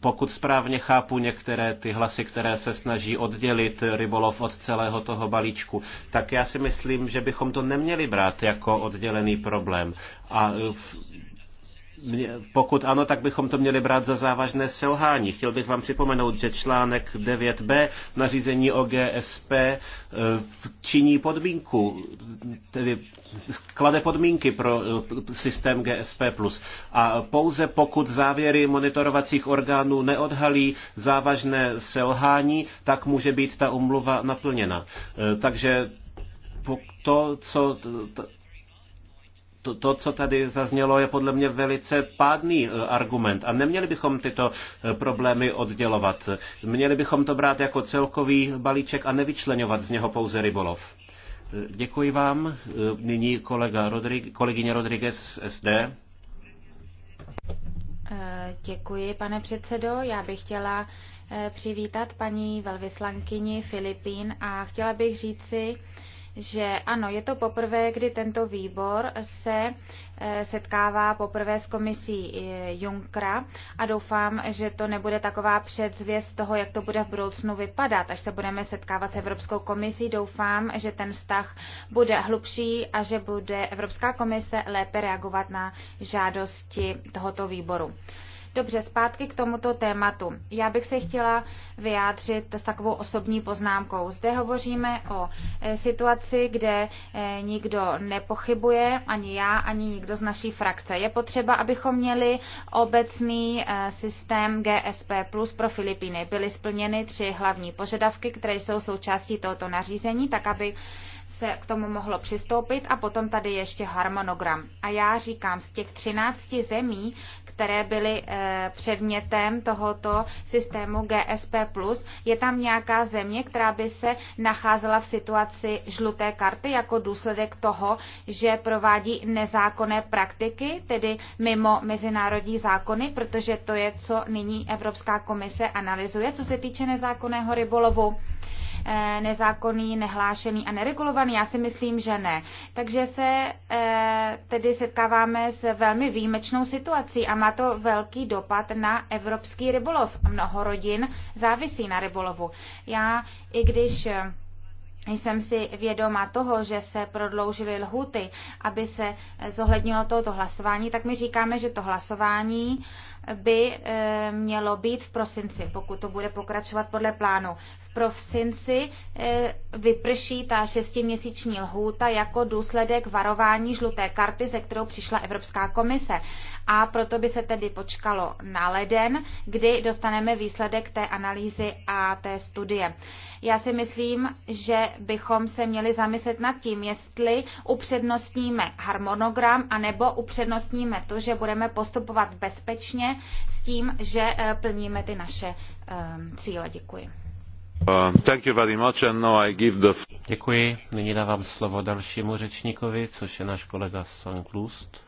pokud správně chápu některé ty hlasy, které se snaží oddělit rybolov od celého toho balíčku, tak já si myslím, že bychom to neměli brát jako oddělený problém. A pokud ano, tak bychom to měli brát za závažné selhání. Chtěl bych vám připomenout, že článek 9b nařízení o GSP e, činí podmínku, tedy klade podmínky pro e, systém GSP+. A pouze pokud závěry monitorovacích orgánů neodhalí závažné selhání, tak může být ta umluva naplněna. E, takže to, co to, to, co tady zaznělo, je podle mě velice pádný eh, argument a neměli bychom tyto eh, problémy oddělovat. Měli bychom to brát jako celkový balíček a nevyčlenovat z něho pouze rybolov. Eh, děkuji vám. Nyní kolega Rodrig, kolegyně Rodriguez z SD. Děkuji, pane předsedo. Já bych chtěla přivítat paní velvyslankyni Filipín a chtěla bych říci, si že ano, je to poprvé, kdy tento výbor se eh, setkává poprvé s komisí eh, Junkra a doufám, že to nebude taková předzvěst toho, jak to bude v budoucnu vypadat. Až se budeme setkávat s Evropskou komisí, doufám, že ten vztah bude hlubší a že bude Evropská komise lépe reagovat na žádosti tohoto výboru. Dobře, zpátky k tomuto tématu. Já bych se chtěla vyjádřit s takovou osobní poznámkou. Zde hovoříme o e, situaci, kde e, nikdo nepochybuje, ani já, ani nikdo z naší frakce. Je potřeba, abychom měli obecný e, systém GSP plus pro Filipíny. Byly splněny tři hlavní požadavky, které jsou součástí tohoto nařízení, tak aby se k tomu mohlo přistoupit a potom tady ještě harmonogram. A já říkám, z těch 13 zemí, které byly eh, předmětem tohoto systému GSP+. Je tam nějaká země, která by se nacházela v situaci žluté karty jako důsledek toho, že provádí nezákonné praktiky, tedy mimo mezinárodní zákony, protože to je, co nyní Evropská komise analyzuje, co se týče nezákonného rybolovu. Eh, nezákonný, nehlášený a neregulovaný? Já si myslím, že ne. Takže se eh, tedy setkáváme s velmi výjimečnou situací a má to velký dopad na evropský rybolov. Mnoho rodin závisí na rybolovu. Já, i když eh, jsem si vědoma toho, že se prodloužily lhuty, aby se zohlednilo toto hlasování, tak my říkáme, že to hlasování by mělo být v prosinci, pokud to bude pokračovat podle plánu prosinci eh, vyprší ta šestiměsíční lhůta jako důsledek varování žluté karty, ze kterou přišla Evropská komise. A proto by se tedy počkalo na leden, kdy dostaneme výsledek té analýzy a té studie. Já si myslím, že bychom se měli zamyslet nad tím, jestli upřednostníme harmonogram anebo upřednostníme to, že budeme postupovat bezpečně s tím, že eh, plníme ty naše eh, cíle. Děkuji. Děkuji. Nyní dávám slovo dalšímu řečníkovi, což je náš kolega Sanklust.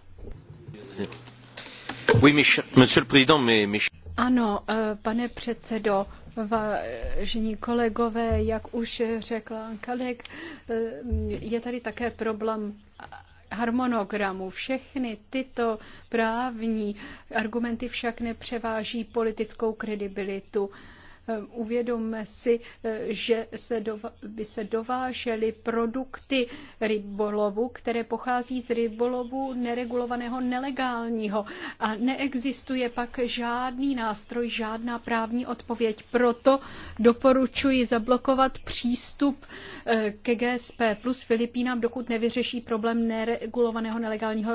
Ano, eh, pane předsedo, vážení kolegové, jak už řekla Kalik, eh, je tady také problém harmonogramu. Všechny tyto právní argumenty však nepřeváží politickou kredibilitu. Eh, uvědomme si, eh, že se dova- by se dovážely produkty rybolovu, které pochází z rybolovu neregulovaného, nelegálního. A neexistuje pak žádný nástroj, žádná právní odpověď. Proto doporučuji zablokovat přístup eh, ke GSP plus Filipínám, dokud nevyřeší problém neregulovaného nelegálního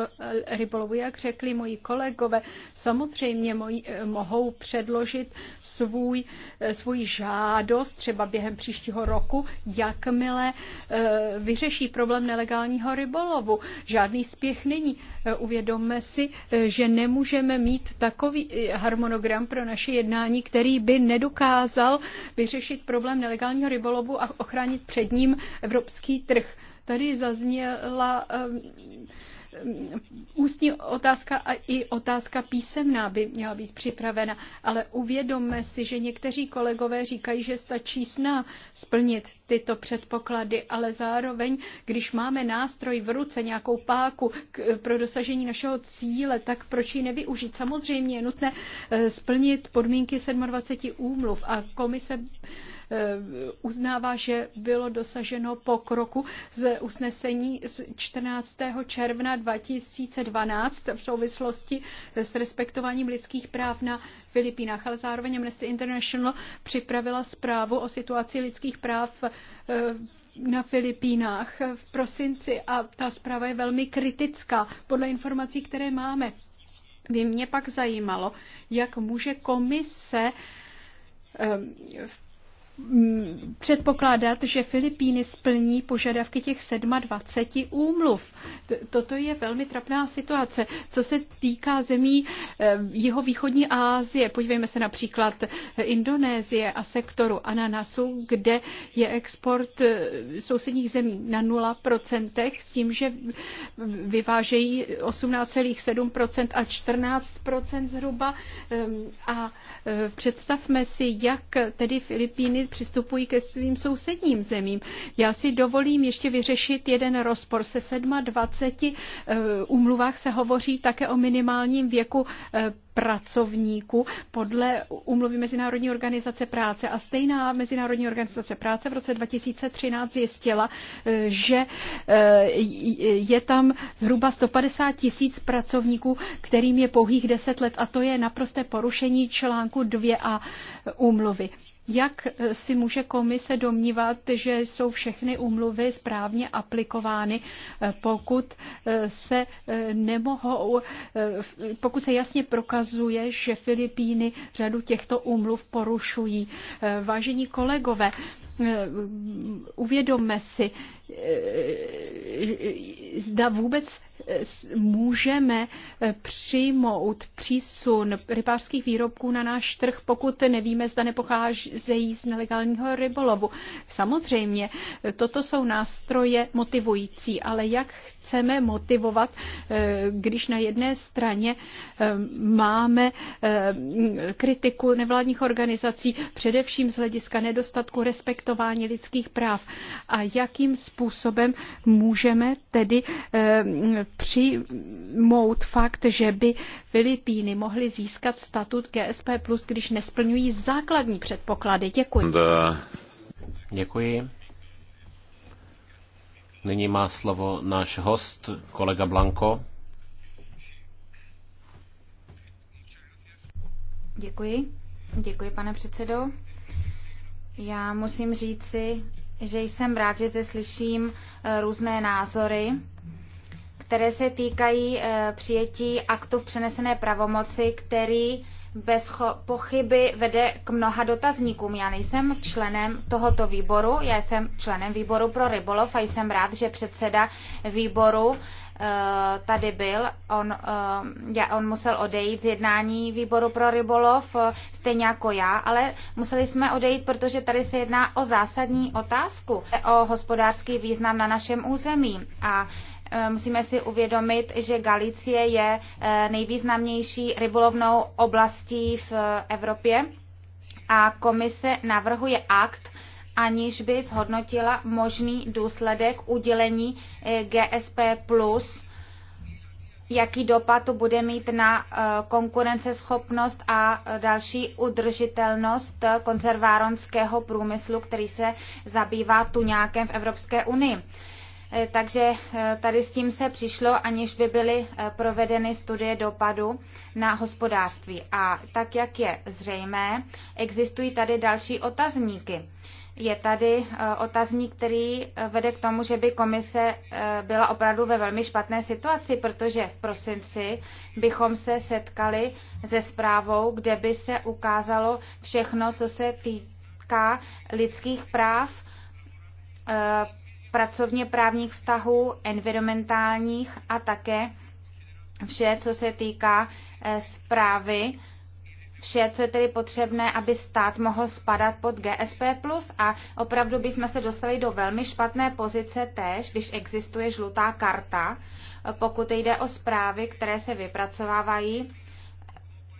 rybolovu. Jak řekli moji kolegové, samozřejmě moji, mohou předložit svůj Eh, svoji žádost třeba během příštího roku, jakmile eh, vyřeší problém nelegálního rybolovu. Žádný spěch není. Eh, uvědomme si, že nemůžeme mít takový harmonogram pro naše jednání, který by nedokázal vyřešit problém nelegálního rybolovu a ochránit před ním evropský trh. Tady zazněla Ústní otázka a i otázka písemná by měla být připravena, ale uvědomme si, že někteří kolegové říkají, že stačí sna splnit tyto předpoklady, ale zároveň, když máme nástroj v ruce, nějakou páku k, pro dosažení našeho cíle, tak proč ji nevyužít? Samozřejmě je nutné eh, splnit podmínky 27 úmluv a komise Eh, uznává, že bylo dosaženo pokroku z usnesení z 14. června 2012 v souvislosti s respektováním lidských práv na Filipínách. Ale zároveň Amnesty International připravila zprávu o situaci lidských práv eh, na Filipínách v prosinci a ta zpráva je velmi kritická podle informací, které máme. By mě pak zajímalo, jak může komise v eh, Mm, předpokládat, že Filipíny splní požadavky těch 27 úmluv. Toto je velmi trapná situace. Co se týká zemí eh, jeho východní Asie, podívejme se například eh, Indonésie a sektoru ananasu, kde je export eh, sousedních zemí na 0%, s tím, že vyvážejí 18,7% a 14% zhruba. Ehm, a představme si, jak tedy Filipíny přistupují ke svým sousedním zemím. Já si dovolím ještě vyřešit jeden rozpor. Se 27 eh, umluvách se hovoří také o minimálním věku eh, pracovníků podle umluvy Mezinárodní organizace práce. A stejná Mezinárodní organizace práce v roce 2013 zjistila, eh, že je tam zhruba 150 tisíc pracovníků, kterým je pouhých 10 let a to je naprosté porušení článku 2a úmluvy. Jak eh, si může komise domnívat, že jsou všechny úmluvy správně aplikovány, eh, pokud eh, se nemohou, pokud se jasně prokazuje, že Filipíny řadu těchto úmluv porušují? Vážení kolegové, Eh, uvědomme si, eh, zda vůbec eh, můžeme přijmout přísun rybářských výrobků na náš trh, pokud nevíme, zda nepocházejí z nelegálního rybolovu. Samozřejmě, toto jsou nástroje motivující, ale jak chceme motivovat, eh, když na jedné straně eh, máme eh, kritiku nevládních organizací, především z hlediska nedostatku respektování lidských práv a jakým způsobem můžeme tedy přijmout fakt, že by Filipíny mohly získat statut GSP+, když nesplňují základní předpoklady. Děkuji. Děkuji. Nyní má slovo náš host, kolega Blanko. Děkuji. Děkuji, pane předsedo. Já musím říci, že jsem rád, že zde slyším eh, různé názory, které se týkají eh, přijetí aktu v přenesené pravomoci, který bez pochyby vede k mnoha dotazníkům. Já nejsem členem tohoto výboru, já jsem členem výboru pro rybolov a jsem rád, že předseda výboru eh, tady byl. On, eh, on musel odejít z jednání výboru pro rybolov, eh, stejně jako já, ale museli jsme odejít, protože tady se jedná o zásadní otázku, o hospodářský význam na našem území. A Eh, musíme si uvědomit, že Galicie je eh, nejvýznamnější rybolovnou oblastí v eh, Evropě a komise navrhuje akt, aniž by zhodnotila možný důsledek udělení GSP+, jaký dopad to bude mít na konkurenceschopnost a další udržitelnost konzerváronského průmyslu, který se zabývá tuňákem v Evropské unii. Eh, takže eh, tady s tím se přišlo, aniž by byly eh, provedeny studie dopadu na hospodářství. A tak, jak je zřejmé, existují tady další otazníky. Je tady otazník, který vede k tomu, že by komise byla opravdu ve velmi špatné situaci, protože v prosinci bychom se setkali se zprávou, kde by se ukázalo všechno, co se týká lidských práv pracovně právních vztahů, environmentálních a také vše, co se týká eh, zprávy, vše, co je tedy potřebné, aby stát mohl spadat pod GSP+. A opravdu bychom se dostali do velmi špatné pozice též, když existuje žlutá karta, pokud jde o zprávy, které se vypracovávají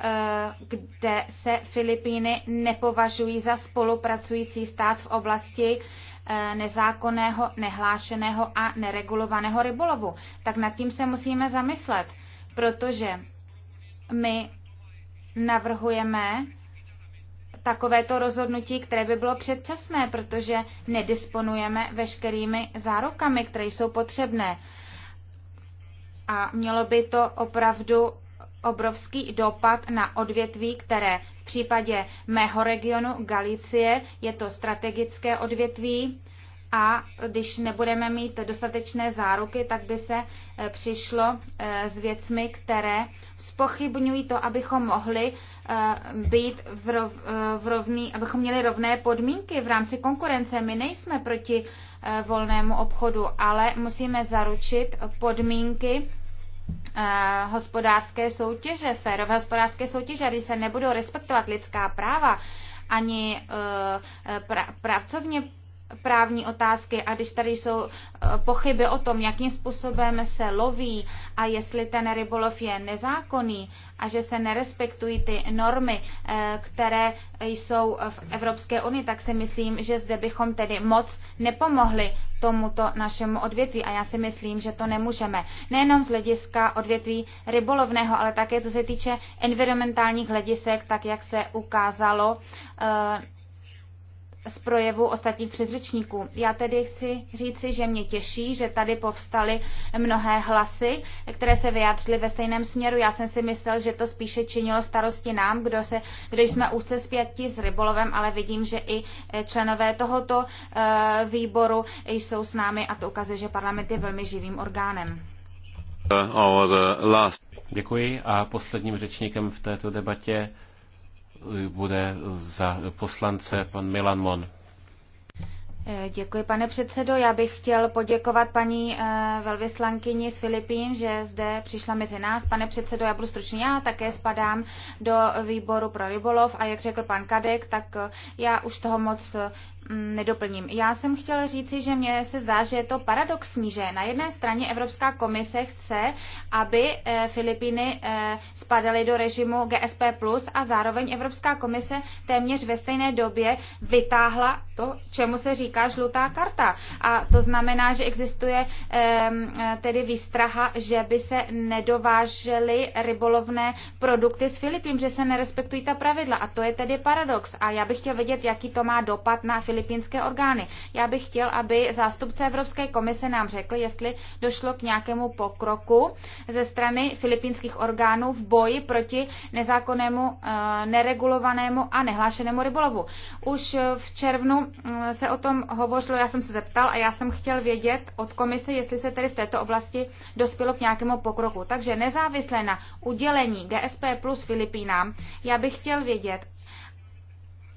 eh, kde se Filipíny nepovažují za spolupracující stát v oblasti Eh, nezákonného, nehlášeného a neregulovaného rybolovu. Tak nad tím se musíme zamyslet, protože my navrhujeme takovéto rozhodnutí, které by bylo předčasné, protože nedisponujeme veškerými zárokami, které jsou potřebné. A mělo by to opravdu obrovský dopad na odvětví, které v případě mého regionu Galicie je to strategické odvětví a když nebudeme mít dostatečné záruky, tak by se eh, přišlo eh, s věcmi, které spochybňují to, abychom mohli eh, být v, rov, v rovný, abychom měli rovné podmínky v rámci konkurence. My nejsme proti volnému obchodu, ale musíme zaručit podmínky, Eh, hospodářské soutěže, férové hospodářské soutěže, když se nebudou respektovat lidská práva, ani eh, eh, pra, pracovně právní otázky a když tady jsou eh, pochyby o tom, jakým způsobem se loví a jestli ten rybolov je nezákonný a že se nerespektují ty normy, eh, které jsou v Evropské unii, tak si myslím, že zde bychom tedy moc nepomohli tomuto našemu odvětví a já si myslím, že to nemůžeme. Nejenom z hlediska odvětví rybolovného, ale také co se týče environmentálních hledisek, tak jak se ukázalo eh, z projevu ostatních předřečníků. Já tedy chci říci, že mě těší, že tady povstaly mnohé hlasy, které se vyjádřily ve stejném směru. Já jsem si myslel, že to spíše činilo starosti nám, kdo, se, kdo jsme úzce zpěti s rybolovem, ale vidím, že i eh, členové tohoto eh, výboru jsou s námi a to ukazuje, že parlament je velmi živým orgánem. Uh, uh, Děkuji a posledním řečníkem v této debatě bude za poslance pan Milan Mon. Eh, děkuji, pane předsedo. Já bych chtěl poděkovat paní eh, velvyslankyni z Filipín, že zde přišla mezi nás. Pane předsedo, já budu stručný. Já také spadám do výboru pro rybolov a jak řekl pan Kadek, tak eh, já už toho moc nedoplním. Já jsem chtěla říci, že mně se zdá, že je to paradoxní, že na jedné straně Evropská komise chce, aby eh, Filipíny eh, spadaly do režimu GSP+, a zároveň Evropská komise téměř ve stejné době vytáhla to, čemu se říká žlutá karta. A to znamená, že existuje ehm, eh, tedy výstraha, že by se nedovážely rybolovné produkty z Filipín, že se nerespektují ta pravidla. A to je tedy paradox. A já bych chtěla vědět, jaký to má dopad na Filipíny filipínské orgány. Já bych chtěl, aby zástupce Evropské komise nám řekl, jestli došlo k nějakému pokroku ze strany filipínských orgánů v boji proti nezákonnému, eh, neregulovanému a nehlášenému rybolovu. Už v červnu mm, se o tom hovořilo, já jsem se zeptal a já jsem chtěl vědět od komise, jestli se tedy v této oblasti dospělo k nějakému pokroku. Takže nezávisle na udělení GSP plus Filipínám, já bych chtěl vědět,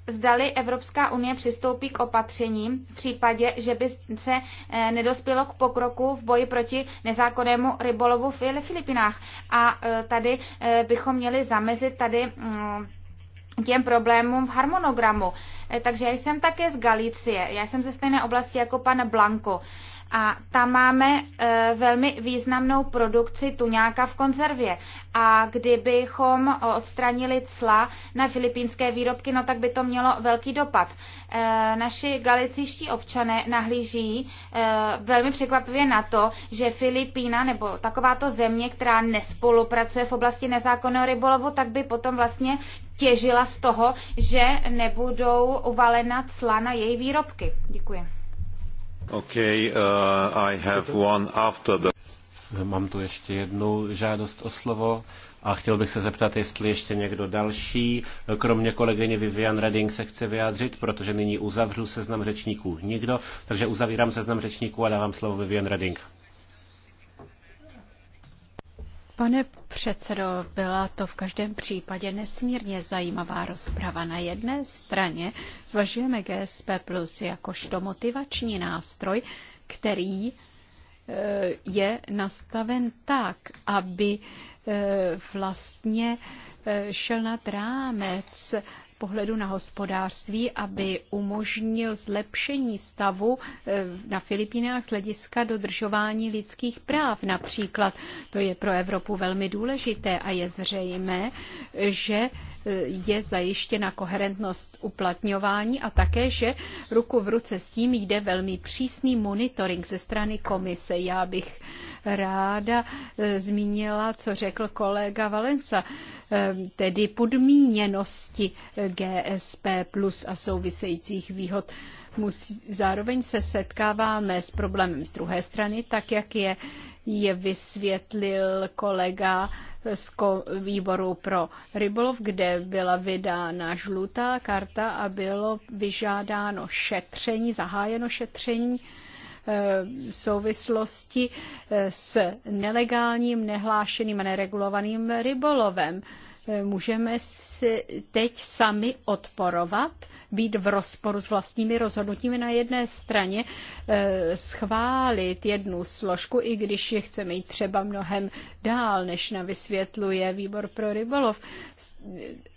zdali Evropská unie přistoupí k opatřením v případě, že by se eh, nedospělo k pokroku v boji proti nezákonnému rybolovu v Filipinách. A eh, tady eh, bychom měli zamezit tady mm, těm problémům v harmonogramu. Takže já jsem také z Galicie, já jsem ze stejné oblasti jako pan Blanco. A tam máme e, velmi významnou produkci tuňáka v konzervě. A kdybychom odstranili cla na filipínské výrobky, no tak by to mělo velký dopad. E, naši galicíští občané nahlíží e, velmi překvapivě na to, že Filipína nebo takováto země, která nespolupracuje v oblasti nezákonného rybolovu, tak by potom vlastně těžila z toho, že nebudou uvalena cla na její výrobky. Děkuji. Uh, Mám tu ještě jednu žádost o slovo a chtěl bych se zeptat, jestli ještě někdo další, kromě kolegyně Vivian Redding, se chce vyjádřit, protože nyní uzavřu seznam řečníků. Nikdo, takže uzavírám seznam řečníků a dávám slovo Vivian Redding. Pane předsedo, byla to v každém případě nesmírně zajímavá rozprava. Na jedné straně zvažujeme GSP Plus jakožto motivační nástroj, který e, je nastaven tak, aby e, vlastně e, šel nad rámec pohledu na hospodářství, aby umožnil zlepšení stavu eh, na Filipínách z hlediska dodržování lidských práv. Například to je pro Evropu velmi důležité a je zřejmé, že Eh, je zajištěna koherentnost uplatňování a také, že ruku v ruce s tím jde velmi přísný monitoring ze strany komise. Já bych ráda eh, zmínila, co řekl kolega Valensa, eh, tedy podmíněnosti GSP plus a souvisejících výhod musí, zároveň se setkáváme s problémem z druhé strany, tak jak je, je vysvětlil kolega z výboru pro rybolov, kde byla vydána žlutá karta a bylo vyžádáno šetření, zahájeno šetření e, v souvislosti e, s nelegálním, nehlášeným a neregulovaným rybolovem. Eh, můžeme si teď sami odporovat, být v rozporu s vlastními rozhodnutími na jedné straně, eh, schválit jednu složku, i když je chceme jít třeba mnohem dál, než na vysvětluje výbor pro rybolov.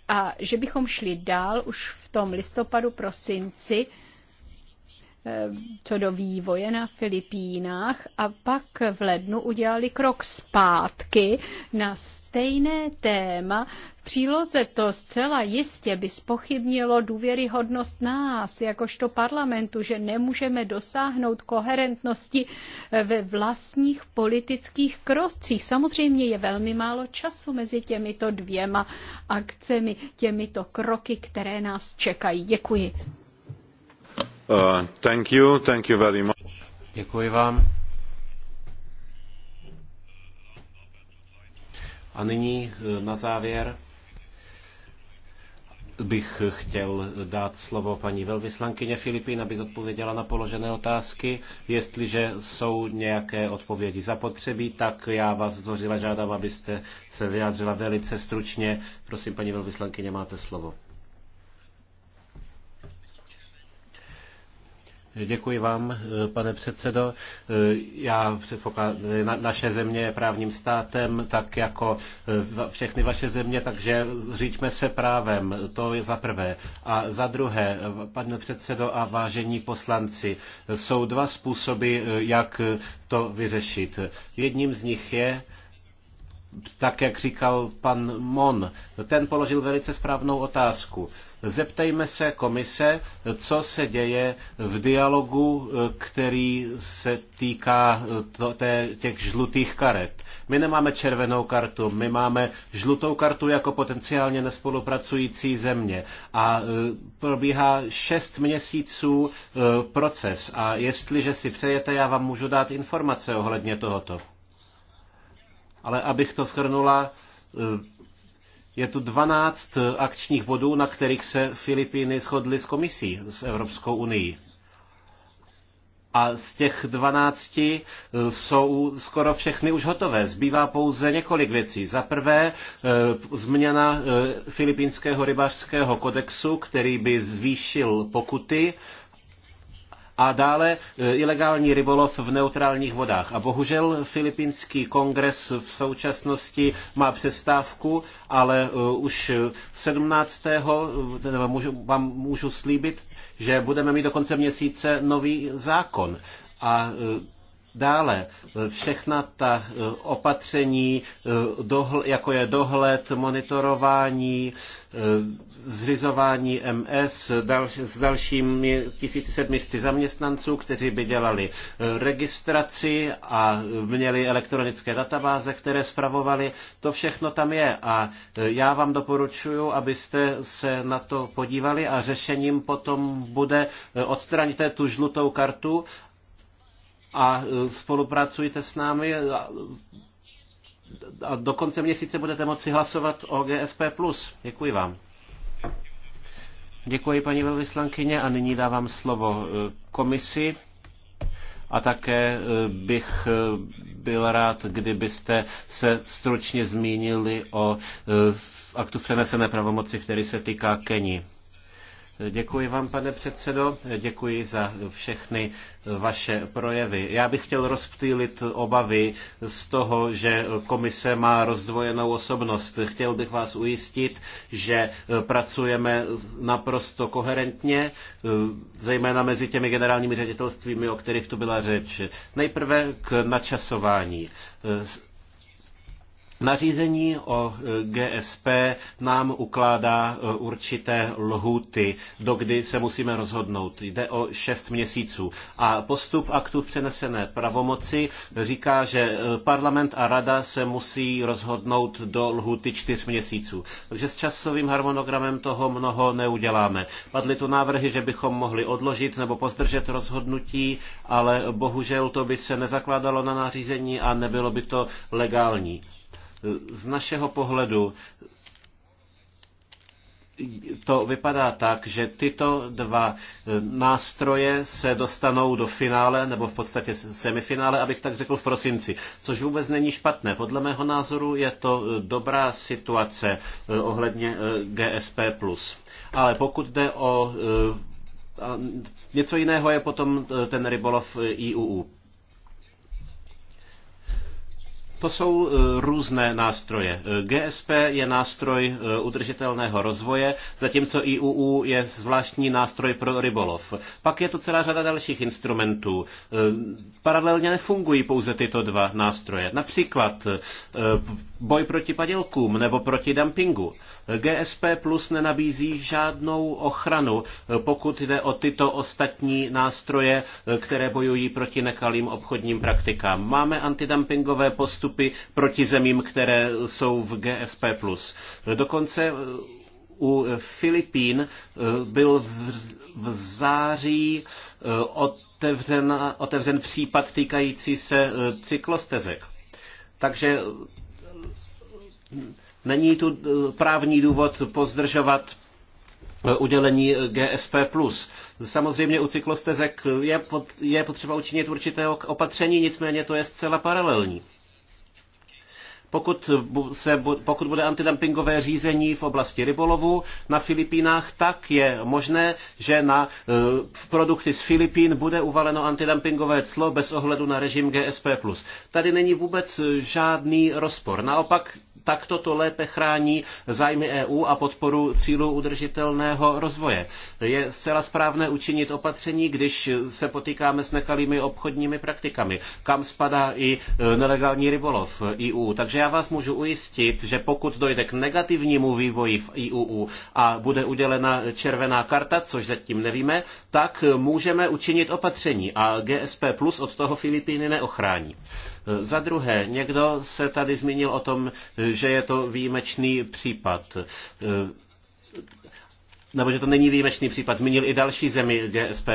A že bychom šli dál už v tom listopadu, prosinci, Eh, co do vývoje na Filipínách a pak v lednu udělali krok zpátky na stejné téma. V příloze to zcela jistě by spochybnilo důvěryhodnost nás, jakožto parlamentu, že nemůžeme dosáhnout koherentnosti eh, ve vlastních politických krocích. Samozřejmě je velmi málo času mezi těmito dvěma akcemi, těmito kroky, které nás čekají. Děkuji. Uh, thank you, thank you very much. Děkuji vám. A nyní eh, na závěr bych chtěl dát slovo paní velvyslankyně Filipín, aby odpověděla na položené otázky. Jestliže jsou nějaké odpovědi zapotřebí, tak já vás zdvořila žádám, abyste se vyjádřila velice stručně. Prosím, paní velvyslankyně, máte slovo. Děkuji vám, pane předsedo. Já předpokládám, naše země je právním státem, tak jako eh, všechny vaše země, takže říčme se právem, to je za prvé. A za druhé, pane předsedo a vážení poslanci, jsou dva způsoby, eh, jak to vyřešit. Jedním z nich je, tak jak říkal pan Mon, ten položil velice správnou otázku. Zeptejme se komise, co se děje v dialogu, eh, který se týká eh, těch žlutých karet. My nemáme červenou kartu, my máme žlutou kartu jako potenciálně nespolupracující země. A eh, probíhá šest měsíců proces. A jestliže si přejete, já vám můžu dát informace ohledně tohoto. Ale abych to shrnula, eh, je tu 12 akčních bodů, na kterých se Filipíny shodly s komisí, s Evropskou unii. A z těch 12 eh, jsou skoro všechny už hotové. Zbývá pouze několik věcí. Za prvé eh, změna filipínského rybářského kodexu, který by zvýšil pokuty a dále e, ilegální rybolov v neutrálních vodách. A bohužel filipínský kongres v současnosti má přestávku, ale e, už 17. můžu, vám můžu slíbit, že budeme mít do konce měsíce nový zákon. A e, Dále všechna ta e, opatření, e, dohl, jako je dohled, monitorování, e, zřizování MS dal, s dalšími 1700 zaměstnanců, kteří by dělali registraci a měli elektronické databáze, které spravovali. To všechno tam je a já vám doporučuji, abyste se na to podívali a řešením potom bude odstranit tu žlutou kartu a e, spolupracujte s námi a do konce měsíce budete moci hlasovat o GSP+. Děkuji vám. Děkuji paní velvyslankyně a nyní dávám slovo e, komisi. A také e, bych byl rád, kdybyste se stručně zmínili o aktu v přenesené pravomoci, který se týká Keni. Děkuji vám, pane předsedo, děkuji za všechny vaše projevy. Já bych chtěl rozptýlit obavy z toho, že komise má rozdvojenou osobnost. Chtěl bych vás ujistit, že pracujeme naprosto koherentně, zejména mezi těmi generálními ředitelstvími, o kterých tu byla řeč. Nejprve k načasování. Nařízení o e, GSP nám ukládá e, určité lhuty, kdy se musíme rozhodnout. Jde o šest měsíců. A postup aktu v přenesené pravomoci říká, že e, parlament a rada se musí rozhodnout do lhuty čtyř měsíců. Takže s časovým harmonogramem toho mnoho neuděláme. Padly tu návrhy, že bychom mohli odložit nebo pozdržet rozhodnutí, ale bohužel to by se nezakládalo na nařízení a nebylo by to legální. Z našeho pohledu to vypadá tak, že tyto dva e, nástroje se dostanou do finále, nebo v podstatě semifinále, abych tak řekl v prosinci, což vůbec není špatné. Podle mého názoru je to e, dobrá situace e, ohledně GSP+. Ale pokud jde o... Něco jiného je potom ten rybolov IUU. To jsou e, různé nástroje. E, GSP je nástroj e, udržitelného rozvoje, zatímco IUU je zvláštní nástroj pro rybolov. Pak je tu celá řada dalších instrumentů. Paralelně nefungují pouze tyto dva nástroje. Například boj proti padělkům nebo proti dumpingu. GSP plus nenabízí žádnou ochranu, pokud jde o tyto ostatní nástroje, které bojují proti nekalým obchodním praktikám. Máme antidumpingové postupy postupy proti zemím, které jsou v GSP+. Dokonce uh, u Filipín uh, byl v, září uh, otevřen, otevřen případ týkající se cyklostezek. Takže není tu právní důvod pozdržovat udělení GSP+. Samozřejmě u cyklostezek je, pot, je potřeba učinit určité opatření, nicméně to je zcela paralelní. Pokud, se, pokud bude antidumpingové řízení v oblasti rybolovu na Filipínách, tak je možné, že na eh, produkty z Filipín bude uvaleno antidumpingové clo bez ohledu na režim GSP+. Tady není vůbec žádný rozpor. Naopak takto to lépe chrání zájmy EU a podporu cílu udržitelného rozvoje. Je zcela správné učinit opatření, když se potýkáme s nekalými obchodními praktikami, kam spadá i eh, nelegální rybolov EU. Takže já vás můžu ujistit, že pokud dojde k negativnímu vývoji v IUU a bude udělena červená karta, což zatím nevíme, tak můžeme učinit opatření a GSP Plus od toho Filipíny neochrání. Za druhé, někdo se tady zmínil o tom, že je to výjimečný případ nebo že to není výjimečný případ, zmínil i další zemi GSP+.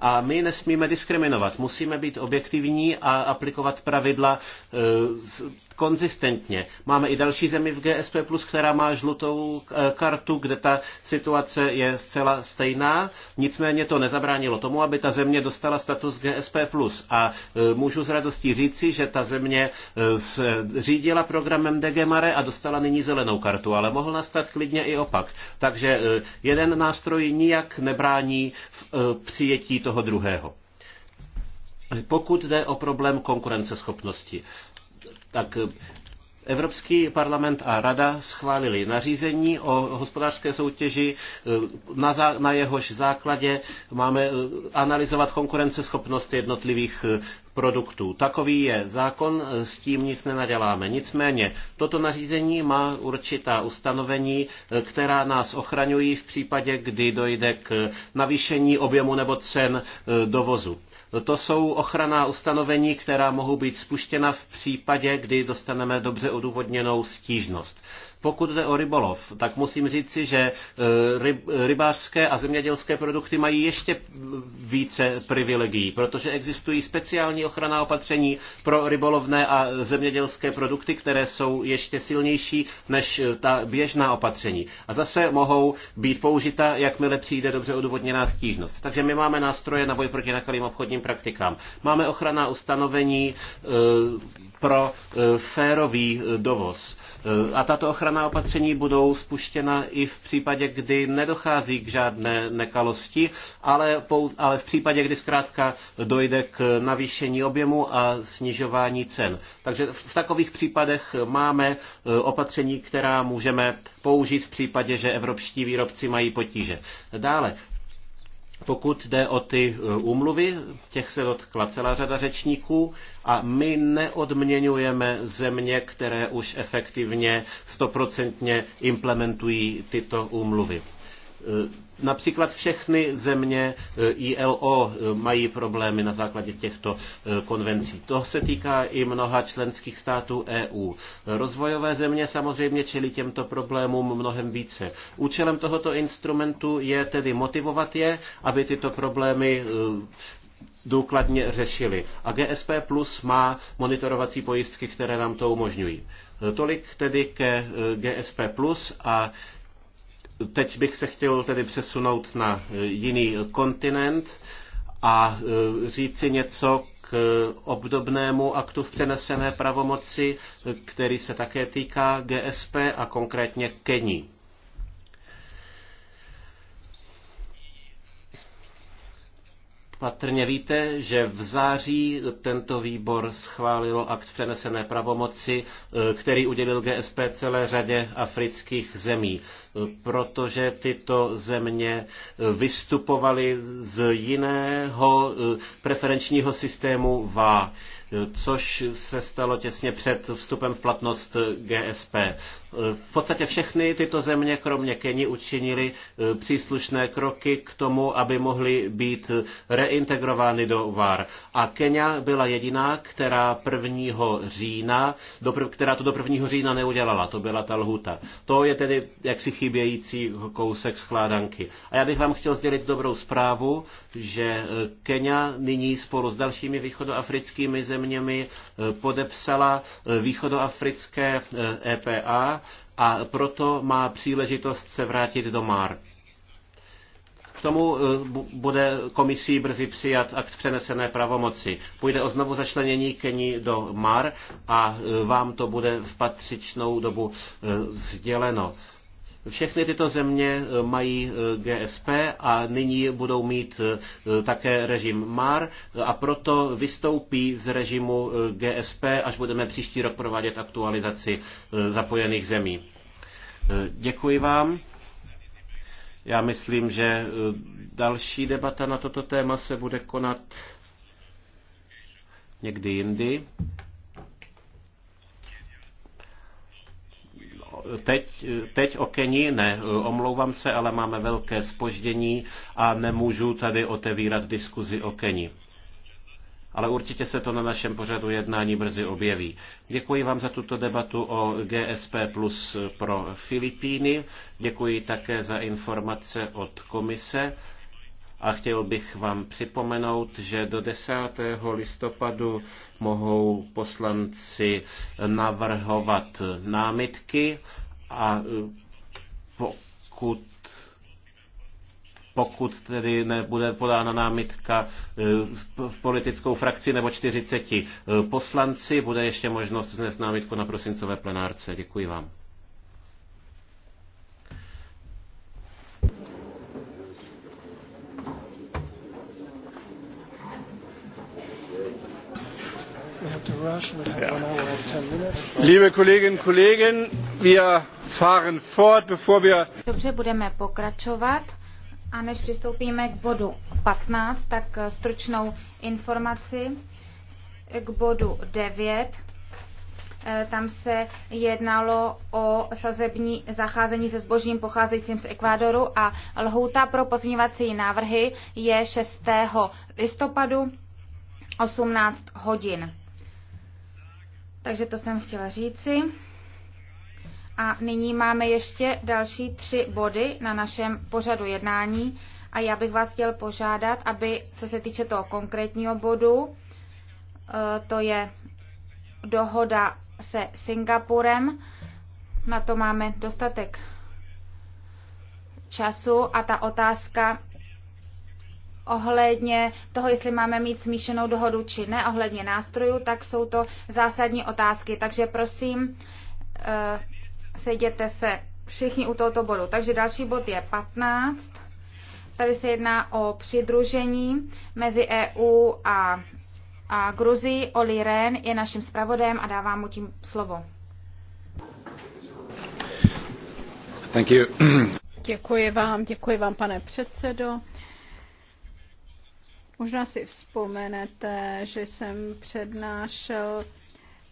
A my nesmíme diskriminovat, musíme být objektivní a aplikovat pravidla eh, konzistentně. Máme i další zemi v GSP+, která má žlutou eh, kartu, kde ta situace je zcela stejná, nicméně to nezabránilo tomu, aby ta země dostala status GSP+. A eh, můžu s radostí říci, že ta země eh, řídila programem DG Mare a dostala nyní zelenou kartu, ale mohl nastat klidně i opak. Takže jeden nástroj nijak nebrání v přijetí toho druhého. Pokud jde o problém konkurenceschopnosti, tak eh, Evropský parlament a rada schválili nařízení o hospodářské soutěži, eh, na, zá, na jehož základě máme eh, analyzovat konkurenceschopnost jednotlivých produktů. Takový je zákon, s tím nic nenaděláme. Nicméně toto nařízení má určitá ustanovení, která nás ochraňují v případě, kdy dojde k navýšení objemu nebo cen dovozu. To jsou ochranná ustanovení, která mohou být spuštěna v případě, kdy dostaneme dobře odůvodněnou stížnost. Pokud jde o rybolov, tak musím říci, že e, e, rybářské a zemědělské produkty mají ještě více privilegií, protože existují speciální ochranná opatření pro rybolovné a zemědělské produkty, které jsou ještě silnější než e, ta běžná opatření. A zase mohou být použita, jakmile přijde dobře odůvodněná stížnost. Takže my máme nástroje na boj proti nekalým obchodním praktikám. Máme ochranná ustanovení pro férový dovoz. A tato ochrana ochranná opatření budou spuštěna i v případě, kdy nedochází k žádné nekalosti, ale, pou, ale v případě, kdy zkrátka dojde k navýšení objemu a snižování cen. Takže v takových případech máme e, opatření, která můžeme použít v případě, že evropští výrobci mají potíže. Dále, pokud jde o ty e, úmluvy, těch se dotkla celá řada řečníků a my neodměňujeme země, které už efektivně stoprocentně implementují tyto úmluvy. Eh, například všechny země eh, ILO eh, mají problémy na základě těchto konvencí. To se týká i mnoha členských států EU. Rozvojové země samozřejmě čelí těmto problémům mnohem více. Účelem tohoto instrumentu je tedy motivovat je, aby tyto problémy důkladně řešili. A GSP Plus má monitorovací pojistky, které nám to umožňují. Tolik tedy ke GSP Plus a Teď bych se chtěl tedy přesunout na e, jiný kontinent a e, říci něco k obdobnému aktu v přenesené pravomoci, e, který se také týká GSP a konkrétně Kení. Patrně víte, že v září tento výbor schválil akt přenesené pravomoci, eh, který udělil GSP celé řadě afrických zemí, eh, protože tyto země eh, vystupovaly z jiného preferenčního systému VA což se stalo těsně před vstupem v platnost GSP. V podstatě všechny tyto země, kromě Keni, učinili eh, příslušné kroky k tomu, aby mohly být reintegrovány do VAR. A Kenia byla jediná, která 1. října, která to do 1. října neudělala. To byla ta lhuta. To je tedy jaksi chybějící kousek skládanky. A já bych vám chtěl sdělit dobrou zprávu, že eh, Kenia nyní spolu s dalšími východoafrickými zeměmi zeměmi eh, podepsala eh, východoafrické EPA eh, e a proto má příležitost se vrátit do MAR. K tomu bude komisí brzy přijat akt přenesené pravomoci. Půjde o znovu začlenění Kení do MAR a vám to bude v patřičnou dobu sděleno. Všechny tyto země eh, mají eh, GSP a nyní budou mít eh, také režim MAR a proto vystoupí z režimu GSP, až budeme příští rok provádět aktualizaci zapojených zemí. Děkuji vám. Já myslím, že další debata na toto téma se bude konat někdy jindy. teď, teď o Keni ne, omlouvám se, ale máme velké spoždění a nemůžu tady otevírat diskuzi o Keni. Ale určitě se to na našem pořadu jednání brzy objeví. Děkuji vám za tuto debatu o GSP Plus pro Filipíny. Děkuji také za informace od komise a chtěl bych vám připomenout, že do 10. listopadu mohou poslanci navrhovat námitky a e, pokud pokud tedy nebude podána námitka e, v politickou frakci nebo 40 e, poslanci, bude ještě možnost vznést námitku na prosincové plenárce. Děkuji vám. Liebe Kolleginnen und Kollegen, wir fahren fort, bevor wir... Dobře, budeme pokračovat. A než přistoupíme k bodu 15, tak eh, stručnou informaci k bodu 9. Eh, tam se jednalo o sazební zacházení se zbožím pocházejícím z Ekvádoru a lhůta pro pozměňovací návrhy je 6. listopadu 18 hodin. Takže to jsem chtěla říci. A nyní máme ještě další tři body na našem pořadu jednání a já bych vás chtěl požádat, aby, co se týče toho konkrétního bodu, eh, to je dohoda se Singapurem, na to máme dostatek času a ta otázka ohledně toho, jestli máme mít smíšenou dohodu či ne, ohledně nástrojů, tak jsou to zásadní otázky. Takže prosím, eh, sejděte se všichni u tohoto bodu. Takže další bod je 15. Tady se jedná o přidružení mezi EU a, a Gruzí. Oli Ren je naším zpravodajem a dávám mu tím slovo. Thank you. Děkuji vám, děkuji vám, pane předsedo. Možná si vzpomenete, že jsem přednášel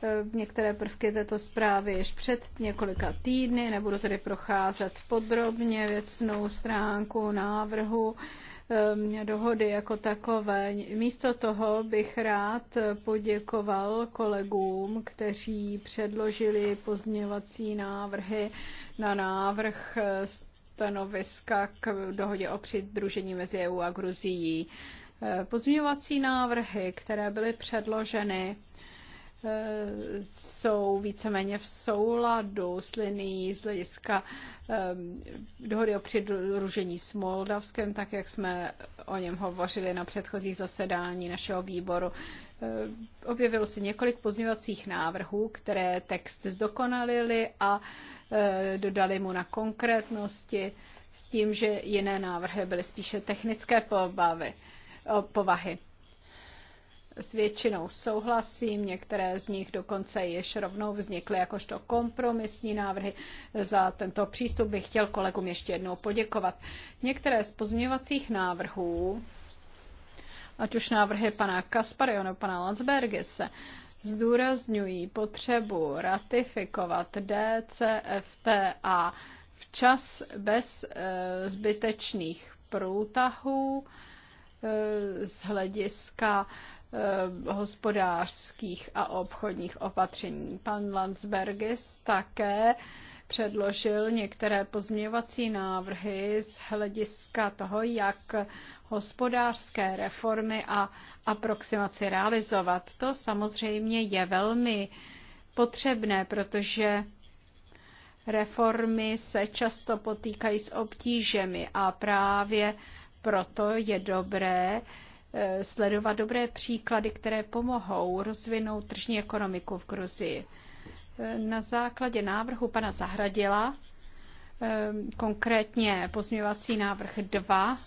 eh, některé prvky této zprávy již před několika týdny. Nebudu tedy procházet podrobně věcnou stránku návrhu eh, dohody jako takové. Místo toho bych rád poděkoval kolegům, kteří předložili pozměňovací návrhy na návrh eh, stanoviska k dohodě o přidružení mezi EU a Gruzií. Eh, pozměňovací návrhy, které byly předloženy, eh, jsou víceméně v souladu s linií z hlediska eh, dohody o přidružení s Moldavskem, tak jak jsme o něm hovořili na předchozích zasedání našeho výboru. Objevilo se několik pozměňovacích návrhů, které text zdokonalili a dodali mu na konkrétnosti s tím, že jiné návrhy byly spíše technické pobavy. Po povahy. S většinou souhlasím, některé z nich dokonce již rovnou vznikly jakožto kompromisní návrhy. Za tento přístup bych chtěl kolegům ještě jednou poděkovat. Některé z pozměňovacích návrhů, ať už návrhy pana Kaspary nebo pana Landsbergese zdůrazňují potřebu ratifikovat DCFTA včas bez e, zbytečných průtahů, Eh, z hlediska eh, hospodářských a obchodních opatření. Pan Landsbergis také předložil některé pozměňovací návrhy z hlediska toho, jak hospodářské reformy a aproximaci realizovat. To samozřejmě je velmi potřebné, protože reformy se často potýkají s obtížemi a právě proto je dobré eh, sledovat dobré příklady, které pomohou rozvinout tržní ekonomiku v Gruzii. Eh, na základě návrhu pana Zahradila, eh, konkrétně pozměňovací návrh 2,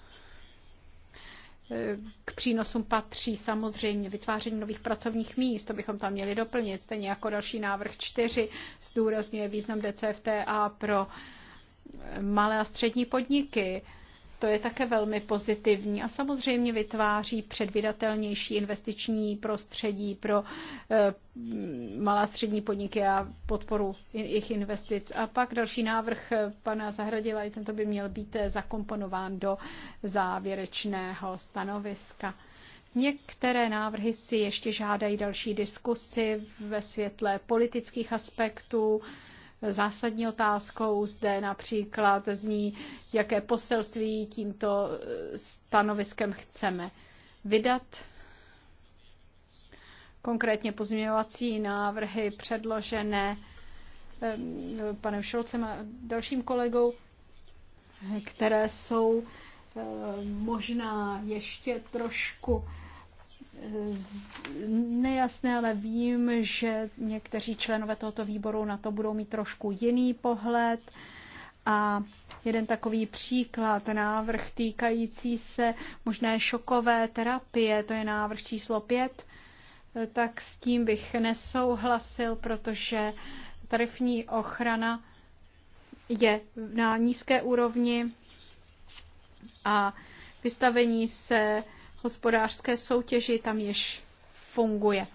k přínosům patří samozřejmě vytváření nových pracovních míst, to bychom tam měli doplnit, stejně jako další návrh 4 zdůrazňuje význam DCFTA pro malé a střední podniky to je také velmi pozitivní a samozřejmě vytváří předvydatelnější investiční prostředí pro eh, malá střední podniky a podporu jejich investic. A pak další návrh pana Zahradila, i tento by měl být eh, zakomponován do závěrečného stanoviska. Některé návrhy si ještě žádají další diskusy ve světle politických aspektů, Zásadní otázkou zde například zní, jaké poselství tímto stanoviskem chceme vydat. Konkrétně pozměňovací návrhy předložené panem Šolcem a dalším kolegou, které jsou možná ještě trošku nejasné, ale vím, že někteří členové tohoto výboru na to budou mít trošku jiný pohled. A jeden takový příklad, návrh týkající se možné šokové terapie, to je návrh číslo 5, tak s tím bych nesouhlasil, protože tarifní ochrana je na nízké úrovni a vystavení se hospodářské soutěži tam již funguje.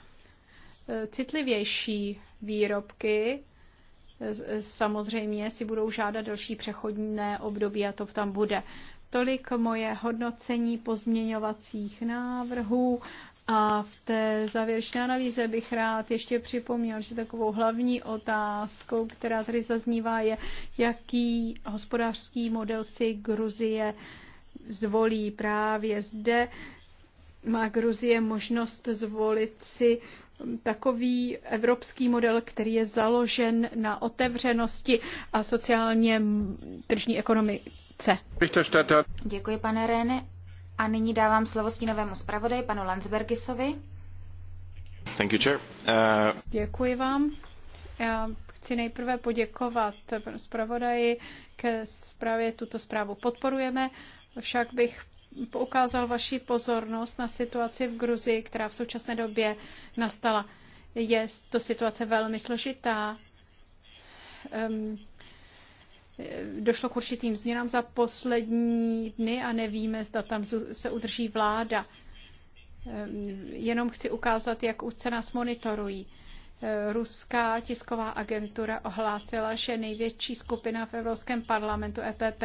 Citlivější výrobky e, e, samozřejmě si budou žádat další přechodné období a to tam bude. Tolik moje hodnocení pozměňovacích návrhů a v té závěrečné analýze bych rád ještě připomněl, že takovou hlavní otázkou, která tady zaznívá, je, jaký hospodářský model si Gruzie zvolí právě zde má Gruzie možnost zvolit si takový evropský model, který je založen na otevřenosti a sociálně tržní ekonomice. Děkuji, pane Rene. A nyní dávám slovo stínovému zpravodaji, panu Landsbergisovi. Thank you, chair. Uh... Děkuji vám. Já chci nejprve poděkovat panu zpravodaji ke zprávě. Tuto zprávu podporujeme, však bych poukázal vaši pozornost na situaci v Gruzii, která v současné době nastala. Je to situace velmi složitá. Um, došlo k určitým změnám za poslední dny a nevíme, zda tam se udrží vláda. Jenom chci ukázat, jak úzce nás monitorují. Ruská tisková agentura ohlásila, že největší skupina v Evropském parlamentu EPP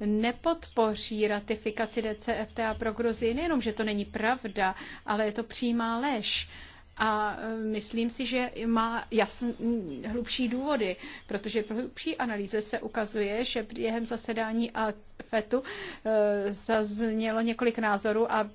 nepodpoří ratifikaci DCFTA pro Gruzii. Nejenom, že to není pravda, ale je to přímá lež. A e, myslím si, že má jasný, hlubší důvody, protože pro hlubší analýze se ukazuje, že během zasedání a fetu e, zaznělo několik názorů a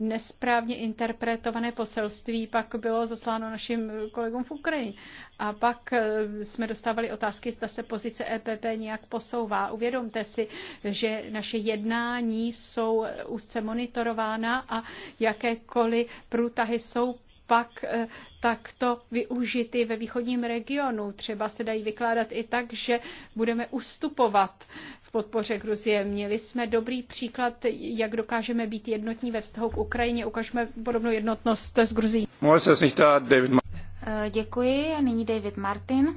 nesprávně interpretované poselství pak bylo zasláno našim kolegům v Ukrajině. A pak e, jsme dostávali otázky, zda se pozice EPP nějak posouvá. Uvědomte si, že naše jednání jsou úzce monitorována a jakékoliv průtahy jsou pak eh, takto využity ve východním regionu. Třeba se dají vykládat i tak, že budeme ustupovat v podpoře Gruzie. Měli jsme dobrý příklad, jak dokážeme být jednotní ve vztahu k Ukrajině. Ukažme podobnou jednotnost s Gruzí. Eh, děkuji. A nyní David Martin.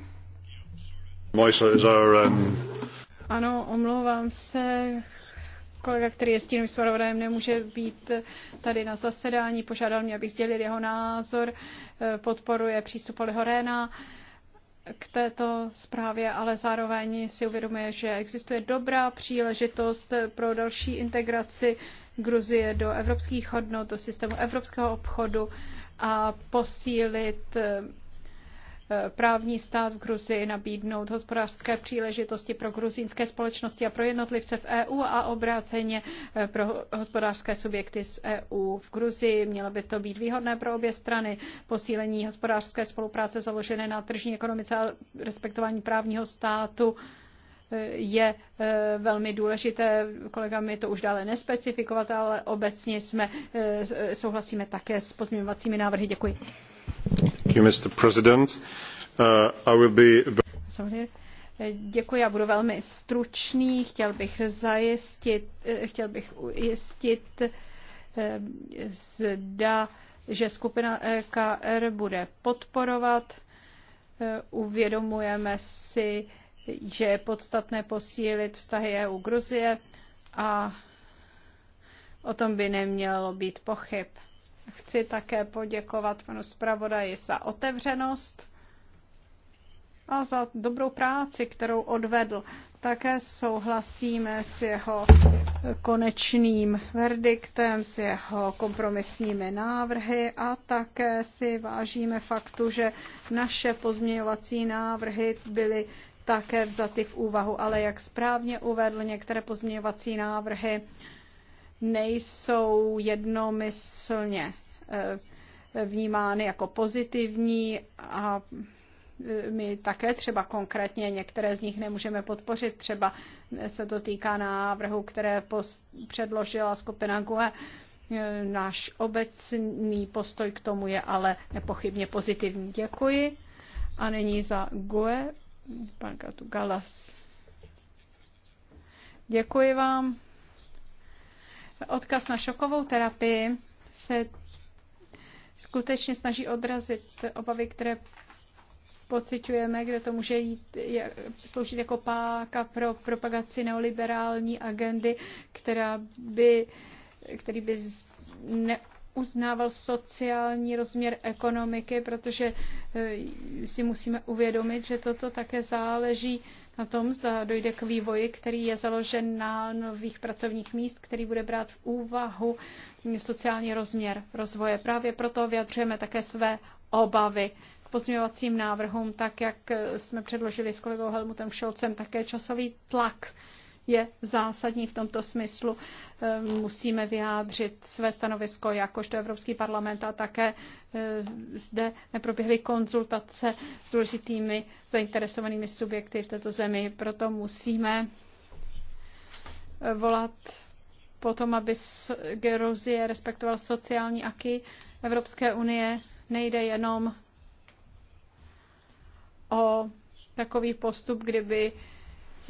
Um, ano, omlouvám se kolega, který je stínovým zpravodajem, nemůže být tady na zasedání. Požádal mě, abych sdělil jeho názor. E, podporuje přístup Oliho Réna k této zprávě, ale zároveň si uvědomuje, že existuje dobrá příležitost pro další integraci Gruzie do evropských hodnot, do systému evropského obchodu a posílit e, právní stát v Gruzii, nabídnout hospodářské příležitosti pro gruzínské společnosti a pro jednotlivce v EU a obráceně eh, pro hospodářské subjekty z EU v Gruzii. Mělo by to být výhodné pro obě strany. Posílení hospodářské spolupráce založené na tržní ekonomice a respektování právního státu eh, je eh, velmi důležité. Kolega mi to už dále nespecifikovat, ale obecně jsme souhlasíme také s pozměňovacími návrhy. Děkuji. Mr. President. Uh, I will be... Děkuji, já budu velmi stručný. Chtěl bych zajistit, eh, chtěl bych ujistit, eh, zda, že skupina EKR bude podporovat. Eh, uvědomujeme si, že je podstatné posílit vztahy EU-Gruzie a o tom by nemělo být pochyb. Chci také poděkovat panu zpravodaji za otevřenost a za dobrou práci, kterou odvedl. Také souhlasíme s jeho konečným verdiktem, s jeho kompromisními návrhy a také si vážíme faktu, že naše pozměňovací návrhy byly také vzaty v úvahu, ale jak správně uvedl, některé pozměňovací návrhy nejsou jednomyslně eh, vnímány jako pozitivní a eh, my také třeba konkrétně některé z nich nemůžeme podpořit. Třeba se to týká návrhu, které předložila skupina GUE. Eh, náš obecný postoj k tomu je ale nepochybně pozitivní. Děkuji. A nyní za GUE, pan Katu Galas. Děkuji vám. Odkaz na šokovou terapii se skutečně snaží odrazit obavy, které pociťujeme, kde to může jít, je, sloužit jako páka pro propagaci neoliberální agendy, která by, který by ne, uznával sociální rozměr ekonomiky, protože eh, si musíme uvědomit, že toto také záleží na tom, zda dojde k vývoji, který je založen na nových pracovních míst, který bude brát v úvahu sociální rozměr rozvoje. Právě proto vyjadřujeme také své obavy k pozměňovacím návrhům, tak jak jsme předložili s kolegou Helmutem Šolcem, také časový tlak je zásadní v tomto smyslu. Eh, musíme vyjádřit své stanovisko jakožto Evropský parlament a také eh, zde neproběhly konzultace s důležitými zainteresovanými subjekty v této zemi. Proto musíme eh, volat potom, aby Gerozie respektoval sociální aky Evropské unie. Nejde jenom o takový postup, kdyby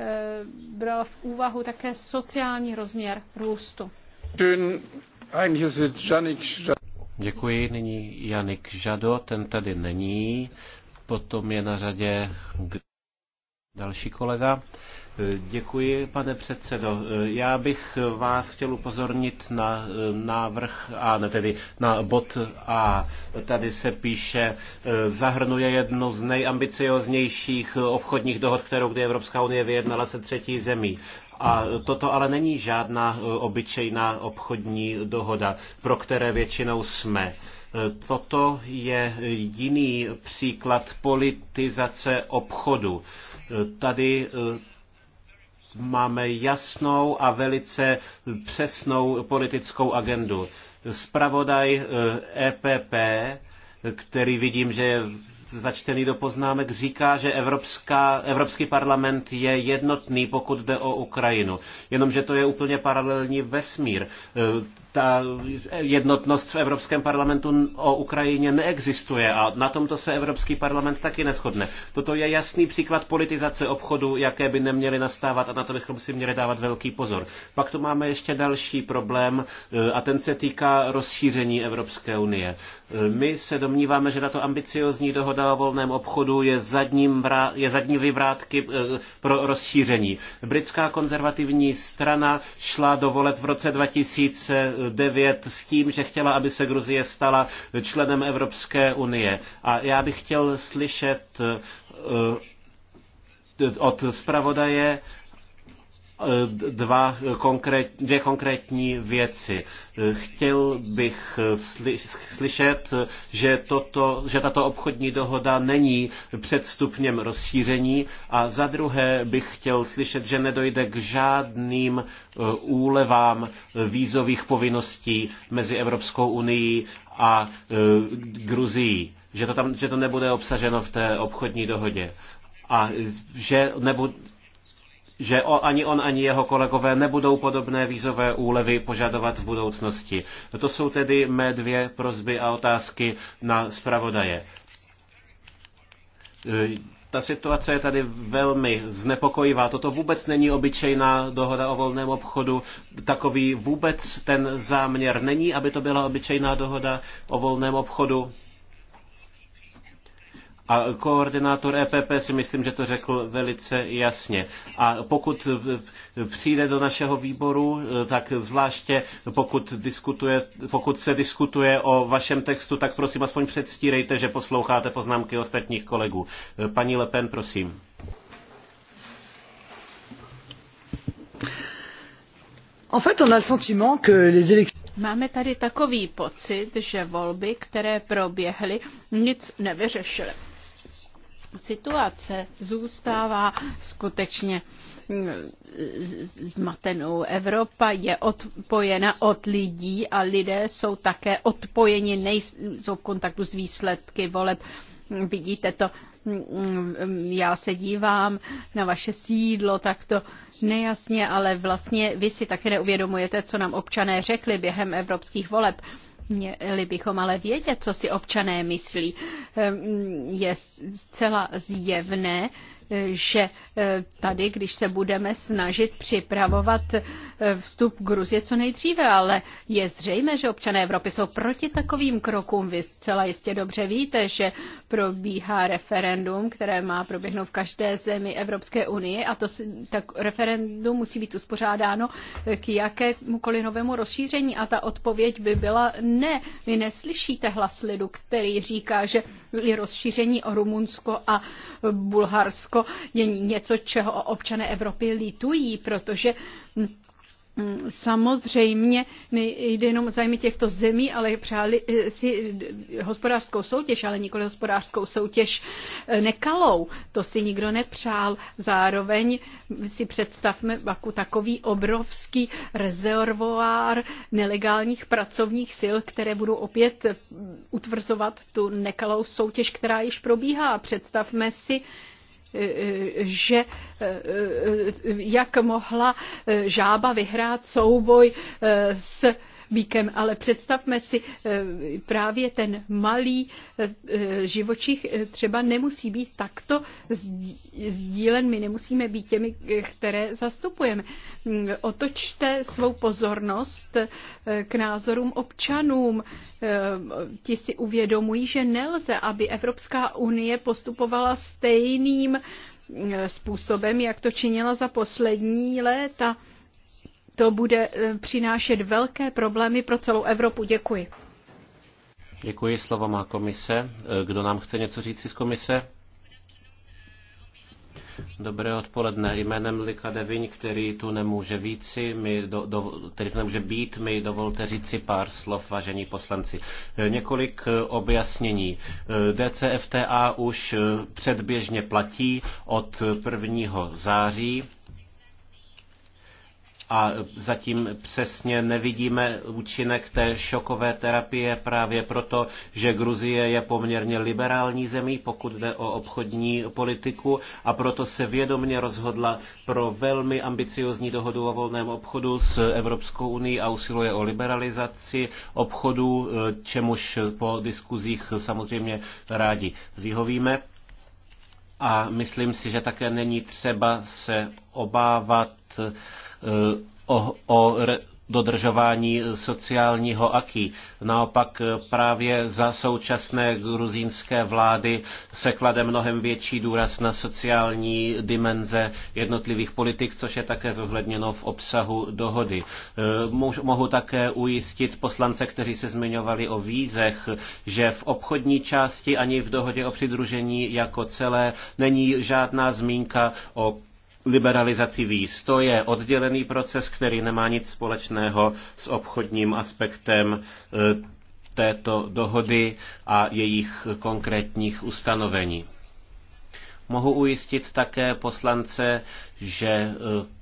Eh, bral v úvahu také sociální rozměr růstu. Děkuji. Nyní Janik Žado, ten tady není. Potom je na řadě další kolega. Děkuji, pane předsedo. Já bych vás chtěl upozornit na návrh, a ne tedy na bod A. Tady se píše, zahrnuje jednu z nejambicioznějších obchodních dohod, kterou kdy Evropská unie vyjednala se třetí zemí. A toto ale není žádná obyčejná obchodní dohoda, pro které většinou jsme. Toto je jiný příklad politizace obchodu. Tady máme jasnou a velice přesnou politickou agendu. Spravodaj EPP, eh, e který vidím, že je začtený do poznámek, říká, že Evropská, Evropský parlament je jednotný, pokud jde o Ukrajinu. Jenomže to je úplně paralelní vesmír. Eh, ta jednotnost v Evropském parlamentu o Ukrajině neexistuje a na tomto se Evropský parlament taky neschodne. Toto je jasný příklad politizace obchodu, jaké by neměly nastávat a na to bychom si měli dávat velký pozor. Pak tu máme ještě další problém eh, a ten se týká rozšíření Evropské unie. Eh, my se domníváme, že tato ambiciozní dohoda o volném obchodu je, zadním, je zadní vyvrátky eh, pro rozšíření. Britská konzervativní strana šla do voleb v roce 2000 2009 s tím, že chtěla, aby se Gruzie stala členem Evropské unie. A já bych chtěl slyšet eh, od zpravodaje, Eh, dva konkrét, dvě konkrétní věci. Eh, chtěl bych eh, slyšet, že, toto, že tato obchodní dohoda není předstupněm rozšíření a za druhé bych chtěl slyšet, že nedojde k žádným úlevám vízových povinností mezi Evropskou unii a Gruzií. Že to, tam, že to nebude obsaženo v té obchodní dohodě a že, nebo, že ani on, ani jeho kolegové nebudou podobné vízové úlevy požadovat v budoucnosti. To jsou tedy mé dvě prozby a otázky na zpravodaje. E, ta situace je tady velmi znepokojivá. Toto vůbec není obyčejná dohoda o volném obchodu. Takový vůbec ten záměr není, aby to byla obyčejná dohoda o volném obchodu. A koordinátor EPP si myslím, že to řekl velice jasně. A pokud přijde do našeho výboru, eh, tak zvláště pokud, diskutuje, pokud se diskutuje o vašem textu, tak prosím aspoň předstírejte, že posloucháte poznámky ostatních kolegů. Eh, paní Lepen, prosím. En fait, on a le sentiment que les élections Máme tady takový pocit, že volby, které proběhly, nic nevyřešily situace zůstává skutečně mm, zmatenou. Evropa je odpojena od lidí a lidé jsou také odpojeni, nejsou v kontaktu s výsledky voleb. Vidíte to, mm, mm, já se dívám na vaše sídlo takto nejasně, ale vlastně vy si také neuvědomujete, co nám občané řekli během evropských voleb. Měli bychom ale vědět, co si občané myslí. Ehm, je zcela zjevné, že eh, tady, když se budeme snažit připravovat eh, vstup Gruzie co nejdříve, ale je zřejmé, že občané Evropy jsou proti takovým krokům. Vy zcela jistě dobře víte, že probíhá referendum, které má proběhnout v každé zemi Evropské unie a to tak referendum musí být uspořádáno eh, k jakémukoliv novému rozšíření a ta odpověď by byla ne. Vy neslyšíte hlas lidu, který říká, že rozšíření o Rumunsko a Bulharsko jako je něco, čeho občané Evropy litují, protože hm, hm, Samozřejmě nejde jenom o zájmy těchto zemí, ale přáli eh, si eh, hospodářskou soutěž, ale nikoli hospodářskou soutěž eh, nekalou. To si nikdo nepřál. Zároveň si představme Baku takový obrovský rezervoár nelegálních pracovních sil, které budou opět hm, utvrzovat tu nekalou soutěž, která již probíhá. Představme si že jak mohla žába vyhrát souboj s býkem, ale představme si, eh, právě ten malý eh, živočich eh, třeba nemusí být takto sdílen, my nemusíme být těmi, které zastupujeme. Mm, otočte svou pozornost k názorům občanům. Ti si uvědomují, že nelze, aby Evropská unie postupovala stejným způsobem, jak to činila za poslední léta to bude e, přinášet velké problémy pro celou Evropu. Děkuji. Děkuji, slovo má komise. E, kdo nám chce něco říct z komise? Dobré odpoledne. Jménem Lika Devin, který tu nemůže víci, mi do, do, který tu nemůže být, mi dovolte říci pár slov, vážení poslanci. E, několik objasnění. DCFTA už předběžně platí od 1. září a zatím přesně nevidíme účinek té šokové terapie právě proto, že Gruzie je poměrně liberální zemí, pokud jde o obchodní politiku a proto se vědomně rozhodla pro velmi ambiciozní dohodu o volném obchodu s Evropskou unii a usiluje o liberalizaci obchodu, čemuž po diskuzích samozřejmě rádi vyhovíme. A myslím si, že také není třeba se obávat uh, Eh, o, o re, dodržování sociálního aký. Naopak eh, právě za současné gruzínské vlády se klade mnohem větší důraz na sociální dimenze jednotlivých politik, což je také zohledněno v obsahu dohody. Eh, mohu také ujistit poslance, kteří se zmiňovali o vízech, že v obchodní části ani v dohodě o přidružení jako celé není žádná zmínka o liberalizací víz. To je oddělený proces, který nemá nic společného s obchodním aspektem e, této dohody a jejich konkrétních ustanovení. Mohu ujistit také poslance, že e,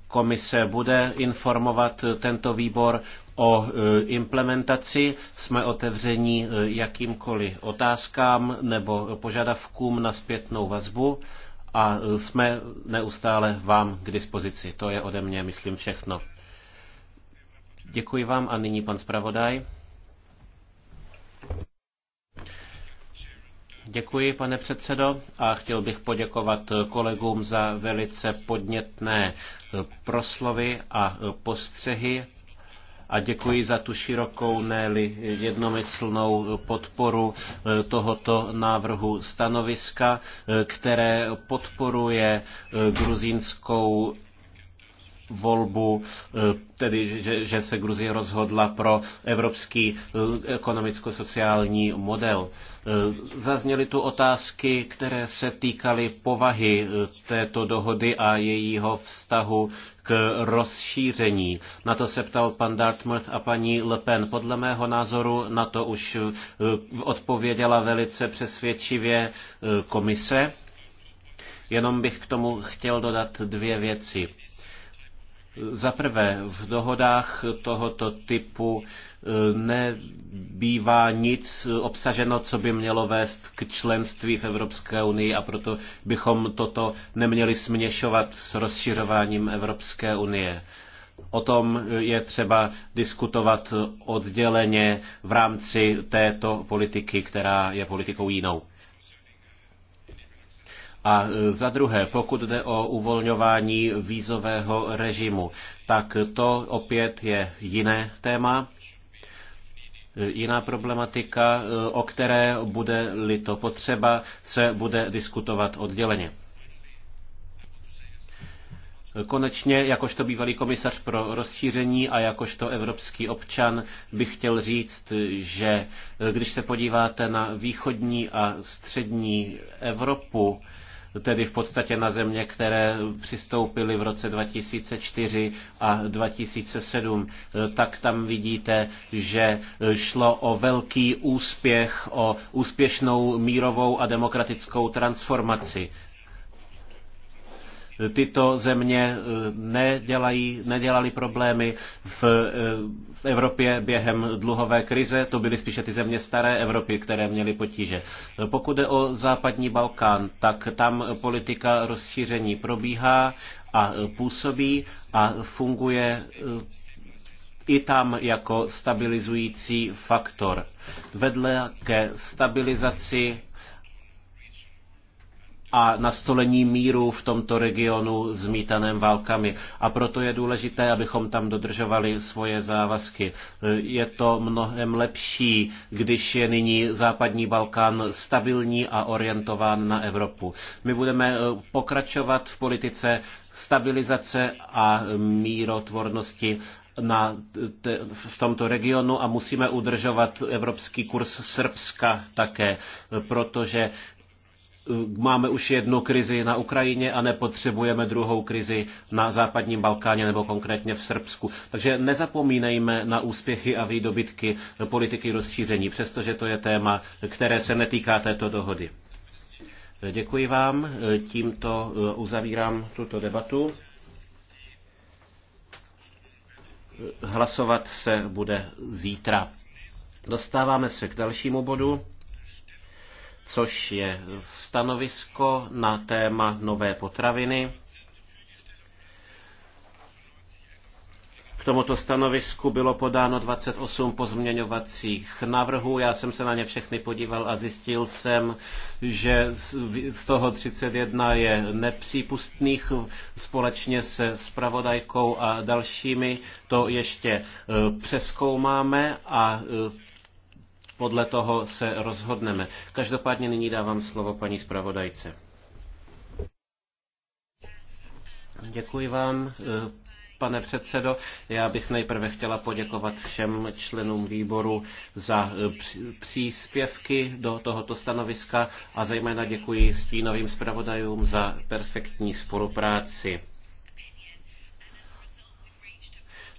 komise bude informovat tento výbor o e, implementaci. Jsme otevření jakýmkoliv otázkám nebo požadavkům na zpětnou vazbu a jsme neustále vám k dispozici. To je ode mě, myslím, všechno. Děkuji vám a nyní pan zpravodaj. Děkuji, pane předsedo, a chtěl bych poděkovat kolegům za velice podnětné proslovy a postřehy a děkuji za tu širokou, ne jednomyslnou podporu eh, tohoto návrhu stanoviska, eh, které podporuje eh, gruzínskou volbu, eh, tedy že, že se Gruzie rozhodla pro evropský eh, ekonomicko-sociální model. Eh, zazněly tu otázky, které se týkaly povahy této dohody a jejího vztahu k rozšíření. Na to se ptal pan Dartmouth a paní Le Pen. Podle mého názoru na to už odpověděla velice přesvědčivě komise. Jenom bych k tomu chtěl dodat dvě věci. Za prvé, v dohodách tohoto typu e, nebývá nic obsaženo, co by mělo vést k členství v Evropské unii a proto bychom toto neměli směšovat s rozšiřováním Evropské unie. O tom je třeba diskutovat odděleně v rámci této politiky, která je politikou jinou. A e, za druhé, pokud jde o uvolňování vízového režimu, tak to opět je jiné téma, e, jiná problematika, e, o které bude-li to potřeba, se bude diskutovat odděleně. Konečně, jakožto bývalý komisař pro rozšíření a jakožto evropský občan bych chtěl říct, že když se podíváte na východní a střední Evropu, tedy v podstatě na země, které přistoupily v roce 2004 a 2007, tak tam vidíte, že šlo o velký úspěch, o úspěšnou mírovou a demokratickou transformaci tyto země eh, nedělají, nedělali problémy v, eh, v Evropě během dluhové krize. To byly spíše ty země staré Evropy, které měly potíže. Pokud jde o západní Balkán, tak tam politika rozšíření probíhá a působí a funguje eh, i tam jako stabilizující faktor. Vedle ke stabilizaci a nastolení míru v tomto regionu zmítaném válkami. A proto je důležité, abychom tam dodržovali svoje závazky. Je to mnohem lepší, když je nyní západní Balkán stabilní a orientován na Evropu. My budeme eh, pokračovat v politice stabilizace a mírotvornosti na te, v tomto regionu a musíme udržovat evropský kurz Srbska také, protože Eh, máme už jednu krizi na Ukrajině a nepotřebujeme druhou krizi na západním Balkáně nebo konkrétně v Srbsku. Takže nezapomínejme na úspěchy a výdobytky politiky rozšíření, přestože to je téma, které se netýká této dohody. Děkuji vám, tímto eh, uzavírám tuto debatu. Hlasovat se bude zítra. Dostáváme se k dalšímu bodu což je stanovisko na téma nové potraviny. K tomuto stanovisku bylo podáno 28 pozměňovacích návrhů. Já jsem se na ně všechny podíval a zjistil jsem, že z toho 31 je nepřípustných. Společně se spravodajkou a dalšími to ještě eh, přeskoumáme a eh, podle toho se rozhodneme. Každopádně nyní dávám slovo paní zpravodajce. Děkuji vám, eh, pane předsedo. Já bych nejprve chtěla poděkovat všem členům výboru za eh, příspěvky do tohoto stanoviska a zejména děkuji stínovým zpravodajům za perfektní spolupráci.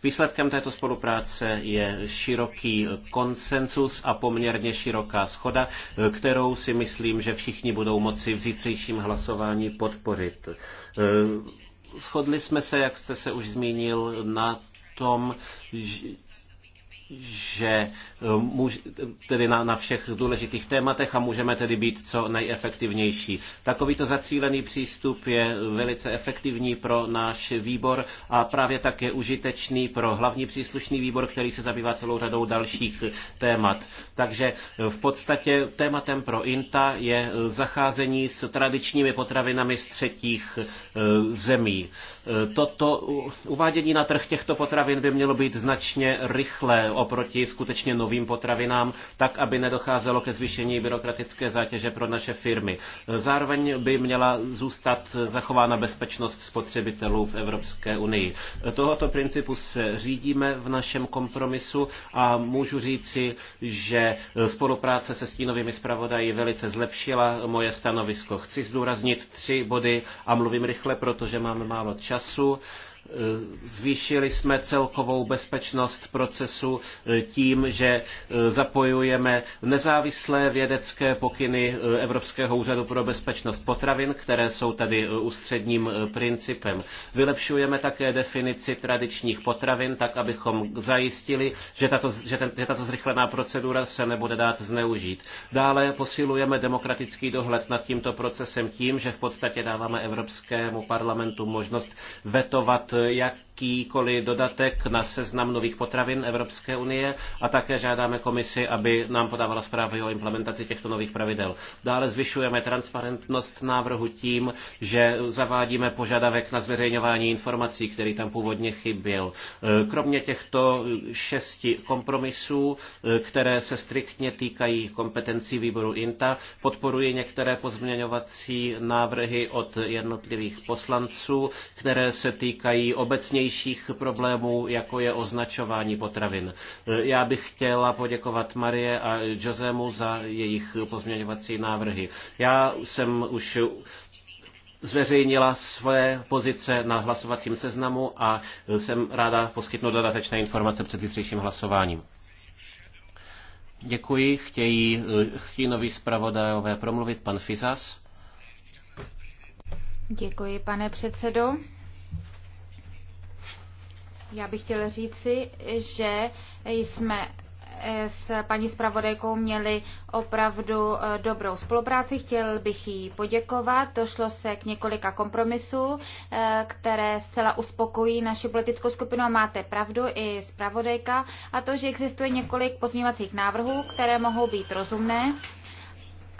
Výsledkem této spolupráce je široký konsensus a poměrně široká schoda, kterou si myslím, že všichni budou moci v zítřejším hlasování podpořit. Eh, shodli jsme se, jak jste se už zmínil, na tom, že eh, tedy na, na všech důležitých tématech a můžeme tedy být co nejefektivnější. Takovýto zacílený přístup je velice efektivní pro náš výbor a právě tak je užitečný pro hlavní příslušný výbor, který se zabývá celou řadou dalších témat. Takže eh, v podstatě tématem pro INTA je eh, zacházení s tradičními potravinami z třetích zemí. Toto uvádění na trh těchto potravin by mělo být značně rychlé oproti skutečně novým potravinám, tak, aby nedocházelo ke zvýšení byrokratické zátěže pro naše firmy. Zároveň by měla zůstat zachována bezpečnost spotřebitelů v Evropské unii. Tohoto principu se řídíme v našem kompromisu a můžu říci, že spolupráce se stínovými zpravodají velice zlepšila moje stanovisko. Chci zdůraznit tři body a mluvím rychle, protože máme málo času času Eh, zvýšili jsme celkovou bezpečnost procesu eh, tím, že eh, zapojujeme nezávislé vědecké pokyny Evropského úřadu pro bezpečnost potravin, které jsou tady ústředním principem. Vylepšujeme také definici tradičních potravin, tak abychom zajistili, že tato, že, ten, že tato zrychlená procedura se nebude dát zneužít. Dále posilujeme demokratický dohled nad tímto procesem tím, že v podstatě dáváme Evropskému parlamentu možnost vetovat jak jakýkoliv dodatek na seznam nových potravin Evropské unie a také žádáme komisi, aby nám podávala zprávy o implementaci těchto nových pravidel. Dále zvyšujeme transparentnost návrhu tím, že zavádíme požadavek na zveřejňování informací, který tam původně chyběl. Kromě těchto šesti kompromisů, které se striktně týkají kompetencí výboru INTA, podporuji některé pozměňovací návrhy od jednotlivých poslanců, které se týkají obecnější vážnějších problémů, jako je označování potravin. Já bych chtěla poděkovat Marie a Josemu za jejich pozměňovací návrhy. Já jsem už zveřejnila své pozice na hlasovacím seznamu a jsem ráda poskytnu dodatečné informace před zítřejším hlasováním. Děkuji. Chtějí eh, stínový zpravodajové promluvit pan Fizas. Děkuji, pane předsedo. Já bych chtěla říci, že jsme eh, s paní zpravodajkou měli opravdu eh, dobrou spolupráci. Chtěl bych jí poděkovat. Došlo se k několika kompromisů, eh, které zcela uspokojí naši politickou skupinu a máte pravdu i zpravodajka a to, že existuje několik pozměňovacích návrhů, které mohou být rozumné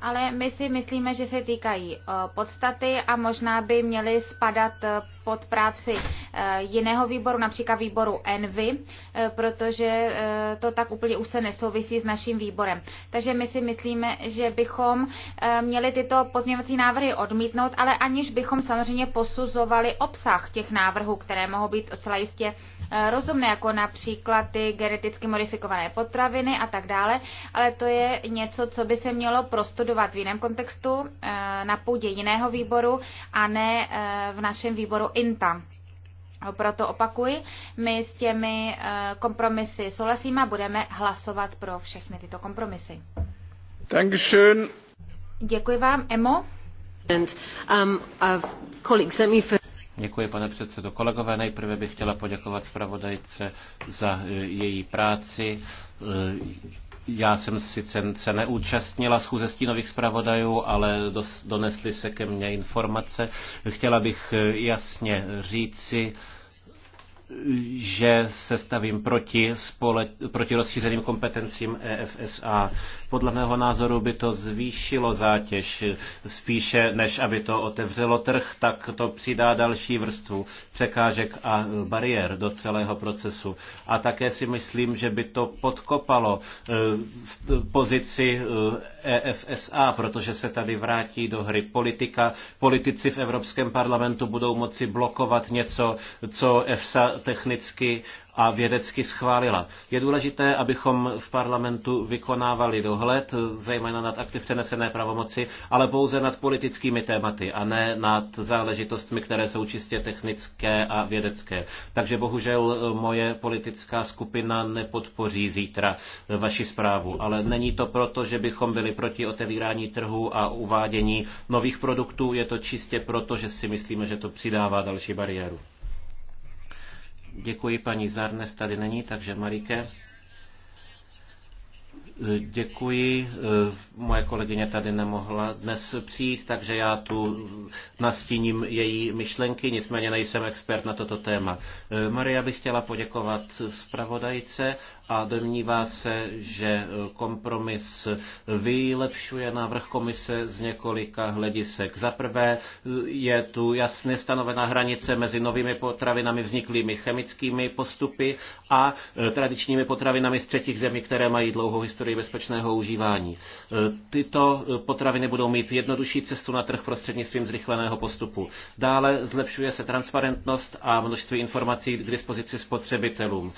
ale my si myslíme, že se týkají eh, podstaty a možná by měly spadat eh, pod práci eh, jiného výboru, například výboru Envy, protože to tak úplně už se nesouvisí s naším výborem. Takže my si myslíme, že bychom měli tyto pozměňovací návrhy odmítnout, ale aniž bychom samozřejmě posuzovali obsah těch návrhů, které mohou být docela jistě Eh, rozumné, jako například ty geneticky modifikované potraviny a tak dále, ale to je něco, co by se mělo prostudovat v jiném kontextu, eh, na půdě jiného výboru a ne eh, v našem výboru INTA. Proto opakuji, my s těmi kompromisy souhlasíme a budeme hlasovat pro všechny tyto kompromisy. Dankeschön. Děkuji vám, Emo. And, um, colleagues, let me first... Děkuji, pane předsedo. Kolegové, nejprve bych chtěla poděkovat zpravodajce za e, její práci. E, já jsem sice se neúčastnila schůze stínových zpravodajů, ale dos, donesly se ke mně informace. Chtěla bych e, jasně říci, že se stavím proti, spole, proti rozšířeným kompetencím EFSA. Podle mého názoru by to zvýšilo zátěž spíše, než aby to otevřelo trh, tak to přidá další vrstvu překážek a bariér do celého procesu. A také si myslím, že by to podkopalo eh, pozici eh, EFSA, protože se tady vrátí do hry politika. Politici v Evropském parlamentu budou moci blokovat něco, co EFSA technicky a vědecky schválila. Je důležité, abychom v parlamentu vykonávali dohled, zejména nad aktiv přenesené pravomoci, ale pouze nad politickými tématy a ne nad záležitostmi, které jsou čistě technické a vědecké. Takže bohužel eh, moje politická skupina nepodpoří zítra eh, vaši zprávu, ale není to proto, že bychom byli proti otevírání trhu a uvádění nových produktů, je to čistě proto, že si myslíme, že to přidává další bariéru. Děkuji paní Zarnes, tady není, takže Marike. Děkuji. Moje kolegyně tady nemohla dnes přijít, takže já tu nastíním její myšlenky, nicméně nejsem expert na toto téma. Maria bych chtěla poděkovat zpravodajce a domnívá se, že e, kompromis vylepšuje návrh komise z několika hledisek. Za prvé e, je tu jasně stanovená hranice mezi novými potravinami vzniklými chemickými postupy a e, tradičními potravinami z třetích zemí, které mají dlouhou historii bezpečného užívání. Tyto potraviny budou mít jednodušší cestu na trh prostřednictvím zrychleného postupu. Dále zlepšuje se transparentnost a množství informací k dispozici spotřebitelům.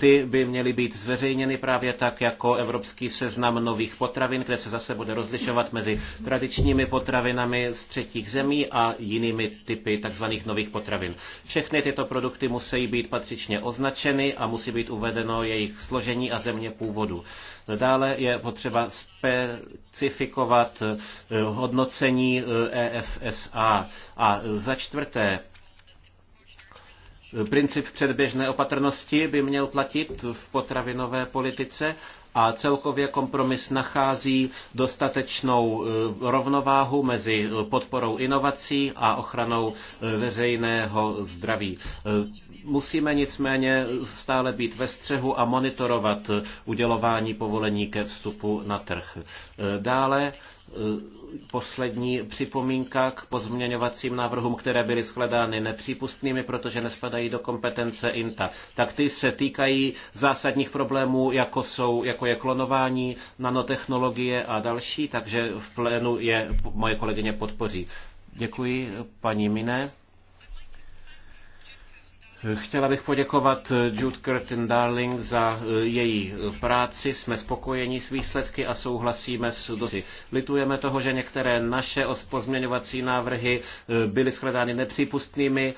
Ty by měly být zveřejněny právě tak jako Evropský seznam nových potravin, kde se zase bude rozlišovat mezi tradičními potravinami z třetích zemí a jinými typy tzv. nových potravin. Všechny tyto produkty musí být patřičně označeny a musí být uvedeno jejich složení a země původu. Dále je potřeba specifikovat eh, hodnocení EFSA. Eh, e a za čtvrté, Princip předběžné opatrnosti by měl platit v potravinové politice a celkově kompromis nachází dostatečnou e, rovnováhu mezi podporou inovací a ochranou e, veřejného zdraví. E, musíme nicméně stále být ve střehu a monitorovat udělování povolení ke vstupu na trh. Dále Eh, poslední připomínka k pozměňovacím návrhům, které byly shledány nepřípustnými, protože nespadají do kompetence INTA. Tak ty se týkají zásadních problémů, jako, jsou, jako je klonování, nanotechnologie a další, takže v plénu je moje kolegyně podpoří. Děkuji, paní Mine. Chtěla bych poděkovat eh, Jude Curtin Darling za eh, její eh, práci. Jsme spokojeni s výsledky a souhlasíme s dosti. Litujeme toho, že některé naše pozměňovací návrhy byly shledány nepřípustnými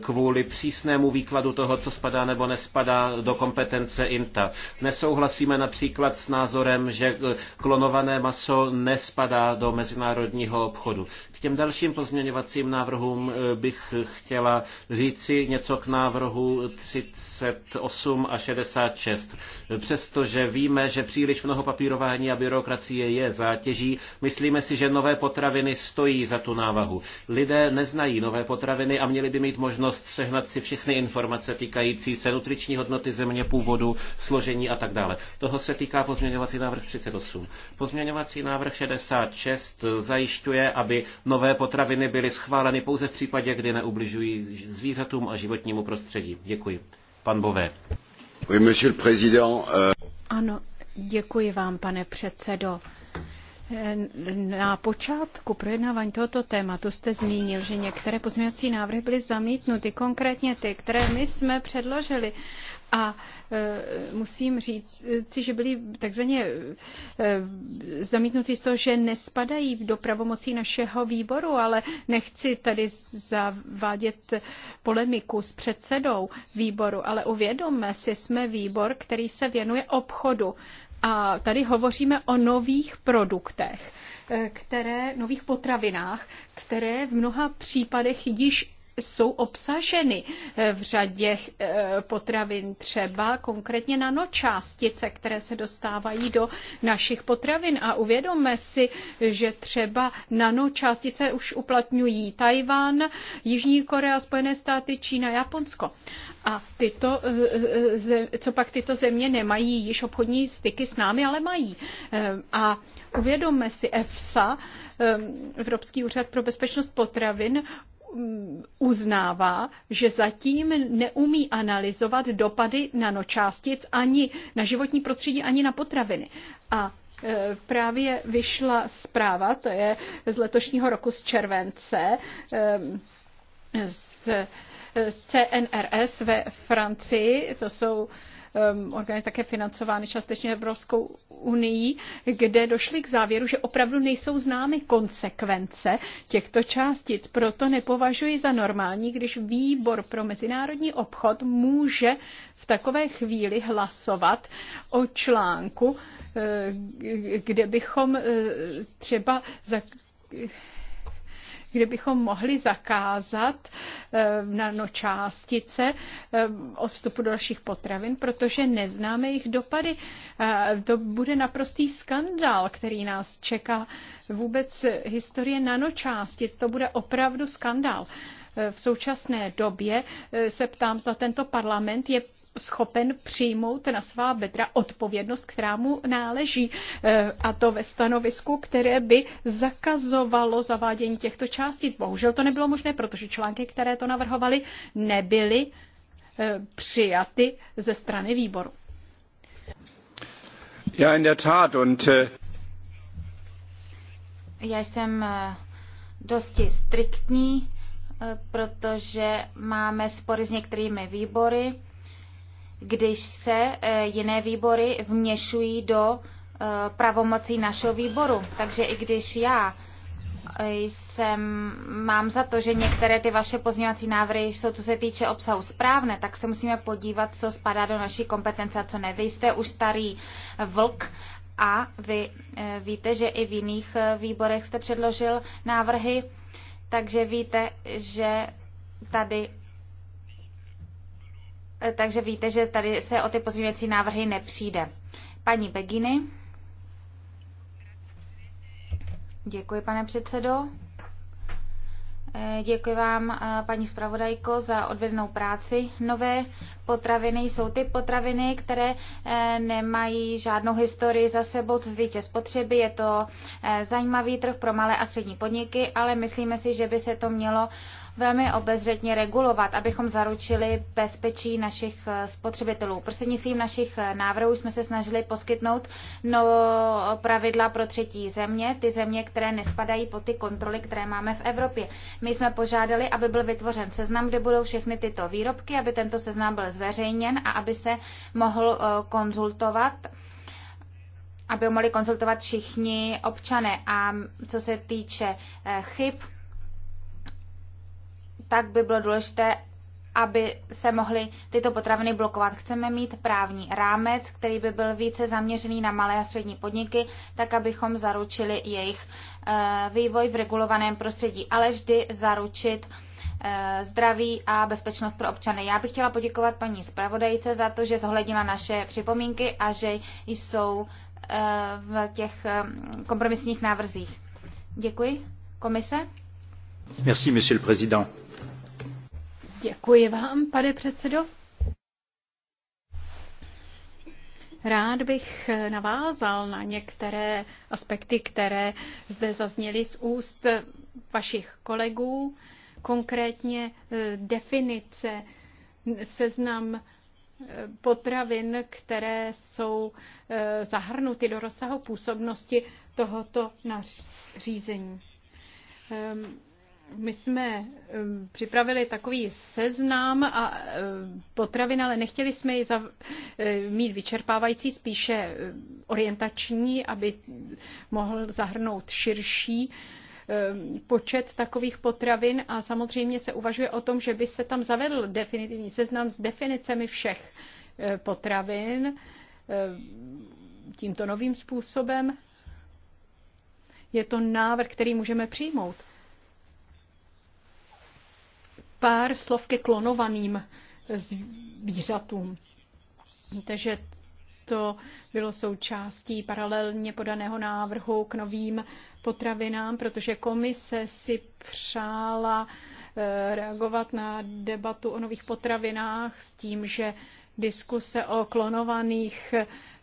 kvůli přísnému výkladu toho, co spadá nebo nespadá do kompetence INTA. Nesouhlasíme například s názorem, že klonované maso nespadá do mezinárodního obchodu těm dalším pozměňovacím návrhům eh, bych chtěla říci něco k návrhu 38 a 66. Přestože víme, že příliš mnoho papírování a byrokracie je zátěží, myslíme si, že nové potraviny stojí za tu návahu. Lidé neznají nové potraviny a měli by mít možnost sehnat si všechny informace týkající se nutriční hodnoty země původu, složení a tak dále. Toho se týká pozměňovací návrh 38. Pozměňovací návrh 66 zajišťuje, aby nové potraviny byly schváleny pouze v případě, kdy neubližují zvířatům a životnímu prostředí. Děkuji. Pan Bové. Oui, monsieur le président. Euh, ano, děkuji vám, pane předsedo. Na počátku projednávání tohoto tématu jste zmínil, že některé pozměňovací návrhy byly zamítnuty, konkrétně ty, které my jsme předložili. A e, musím říct, že byli takzvaně e, zamítnutí z toho, že nespadají do pravomocí našeho výboru, ale nechci tady zavádět polemiku s předsedou výboru, ale uvědomme si, jsme výbor, který se věnuje obchodu. A tady hovoříme o nových produktech, e, které, nových potravinách, které v mnoha případech již jsou obsaženy eh, v řadě eh, potravin, třeba konkrétně nanočástice, které se dostávají do našich potravin. A uvědomme si, že třeba nanočástice už uplatňují Tajván, Jižní Korea, Spojené státy, Čína, Japonsko. A tyto, eh, co pak tyto země nemají již obchodní styky s námi, ale mají. A uvědomme si EFSA, Evropský úřad pro bezpečnost potravin, Mm, uznává, že zatím neumí analyzovat dopady nanočástic ani na životní prostředí, ani na potraviny. A e, právě vyšla zpráva, to je z letošního roku z července, e, z e, CNRS ve Francii, to jsou Um, orgány také financovány částečně Evropskou unii, kde došli k závěru, že opravdu nejsou známy konsekvence těchto částic. Proto nepovažuji za normální, když výbor pro mezinárodní obchod může v takové chvíli hlasovat o článku, eh, kde bychom eh, třeba za kdybychom mohli zakázat eh, nanočástice eh, od vstupu do našich potravin, protože neznáme jejich dopady. Eh, to bude naprostý skandál, který nás čeká. Vůbec historie nanočástic, to bude opravdu skandál v současné době se ptám, zda tento parlament je schopen přijmout na svá bedra odpovědnost, která mu náleží. Eh, a to ve stanovisku, které by zakazovalo zavádění těchto částic. Bohužel to nebylo možné, protože články, které to navrhovaly, nebyly eh, přijaty ze strany výboru. Ja, in der Tat. Und, uh... Já jsem eh, dosti striktní, protože máme spory s některými výbory když se e, jiné výbory vměšují do e, pravomocí našeho výboru. Takže i když já e, jsem, mám za to, že některé ty vaše pozměňovací návrhy jsou, co se týče obsahu správné, tak se musíme podívat, co spadá do naší kompetence a co ne. Vy jste už starý vlk a vy víte, že i v jiných výborech jste předložil návrhy, takže víte, že tady Eh, takže víte, že tady se o ty pozměňovací návrhy nepřijde. Paní Beginy. Děkuji, pane předsedo. Eh, děkuji vám, eh, paní zpravodajko, za odvedenou práci. Nové potraviny jsou ty potraviny, které nemají žádnou historii za sebou, co se spotřeby. Je to zajímavý trh pro malé a střední podniky, ale myslíme si, že by se to mělo velmi obezřetně regulovat, abychom zaručili bezpečí našich eh, spotřebitelů. Prostřednictvím našich eh, návrhů jsme se snažili poskytnout no pravidla pro třetí země, ty země, které nespadají pod ty kontroly, které máme v Evropě. My jsme požádali, aby byl vytvořen seznam, kde budou všechny tyto výrobky, aby tento seznam byl zveřejněn a aby se mohl eh, konzultovat aby ho mohli konzultovat všichni občané. A co se týče chyb, tak by bylo důležité, aby se mohly tyto potraviny blokovat. Chceme mít právní rámec, který by byl více zaměřený na malé a střední podniky, tak abychom zaručili jejich eh, vývoj v regulovaném prostředí, ale vždy zaručit eh, zdraví a bezpečnost pro občany. Já bych chtěla poděkovat paní zpravodajce za to, že zohlednila naše připomínky a že jsou eh, v těch kompromisních návrzích. Děkuji. Komise? monsieur le président. Děkuji vám, pane předsedo. Rád bych navázal na některé aspekty, které zde zazněly z úst vašich kolegů, konkrétně eh, definice, seznam eh, potravin, které jsou eh, zahrnuty do rozsahu působnosti tohoto nařízení. Ehm, my jsme eh, připravili takový seznam a eh, potravin, ale nechtěli jsme ji eh, mít vyčerpávající, spíše orientační, aby mohl zahrnout širší počet takových potravin a samozřejmě se uvažuje o tom, že by se tam zavedl definitivní seznam s definicemi všech potravin tímto novým způsobem. Je to návrh, který můžeme přijmout pár slov ke klonovaným zvířatům. Víte, že to bylo součástí paralelně podaného návrhu k novým potravinám, protože komise si přála eh, reagovat na debatu o nových potravinách s tím, že diskuse o klonovaných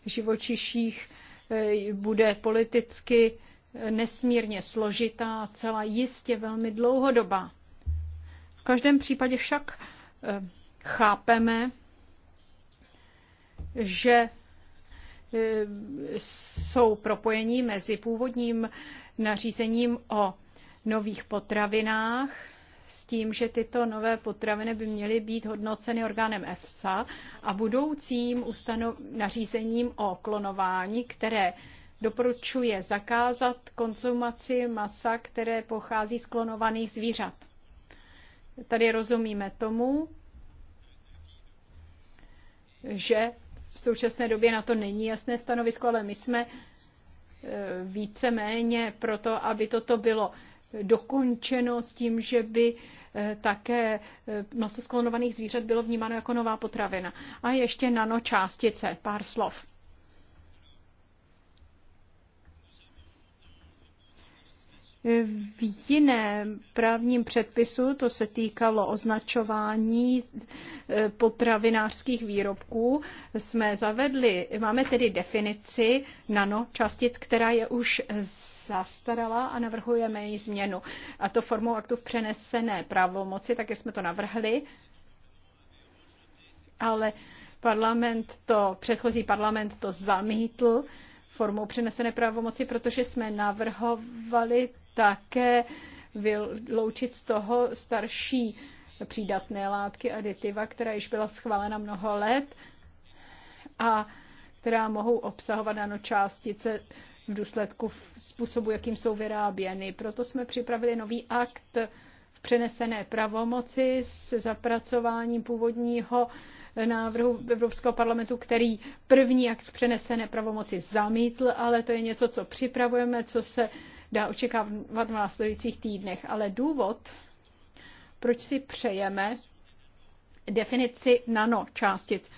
živočiších eh, bude politicky nesmírně složitá a celá jistě velmi dlouhodobá každém případě však eh, chápeme, že eh, jsou propojení mezi původním nařízením o nových potravinách s tím, že tyto nové potraviny by měly být hodnoceny orgánem EFSA a budoucím nařízením o klonování, které doporučuje zakázat konzumaci masa, které pochází z klonovaných zvířat. Tady rozumíme tomu, že v současné době na to není jasné stanovisko, ale my jsme eh, víceméně proto, aby toto bylo dokončeno s tím, že by eh, také eh, maso sklonovaných zvířat bylo vnímáno jako nová potravina. A ještě nanočástice, pár slov. v jiném právním předpisu, to se týkalo označování eh, potravinářských výrobků, jsme zavedli, máme tedy definici nanočastic, která je už zastarala a navrhujeme její změnu. A to formou aktu v přenesené pravomoci, také jsme to navrhli, ale parlament to, předchozí parlament to zamítl formou přenesené pravomoci, protože jsme navrhovali také vyloučit z toho starší přídatné látky aditiva, která již byla schválena mnoho let a která mohou obsahovat nanočástice v důsledku způsobu, jakým jsou vyráběny. Proto jsme připravili nový akt v přenesené pravomoci s zapracováním původního návrhu Evropského parlamentu, který první akt v přenesené pravomoci zamítl, ale to je něco, co připravujeme, co se dá očekávat v následujících týdnech. Ale důvod, proč si přejeme definici nanočástic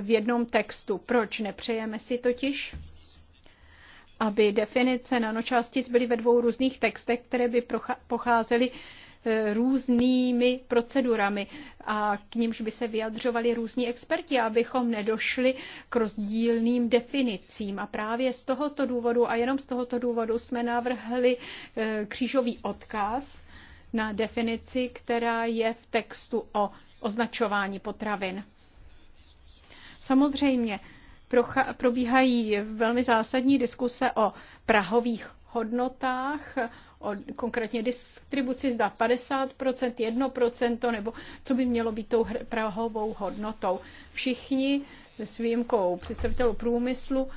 v jednom textu, proč nepřejeme si totiž, aby definice nanočástic byly ve dvou různých textech, které by pocházely E, různými procedurami a k nímž by se vyjadřovali různí experti, abychom nedošli k rozdílným definicím. A právě z tohoto důvodu a jenom z tohoto důvodu jsme navrhli e, křížový odkaz na definici, která je v textu o označování potravin. Samozřejmě probíhají velmi zásadní diskuse o prahových hodnotách, o konkrétně distribuci, zda 50%, 1%, nebo co by mělo být tou prahovou hodnotou. Všichni s výjimkou představitelů průmyslu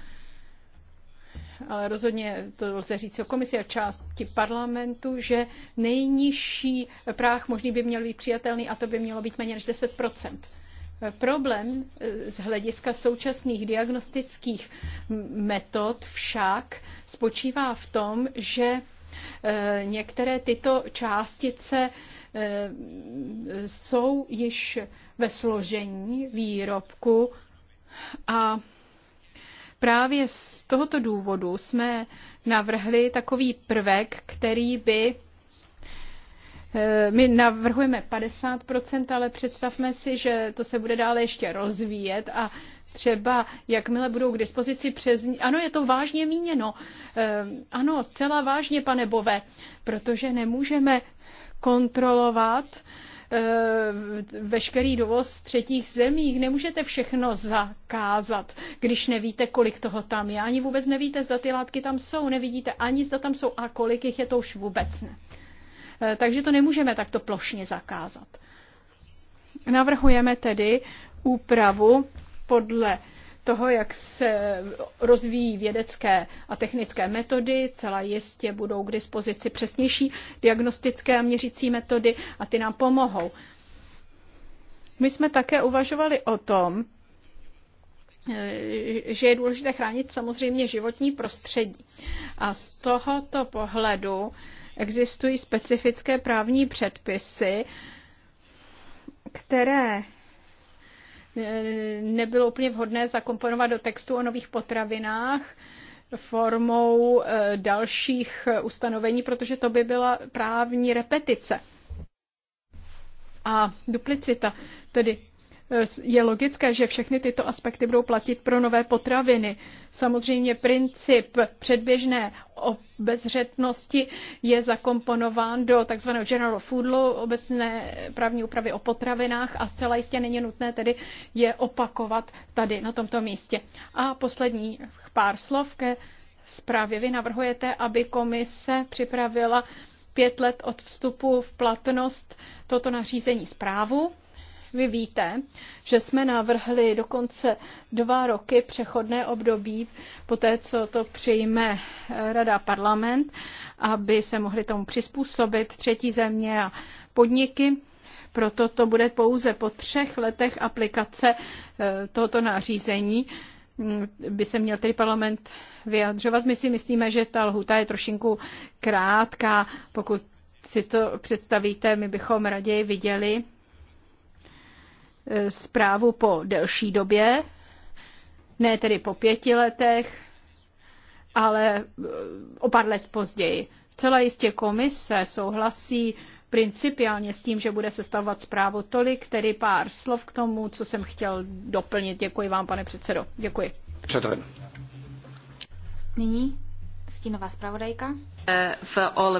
ale rozhodně to lze říct o komisi a části parlamentu, že nejnižší práh možný by měl být přijatelný a to by mělo být méně než 10 Problém eh, z hlediska současných diagnostických metod však spočívá v tom, že Eh, některé tyto částice eh, jsou již ve složení výrobku a právě z tohoto důvodu jsme navrhli takový prvek, který by eh, my navrhujeme 50%, ale představme si, že to se bude dále ještě rozvíjet a třeba, jakmile budou k dispozici přes ní. Ano, je to vážně míněno. Ehm, ano, zcela vážně, pane Bove, protože nemůžeme kontrolovat ehm, veškerý dovoz třetích zemí. Nemůžete všechno zakázat, když nevíte, kolik toho tam je. Ani vůbec nevíte, zda ty látky tam jsou. Nevidíte ani, zda tam jsou a kolik jich je, to už vůbec ne. Ehm, takže to nemůžeme takto plošně zakázat. Navrhujeme tedy úpravu podle toho, jak se rozvíjí vědecké a technické metody, zcela jistě budou k dispozici přesnější diagnostické a měřící metody a ty nám pomohou. My jsme také uvažovali o tom, eh, že je důležité chránit samozřejmě životní prostředí. A z tohoto pohledu existují specifické právní předpisy, které nebylo úplně vhodné zakomponovat do textu o nových potravinách formou eh, dalších eh, ustanovení, protože to by byla právní repetice. A duplicita, tedy Eh, je logické, že všechny tyto aspekty budou platit pro nové potraviny. Samozřejmě princip předběžné obezřetnosti je zakomponován do tzv. general food law, obecné právní úpravy o potravinách a zcela jistě není nutné tedy je opakovat tady na tomto místě. A poslední pár slov ke zprávě. Vy navrhujete, aby komise připravila pět let od vstupu v platnost toto nařízení zprávu vy víte, že jsme navrhli dokonce dva roky přechodné období, po té, co to přijme eh, Rada parlament, aby se mohli tomu přizpůsobit třetí země a podniky. Proto to bude pouze po třech letech aplikace eh, tohoto nařízení mm, by se měl tedy parlament vyjadřovat. My si myslíme, že ta lhuta je trošinku krátká. Pokud si to představíte, my bychom raději viděli, zprávu po delší době, ne tedy po pěti letech, ale e, o pár let později. Celá jistě komise souhlasí principiálně s tím, že bude sestavovat zprávu tolik, tedy pár slov k tomu, co jsem chtěl doplnit. Děkuji vám, pane předsedo. Děkuji. Předtím. Nyní stínová zpravodajka. Uh,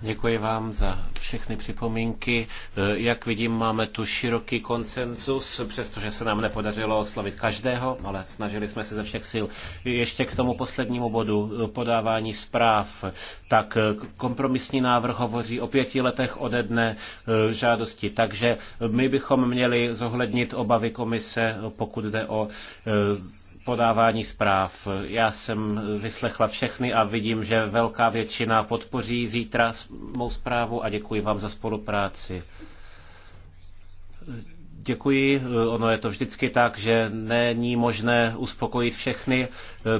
Děkuji vám za všechny připomínky. E, jak vidím, máme tu široký konsenzus, přestože se nám nepodařilo oslovit každého, ale snažili jsme se ze všech sil. Ještě k tomu poslednímu bodu e, podávání zpráv. Tak e, kompromisní návrh hovoří o pěti letech ode dne žádosti, takže my bychom měli zohlednit obavy komise, pokud jde o podávání zpráv. Já jsem vyslechla všechny a vidím, že velká většina podpoří zítra mou zprávu a děkuji vám za spolupráci. Děkuji, ono je to vždycky tak, že není možné uspokojit všechny,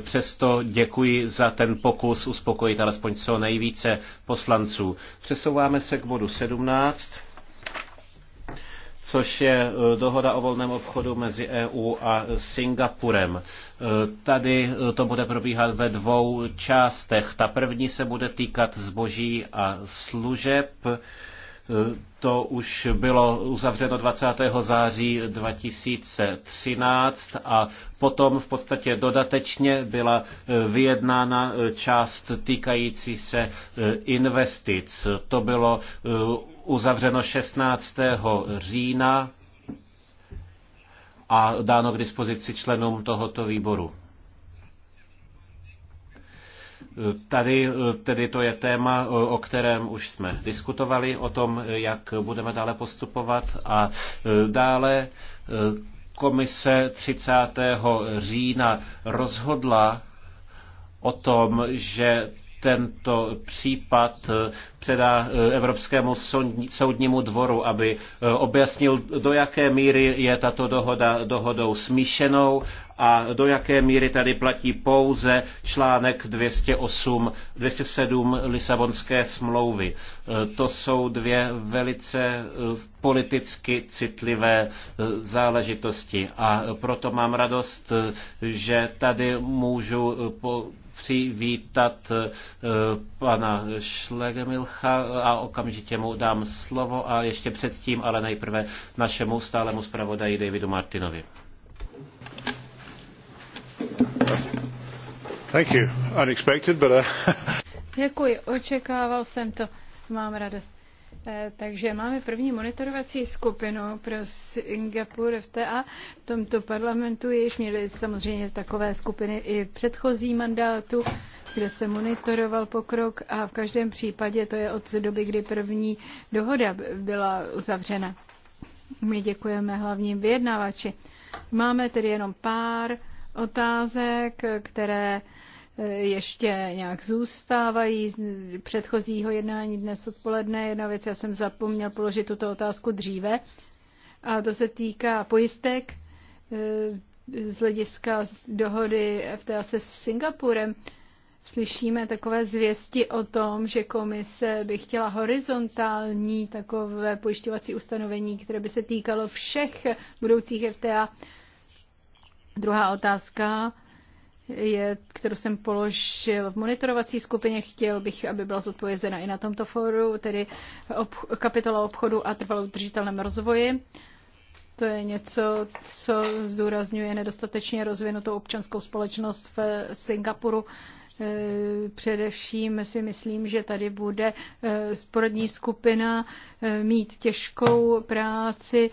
přesto děkuji za ten pokus uspokojit alespoň co nejvíce poslanců. Přesouváme se k bodu 17 což je eh, dohoda o volném obchodu mezi EU a Singapurem. Eh, tady eh, to bude probíhat ve dvou částech. Ta první se bude týkat zboží a služeb to už bylo uzavřeno 20. září 2013 a potom v podstatě dodatečně byla vyjednána část týkající se eh, investic. To bylo eh, uzavřeno 16. října a dáno k dispozici členům tohoto výboru. Tady tedy to je téma, o kterém už jsme diskutovali, o tom, jak budeme dále postupovat a e, dále e, komise 30. října rozhodla o tom, že tento případ předá e, Evropskému soudnímu dvoru, aby objasnil, do jaké míry je tato dohoda dohodou smíšenou a do jaké míry tady platí pouze článek 208, 207 Lisabonské smlouvy. E, to jsou dvě velice e, politicky citlivé e, záležitosti a proto mám radost, že tady můžu po přivítat pana Šlegemilcha a okamžitě mu dám slovo a ještě předtím, ale nejprve našemu stálemu zpravodaji Davidu Martinovi. Thank you. Unexpected, but, uh... (laughs) Děkuji, očekával jsem to. Mám radost. Eh, takže máme první monitorovací skupinu pro Singapur FTA. V tomto parlamentu již měli samozřejmě takové skupiny i předchozí mandátu, kde se monitoroval pokrok a v každém případě to je od doby, kdy první dohoda byla uzavřena. My děkujeme hlavním vyjednavači. Máme tedy jenom pár otázek, které eh, ještě nějak zůstávají z předchozího jednání dnes odpoledne. Jedna věc, já jsem zapomněl položit tuto otázku dříve, a to se týká pojistek eh, z hlediska dohody FTA se Singapurem. Slyšíme takové zvěsti o tom, že komise by chtěla horizontální takové pojišťovací ustanovení, které by se týkalo všech budoucích FTA Druhá otázka je, kterou jsem položil v monitorovací skupině. Chtěl bych, aby byla zodpovězena i na tomto fóru, tedy ob- kapitola obchodu a trvalou držitelném rozvoji. To je něco, co zdůrazňuje nedostatečně rozvinutou občanskou společnost v Singapuru. Eh, především si myslím, že tady bude sporodní eh, skupina eh, mít těžkou práci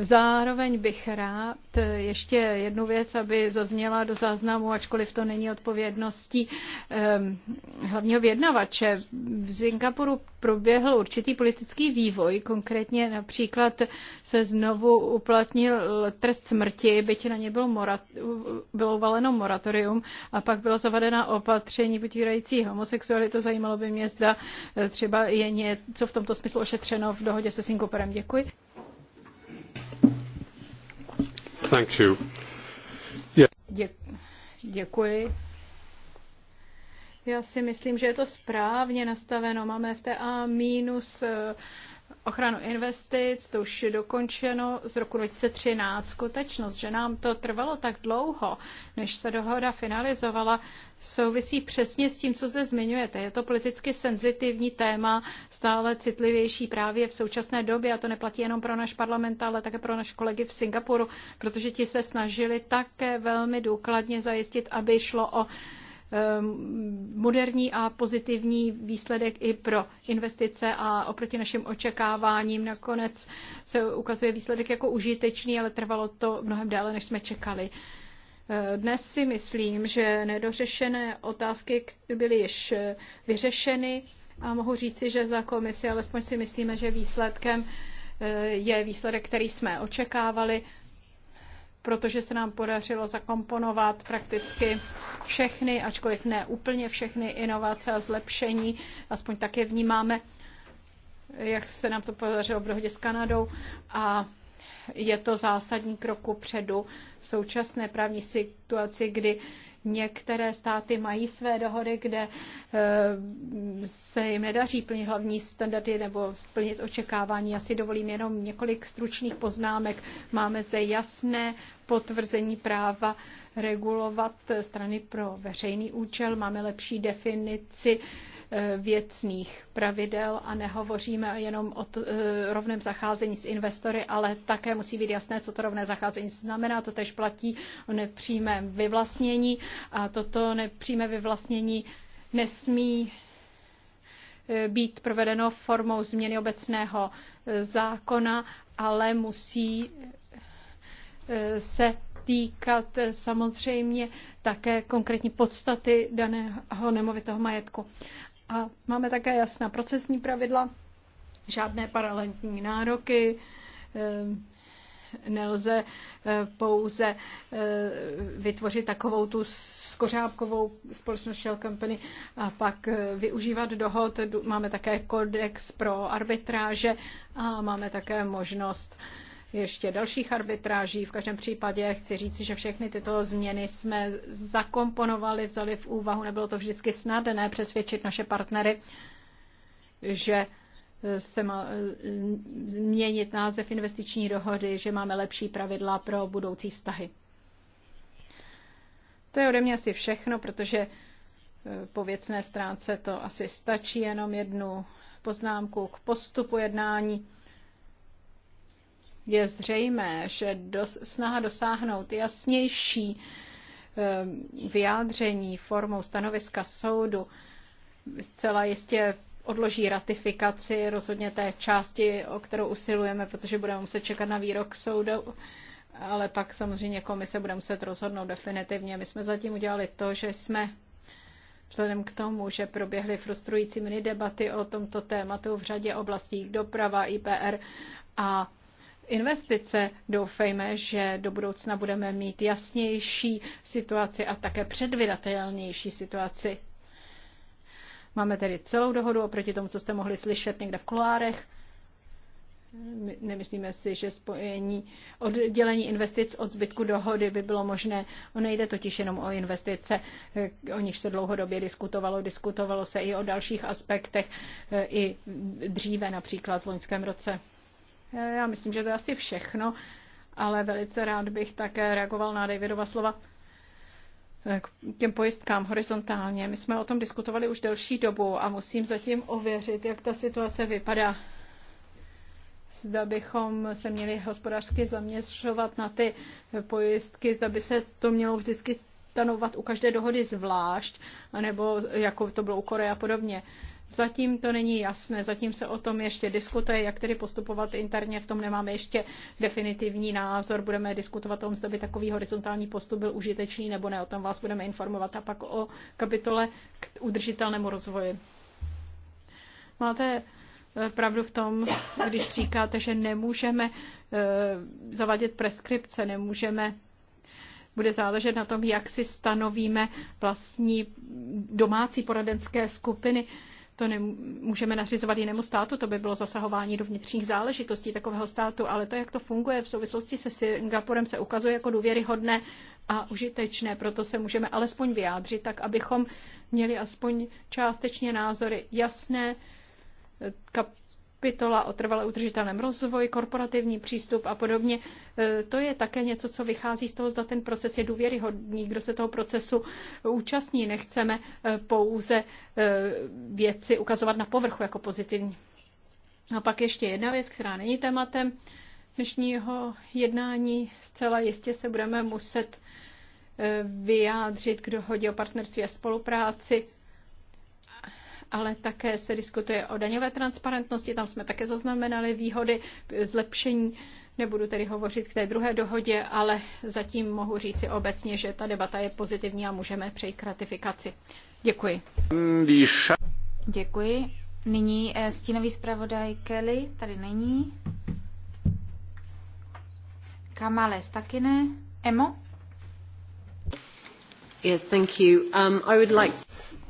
Zároveň bych rád ještě jednu věc, aby zazněla do záznamu, ačkoliv to není odpovědností ehm, hlavního vědnavače. V Singapuru proběhl určitý politický vývoj, konkrétně například se znovu uplatnil trest smrti, byť na ně bylo, morat, bylo uvaleno moratorium a pak byla zavedena opatření potírající homosexualitu. Zajímalo by mě, zda e, třeba je něco v tomto smyslu ošetřeno v dohodě se Singapurem. Děkuji děkuji. Já si myslím, že je to správně nastaveno. Máme v a minus eh, ochranu investic, to už je dokončeno z roku 2013. Skutečnost, že nám to trvalo tak dlouho, než se dohoda finalizovala, souvisí přesně s tím, co zde zmiňujete. Je to politicky senzitivní téma, stále citlivější právě v současné době a to neplatí jenom pro náš parlament, ale také pro naše kolegy v Singapuru, protože ti se snažili také velmi důkladně zajistit, aby šlo o Ehm, moderní a pozitivní výsledek i pro investice a oproti našim očekáváním nakonec se ukazuje výsledek jako užitečný, ale trvalo to mnohem déle, než jsme čekali. Ehm, dnes si myslím, že nedořešené otázky byly již eh, vyřešeny a mohu říci, že za komisi alespoň si myslíme, že výsledkem eh, je výsledek, který jsme očekávali protože se nám podařilo zakomponovat prakticky všechny, ačkoliv ne úplně všechny inovace a zlepšení, aspoň tak je vnímáme, jak se nám to podařilo v dohodě s Kanadou a je to zásadní kroku předu v současné právní situaci, kdy Některé státy mají své dohody, kde eh, se jim nedaří plnit hlavní standardy nebo splnit očekávání. Já si dovolím jenom několik stručných poznámek. Máme zde jasné potvrzení práva regulovat strany pro veřejný účel, máme lepší definici Eh, věcných pravidel a nehovoříme jenom o eh, rovném zacházení s investory, ale také musí být jasné, co to rovné zacházení znamená. To tež platí o nepřímém vyvlastnění a toto nepřímé vyvlastnění nesmí eh, být provedeno formou změny obecného zákona, ale musí se týkat samozřejmě také konkrétní podstaty daného nemovitého majetku. A máme také jasná procesní pravidla, žádné paralelní nároky, eh, nelze eh, pouze eh, vytvořit takovou tu skořápkovou společnost Shell Company a pak využívat dohod. Máme také kodex pro arbitráže a máme také možnost ještě dalších arbitráží. V každém případě chci říct, že všechny tyto změny jsme zakomponovali, vzali v úvahu. Nebylo to vždycky snadné přesvědčit naše partnery, že se má eh, změnit název investiční dohody, že máme lepší pravidla pro budoucí vztahy. To je ode mě asi všechno, protože eh, po věcné stránce to asi stačí jenom jednu poznámku k postupu jednání je zřejmé, že dos, snaha dosáhnout jasnější eh, vyjádření formou stanoviska soudu zcela jistě odloží ratifikaci rozhodně té části, o kterou usilujeme, protože budeme muset čekat na výrok soudu, ale pak samozřejmě komise bude muset rozhodnout definitivně. My jsme zatím udělali to, že jsme Vzhledem k tomu, že proběhly frustrující mini debaty o tomto tématu v řadě oblastí doprava, IPR a investice. Doufejme, že do budoucna budeme mít jasnější situaci a také předvydatelnější situaci. Máme tedy celou dohodu oproti tomu, co jste mohli slyšet někde v kolárech. My nemyslíme si, že spojení oddělení investic od zbytku dohody by bylo možné. Nejde totiž jenom o investice, o nich se dlouhodobě diskutovalo. Diskutovalo se i o dalších aspektech, i dříve například v loňském roce. Já myslím, že to je asi všechno, ale velice rád bych také reagoval na Davidova slova k těm pojistkám horizontálně. My jsme o tom diskutovali už delší dobu a musím zatím ověřit, jak ta situace vypadá. Zda bychom se měli hospodářsky zaměřovat na ty pojistky, zda by se to mělo vždycky stanovat u každé dohody zvlášť, nebo jako to bylo u Koreje a podobně. Zatím to není jasné, zatím se o tom ještě diskutuje, jak tedy postupovat interně, v tom nemáme ještě definitivní názor, budeme diskutovat o tom, zda by takový horizontální postup byl užitečný nebo ne, o tom vás budeme informovat a pak o kapitole k udržitelnému rozvoji. Máte eh, pravdu v tom, když říkáte, že nemůžeme eh, zavadit preskripce, nemůžeme bude záležet na tom, jak si stanovíme vlastní domácí poradenské skupiny. To nemůžeme nařizovat jinému státu, to by bylo zasahování do vnitřních záležitostí takového státu, ale to, jak to funguje v souvislosti se Singapurem, se ukazuje jako důvěryhodné a užitečné. Proto se můžeme alespoň vyjádřit, tak abychom měli aspoň částečně názory jasné, kap- kapitola o trvale udržitelném rozvoji, korporativní přístup a podobně. E, to je také něco, co vychází z toho, zda ten proces je důvěryhodný, kdo se toho procesu účastní. Nechceme e, pouze e, věci ukazovat na povrchu jako pozitivní. A pak ještě jedna věc, která není tématem dnešního jednání. Zcela jistě se budeme muset vyjádřit k dohodě o partnerství a spolupráci ale také se diskutuje o daňové transparentnosti, tam jsme také zaznamenali výhody, zlepšení. Nebudu tedy hovořit k té druhé dohodě, ale zatím mohu říci obecně, že ta debata je pozitivní a můžeme přejít k ratifikaci. Děkuji. Děkuji. Nyní eh, stínový zpravodaj Kelly, tady není. Kamales taky ne. Emo? Yes, thank you. Um, I would like to...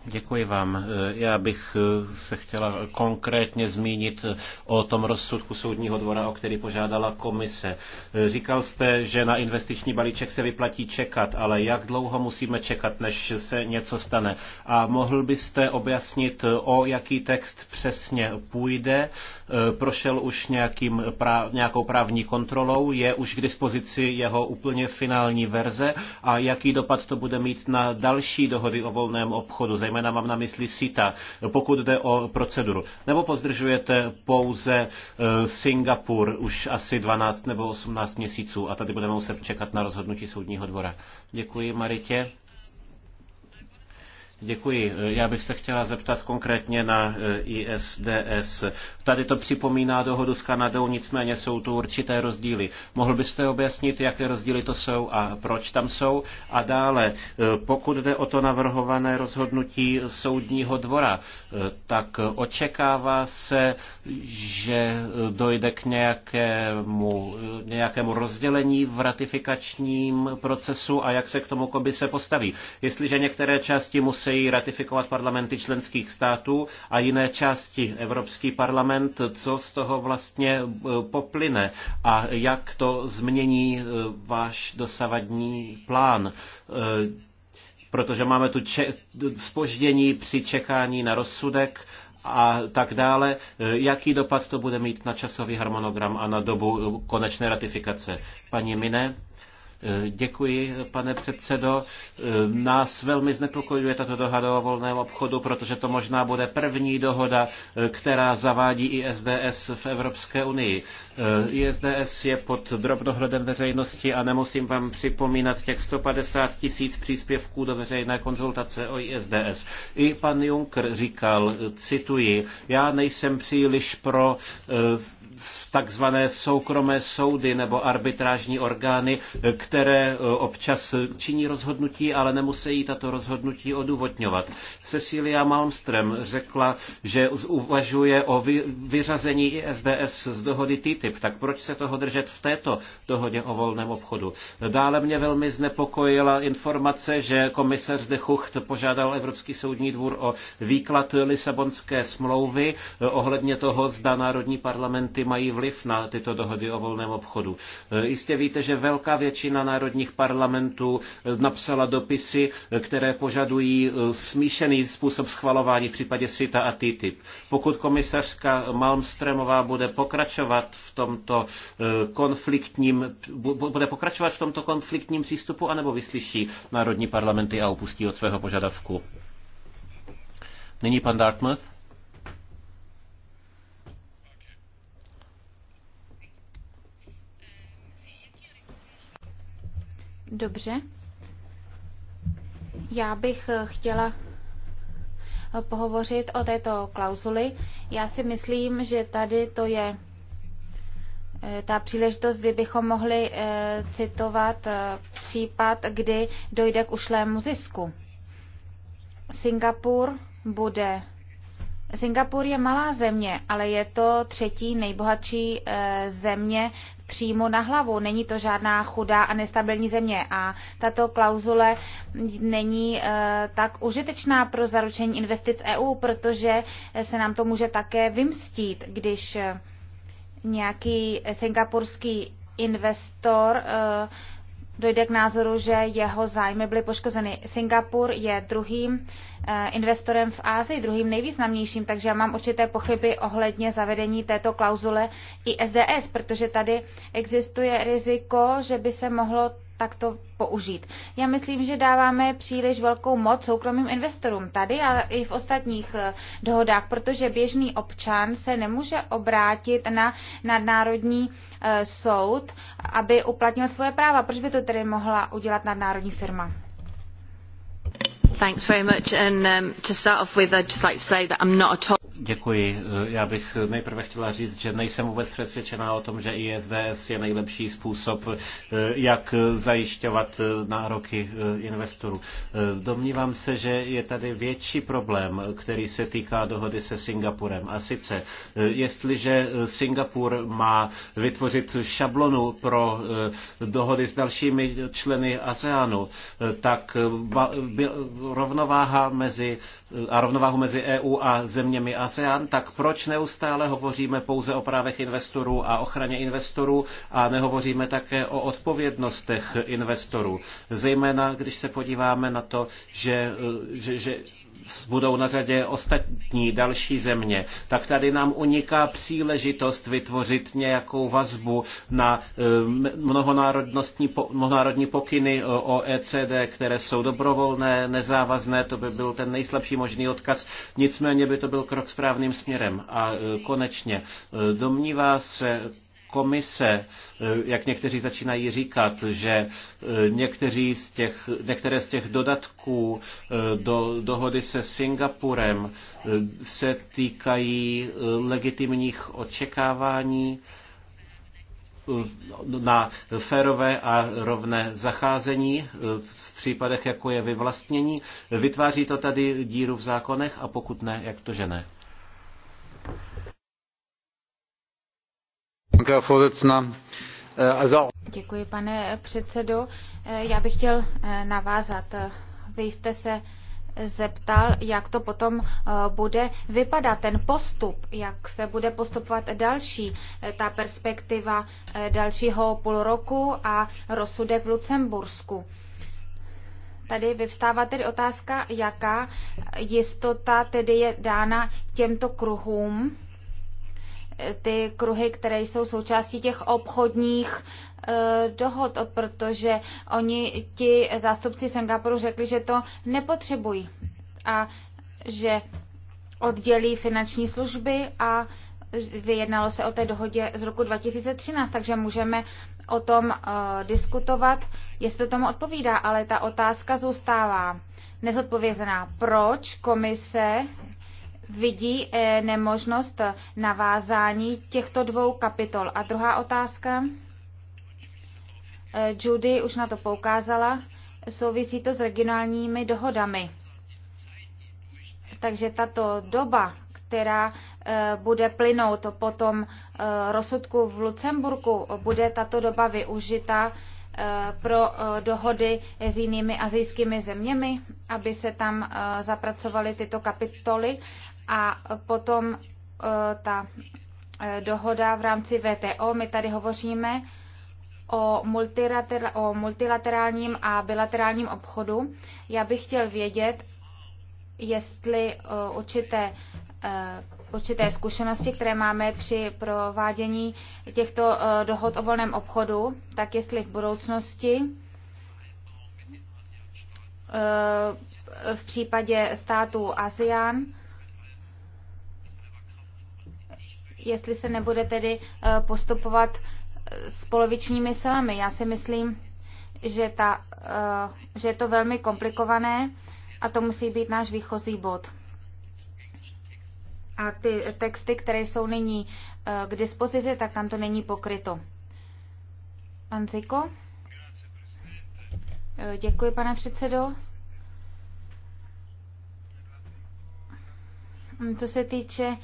Děkuji vám. Já bych eh, se chtěla konkrétně zmínit o tom rozsudku soudního dvora, o který požádala komise. Eh, říkal jste, že na investiční balíček se vyplatí čekat, ale jak dlouho musíme čekat, než se něco stane? A mohl byste objasnit, o jaký text přesně půjde Eh, prošel už nějakým práv, nějakou právní kontrolou, je už k dispozici jeho úplně finální verze a jaký dopad to bude mít na další dohody o volném obchodu, zejména mám na mysli SITA, pokud jde o proceduru. Nebo pozdržujete pouze eh, Singapur už asi 12 nebo 18 měsíců a tady budeme muset čekat na rozhodnutí soudního dvora. Děkuji, Maritě. Děkuji. Já bych se chtěla zeptat konkrétně na eh, ISDS. Tady to připomíná dohodu s Kanadou, nicméně jsou tu určité rozdíly. Mohl byste objasnit, jaké rozdíly to jsou a proč tam jsou? A dále, eh, pokud jde o to navrhované rozhodnutí soudního dvora, eh, tak očekává se, že dojde k nějakému, nějakému rozdělení v ratifikačním procesu a jak se k tomu komise postaví. Jestliže některé části musí musí ratifikovat parlamenty členských států a jiné části Evropský parlament, co z toho vlastně e, poplyne a jak to změní e, váš dosavadní plán e, protože máme tu če- spoždění při čekání na rozsudek a tak dále. Jaký dopad to bude mít na časový harmonogram a na dobu konečné ratifikace? Paní Mine? Děkuji, pane předsedo. Nás velmi znepokojuje tato dohoda o volném obchodu, protože to možná bude první dohoda, která zavádí ISDS v Evropské unii. ISDS je pod drobnohledem veřejnosti a nemusím vám připomínat těch 150 tisíc příspěvků do veřejné konzultace o ISDS. I pan Juncker říkal, cituji, já nejsem příliš pro eh, takzvané soukromé soudy nebo arbitrážní orgány, které které e, občas činí rozhodnutí, ale nemusí tato rozhodnutí odůvodňovat. Cecilia Malmström řekla, že uvažuje o vyřazení ISDS z dohody TTIP, tak proč se toho držet v této dohodě o volném obchodu? Dále mě velmi znepokojila informace, že komisař de Hucht požádal Evropský soudní dvůr o výklad Lisabonské smlouvy e, ohledně toho, zda národní parlamenty mají vliv na tyto dohody o volném obchodu. E, jistě víte, že velká většina většina národních parlamentů eh, napsala dopisy, eh, které požadují eh, smíšený způsob schvalování v případě SITA a TTIP. Pokud komisařka Malmstremová bude pokračovat v tomto konfliktním, bude pokračovat v tomto konfliktním přístupu, anebo vyslyší národní parlamenty a upustí od svého požadavku? Nyní pan Dartmouth. Dobře. Já bych eh, chtěla eh, pohovořit o této klauzuli. Já si myslím, že tady to je eh, ta příležitost, kdybychom mohli citovat případ, kdy dojde k ušlému zisku. Singapur bude. Singapur je malá země, ale je to třetí nejbohatší země přímo na hlavu. Není to žádná chudá a nestabilní země a tato klauzule není eh, tak užitečná pro zaručení investic EU, protože se nám to může také vymstít, když eh, nějaký singapurský investor eh, dojde k názoru, že jeho zájmy byly poškozeny. Singapur je druhým Eh, investorem v Ázii, druhým nejvýznamnějším, takže já mám určité pochyby ohledně zavedení této klauzule i SDS, protože tady existuje riziko, že by se mohlo takto použít. Já myslím, že dáváme příliš velkou moc soukromým investorům tady a i v ostatních eh, dohodách, protože běžný občan se nemůže obrátit na nadnárodní eh, soud, aby uplatnil svoje práva. Proč by to tedy mohla udělat nadnárodní firma? Thanks very much. And um, to start off with, I'd just like to say that I'm not at all Děkuji. Já bych nejprve chtěla říct, že nejsem vůbec přesvědčená o tom, že ISDS je nejlepší způsob, jak zajišťovat nároky investorů. Domnívám se, že je tady větší problém, který se týká dohody se Singapurem. A sice, jestliže Singapur má vytvořit šablonu pro dohody s dalšími členy ASEANu, tak rovnováha mezi a rovnováhu mezi EU a zeměmi ASEAN, tak proč neustále hovoříme pouze o právech investorů a ochraně investorů a nehovoříme také o odpovědnostech investorů? Zejména, když se podíváme na to, že, že, že budou na řadě ostatní další země, tak tady nám uniká příležitost vytvořit nějakou vazbu na eh, mnohonárodnostní, mnohonárodní pokyny eh, OECD, které jsou dobrovolné, nezávazné, to by byl ten nejslabší možný odkaz, nicméně by to byl krok správným směrem. A eh, konečně, domnívá se komise, eh, jak někteří začínají říkat, že eh, někteří z těch, některé z těch dodatků eh, do dohody se Singapurem se týkají legitimních očekávání na férové a rovné zacházení v případech, jako je vyvlastnění. Vytváří to tady díru v zákonech a pokud ne, jak to že ne? Děkuji, pane předsedající Já bych chtěl eh, navázat. Vy jste se zeptal, jak to potom eh, bude vypadat, ten postup, jak se bude postupovat další, eh, ta perspektiva dalšího půl roku a rozsudek v Lucembursku. Tady vyvstává tedy otázka, jaká jistota tedy je dána těmto kruhům ty kruhy, které jsou součástí těch obchodních eh, dohod, protože oni, ti zástupci Singapuru, řekli, že to nepotřebují a že oddělí finanční služby a vyjednalo se o té dohodě z roku 2013, takže můžeme o tom uh, diskutovat, jestli to tomu odpovídá, ale ta otázka zůstává nezodpovězená. Proč komise vidí eh, nemožnost navázání těchto dvou kapitol. A druhá otázka, eh, Judy už na to poukázala, souvisí to s regionálními dohodami. Takže tato doba, která eh, bude plynout po tom rozsudku v Lucemburku, bude tato doba využita pro dohody s jinými azijskými zeměmi, aby se tam zapracovaly tyto kapitoly. A potom e, ta e, dohoda v rámci VTO, my tady hovoříme o, multilater, o multilaterálním a bilaterálním obchodu. Já bych chtěl vědět, jestli e, určité, určité zkušenosti, které máme při provádění těchto dohod o volném obchodu, tak jestli v budoucnosti v případě států ASEAN jestli se nebude tedy eh, postupovat eh, s polovičními silami. Já si myslím, že, ta, eh, že je to velmi komplikované a to musí být náš výchozí bod. A ty texty, které jsou nyní k dispozici, tak tam to není pokryto. Pan Ziko? Děkuji, pane předsedo. Co se týče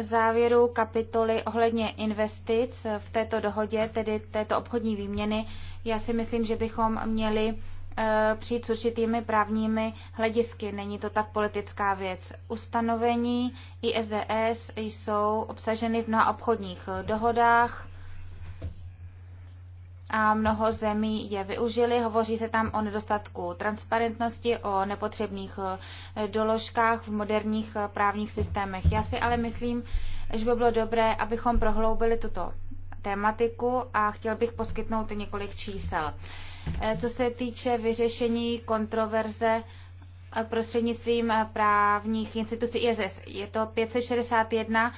závěru kapitoly ohledně investic v této dohodě, tedy této obchodní výměny, já si myslím, že bychom měli eh, přijít s určitými právními hledisky. Není to tak politická věc. Ustanovení ISDS jsou obsaženy v mnoha obchodních dohodách a mnoho zemí je využili. Hovoří se tam o nedostatku transparentnosti, o nepotřebných eh, doložkách v moderních eh, právních systémech. Já si ale myslím, že by bylo dobré, abychom prohloubili tuto tématiku a chtěl bych poskytnout několik čísel. Eh, co se týče vyřešení kontroverze prostřednictvím právních institucí ISS, je to 561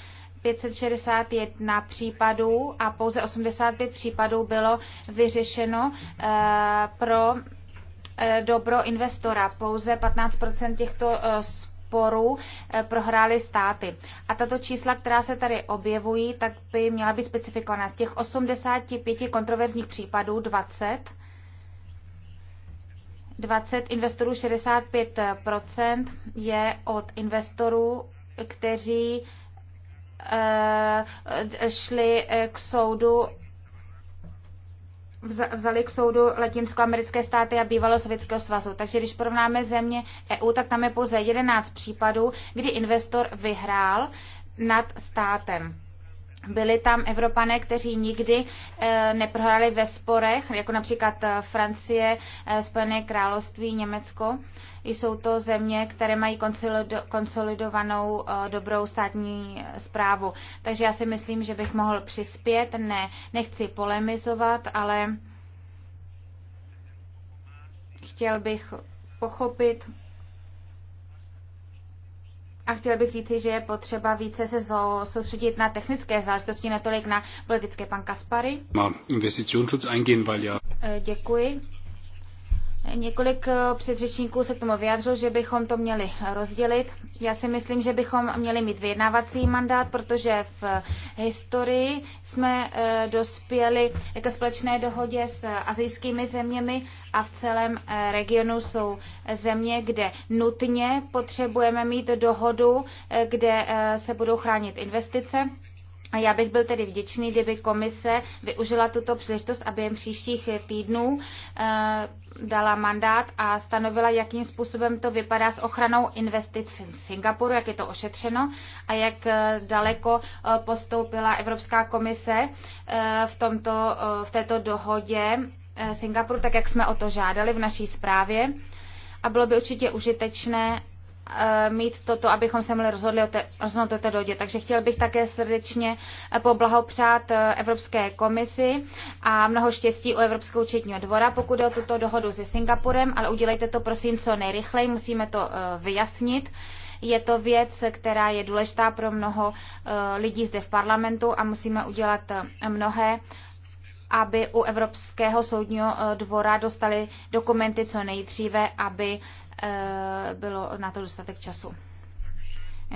561 případů a pouze 85 případů bylo vyřešeno eh, pro eh, dobro investora. Pouze 15 těchto eh, sporů prohrály státy. A tato čísla, která se tady objevují, tak by měla být specifikovaná. Z těch 85 kontroverzních případů 20 20 investorů, 65% je od investorů, kteří Eh, šli eh, k soudu vzali k soudu latinskoamerické státy a bývalo Sovětského svazu. Takže když porovnáme země EU, tak tam je pouze 11 případů, kdy investor vyhrál nad státem byli tam Evropané, kteří nikdy eh, neprohráli ve sporech, jako například eh, Francie, eh, Spojené království, Německo. Jsou to země, které mají konsolidovanou dobrou státní zprávu. Takže já si myslím, že bych mohl přispět. Ne, nechci polemizovat, ale chtěl bych pochopit a chtěl bych říci, že je potřeba více se soustředit na technické záležitosti, netolik na politické. Pan Kaspary. Eh, děkuji. Několik eh, předřečníků se k tomu vyjádřilo, že bychom to měli rozdělit. Já si myslím, že bychom měli mít vyjednávací mandát, protože v historii jsme eh, dospěli ke společné dohodě s azijskými zeměmi a v celém eh, regionu jsou země, kde nutně potřebujeme mít dohodu, kde se budou chránit investice a já bych byl tedy vděčný, kdyby komise využila tuto příležitost aby jim příštích týdnů eh, dala mandát a stanovila, jakým způsobem to vypadá s ochranou investic v Singapuru, jak je to ošetřeno a jak eh, daleko eh, postoupila Evropská komise v, tomto, v této dohodě Singapuru, tak jak jsme o to žádali v naší zprávě. A bylo by určitě užitečné, Eh, mít toto, abychom se mohli rozhodli o té, rozhodnout o té dohodě. Takže chtěl bych také srdečně eh, poblahopřát eh, Evropské komisi a mnoho štěstí u Evropského účetního dvora, pokud je o tuto dohodu se Singapurem, ale udělejte to prosím co nejrychleji, musíme to vyjasnit. Je to věc, která je důležitá pro mnoho lidí zde v parlamentu a musíme udělat mnohé aby u Evropského soudního eh, dvora dostali dokumenty co nejdříve, aby eh, bylo na to dostatek času.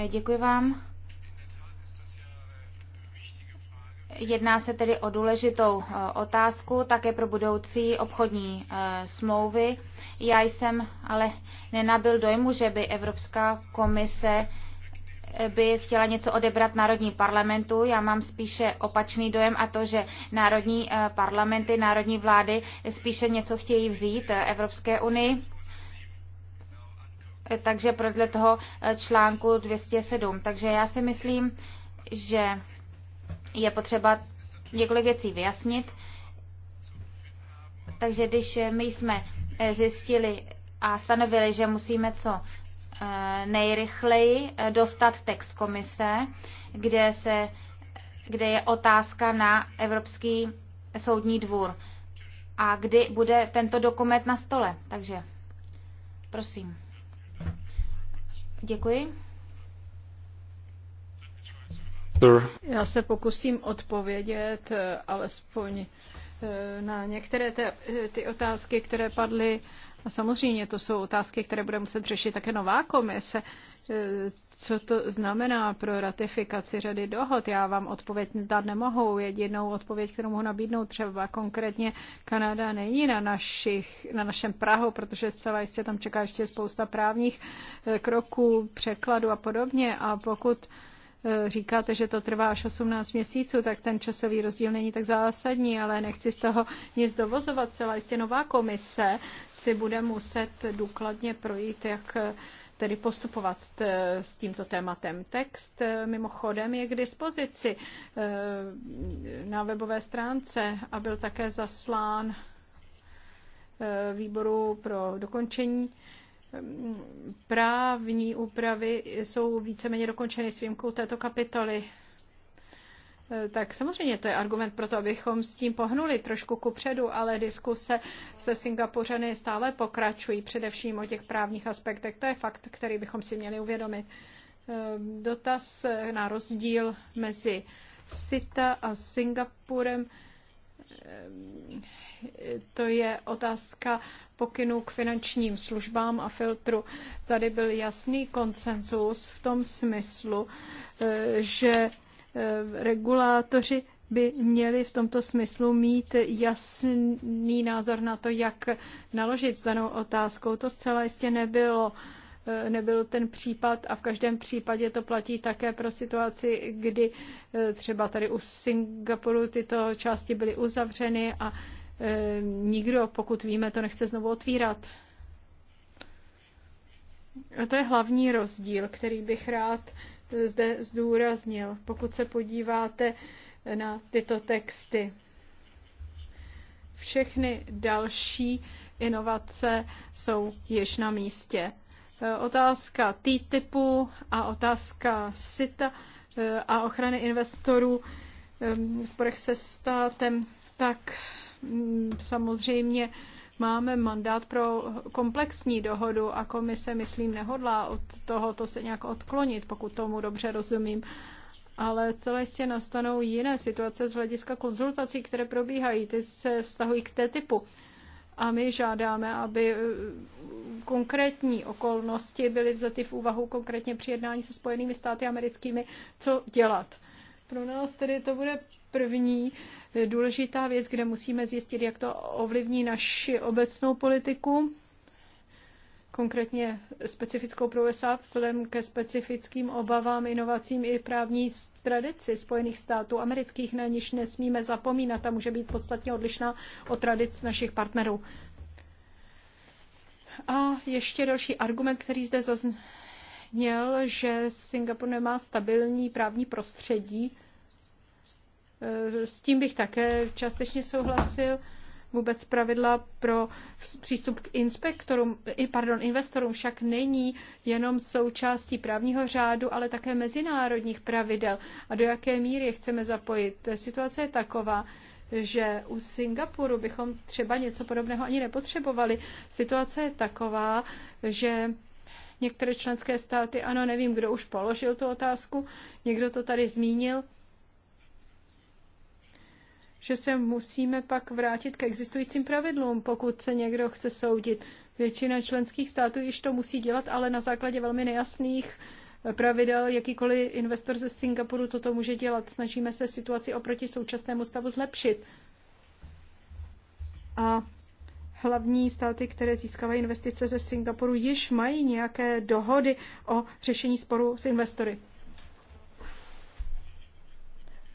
Eh, děkuji vám. Jedná se tedy o důležitou otázku také pro budoucí obchodní smlouvy. Já jsem ale nenabil dojmu, že by Evropská komise by chtěla něco odebrat národní parlamentu. Já mám spíše opačný dojem a to, že národní eh, parlamenty, národní vlády spíše něco chtějí vzít eh, Evropské unii. Eh, takže podle toho článku 207. Takže já si myslím, že je potřeba několik věcí vyjasnit. Takže když my jsme zjistili a stanovili, že musíme co Eh, nejrychleji eh, dostat text komise, kde, se, kde je otázka na Evropský soudní dvůr a kdy bude tento dokument na stole. Takže prosím. Děkuji. Já se pokusím odpovědět eh, alespoň na některé ty, ty otázky, které padly a samozřejmě to jsou otázky, které bude muset řešit také nová komise. E, co to znamená pro ratifikaci řady dohod? Já vám odpověď dát nemohu. Jedinou odpověď, kterou mohu nabídnout třeba konkrétně Kanada není na, našich, na našem Prahu, protože zcela jistě tam čeká ještě spousta právních e, kroků, překladu a podobně. A pokud Eh, říkáte, že to trvá až 18 měsíců, tak ten časový rozdíl není tak zásadní, ale nechci z toho nic dovozovat. Celá jistě nová komise si bude muset důkladně projít, jak eh, tedy postupovat eh, s tímto tématem. Text mimochodem je k dispozici na webové stránce a byl také zaslán výboru pro dokončení právní úpravy jsou víceméně dokončeny s výjimkou této kapitoly. Tak samozřejmě to je argument pro to, abychom s tím pohnuli trošku kupředu, ale diskuse se Singapuřany stále pokračují, především o těch právních aspektech. To je fakt, který bychom si měli uvědomit. Ehm, dotaz na rozdíl mezi SITA a Singapurem to je otázka pokynů k finančním službám a filtru. Tady byl jasný konsenzus v tom smyslu, že regulátoři by měli v tomto smyslu mít jasný názor na to, jak naložit s danou otázkou. To zcela jistě nebylo E, nebyl ten případ a v každém případě to platí také pro situaci, kdy e, třeba tady u Singapuru tyto části byly uzavřeny a e, nikdo, pokud víme, to nechce znovu otvírat. A to je hlavní rozdíl, který bych rád zde zdůraznil, pokud se podíváte na tyto texty. Všechny další inovace jsou již na místě. Eh, otázka T-typu a otázka SITA eh, a ochrany investorů v sporech se státem, tak mm, samozřejmě máme mandát pro komplexní dohodu a komise, myslím, nehodlá od tohoto se nějak odklonit, pokud tomu dobře rozumím. Ale celé jistě nastanou jiné situace z hlediska konzultací, které probíhají. Ty se vztahují k té typu a my žádáme, aby e, konkrétní okolnosti byly vzaty v úvahu konkrétně při jednání se Spojenými státy americkými, co dělat. Pro nás tedy to bude první e, důležitá věc, kde musíme zjistit, jak to ovlivní naši obecnou politiku konkrétně specifickou pro USA vzhledem ke specifickým obavám, inovacím i právní tradici Spojených států amerických, na niž nesmíme zapomínat a může být podstatně odlišná od tradic našich partnerů. A ještě další argument, který zde zazněl, že Singapur nemá stabilní právní prostředí. E, s tím bych také částečně souhlasil. Vůbec pravidla pro přístup k inspektorům, pardon, investorům však není jenom součástí právního řádu, ale také mezinárodních pravidel. A do jaké míry je chceme zapojit? Situace je taková, že u Singapuru bychom třeba něco podobného ani nepotřebovali. Situace je taková, že některé členské státy, ano, nevím, kdo už položil tu otázku, někdo to tady zmínil, že se musíme pak vrátit k existujícím pravidlům, pokud se někdo chce soudit. Většina členských států již to musí dělat, ale na základě velmi nejasných pravidel jakýkoliv investor ze Singapuru toto může dělat. Snažíme se situaci oproti současnému stavu zlepšit. A hlavní státy, které získávají investice ze Singapuru, již mají nějaké dohody o řešení sporu s investory.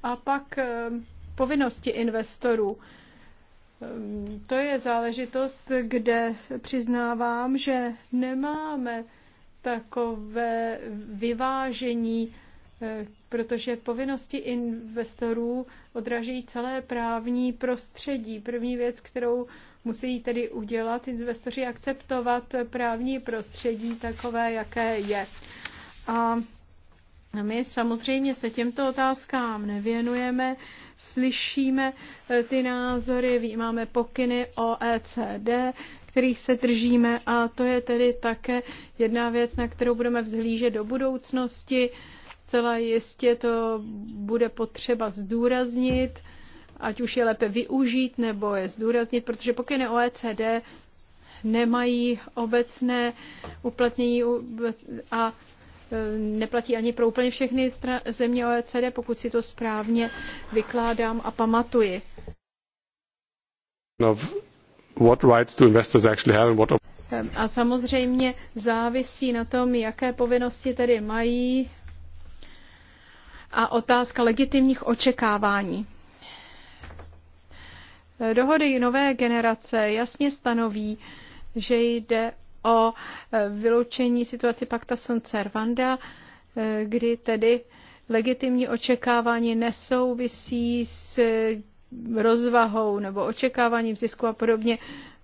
A pak eh, povinnosti investorů. Ehm, to je záležitost, kde přiznávám, že nemáme takové vyvážení, eh, protože povinnosti investorů odraží celé právní prostředí. První věc, kterou musí tedy udělat investoři, akceptovat právní prostředí takové, jaké je. A my samozřejmě se těmto otázkám nevěnujeme slyšíme eh, ty názory, máme pokyny o ECD, kterých se držíme a to je tedy také jedna věc, na kterou budeme vzhlížet do budoucnosti. Zcela jistě to bude potřeba zdůraznit, ať už je lépe využít nebo je zdůraznit, protože pokyny OECD nemají obecné uplatnění a Eh, neplatí ani pro úplně všechny země OECD, pokud si to správně vykládám a pamatuji. No, what rights do investors actually have and what a samozřejmě závisí na tom, jaké povinnosti tedy mají a otázka legitimních očekávání. Eh, dohody nové generace jasně stanoví, že jde o e, vyloučení situaci Pacta sunt servanda, e, kdy tedy legitimní očekávání nesouvisí s e, rozvahou nebo očekáváním zisku a podobně.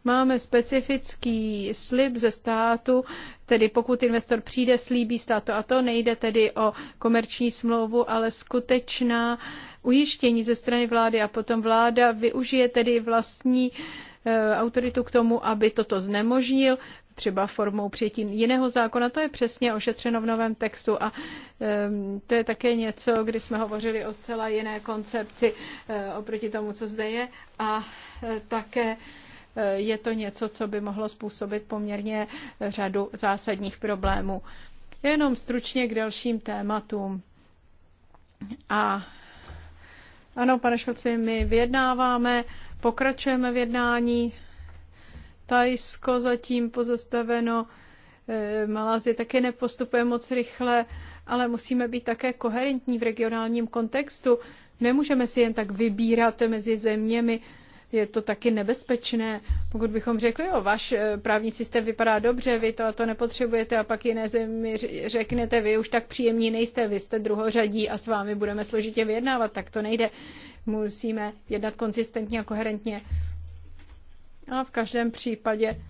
Máme specifický slib ze státu, tedy pokud investor přijde, slíbí státu a to nejde tedy o komerční smlouvu, ale skutečná ujištění ze strany vlády a potom vláda využije tedy vlastní uh, Eh, autoritu k tomu, aby toto znemožnil, třeba formou přijetí jiného zákona. To je přesně ošetřeno v novém textu a ehm, to je také něco, kdy jsme hovořili o zcela jiné koncepci eh, oproti tomu, co zde je a eh, také je to něco, co by mohlo způsobit poměrně řadu zásadních problémů. Jenom stručně k dalším tématům. A ano, pane Šolci, my vyjednáváme Pokračujeme v jednání. Tajsko zatím pozastaveno, eh, Malázie také nepostupuje moc rychle, ale musíme být také koherentní v regionálním kontextu. Nemůžeme si jen tak vybírat mezi zeměmi, je to taky nebezpečné. Pokud bychom řekli, jo, váš eh, právní systém vypadá dobře, vy to a to nepotřebujete a pak jiné zemi řeknete, vy už tak příjemní nejste, vy jste druhořadí a s vámi budeme složitě vyjednávat, tak to nejde. Musíme jednat konzistentně a koherentně. A v každém případě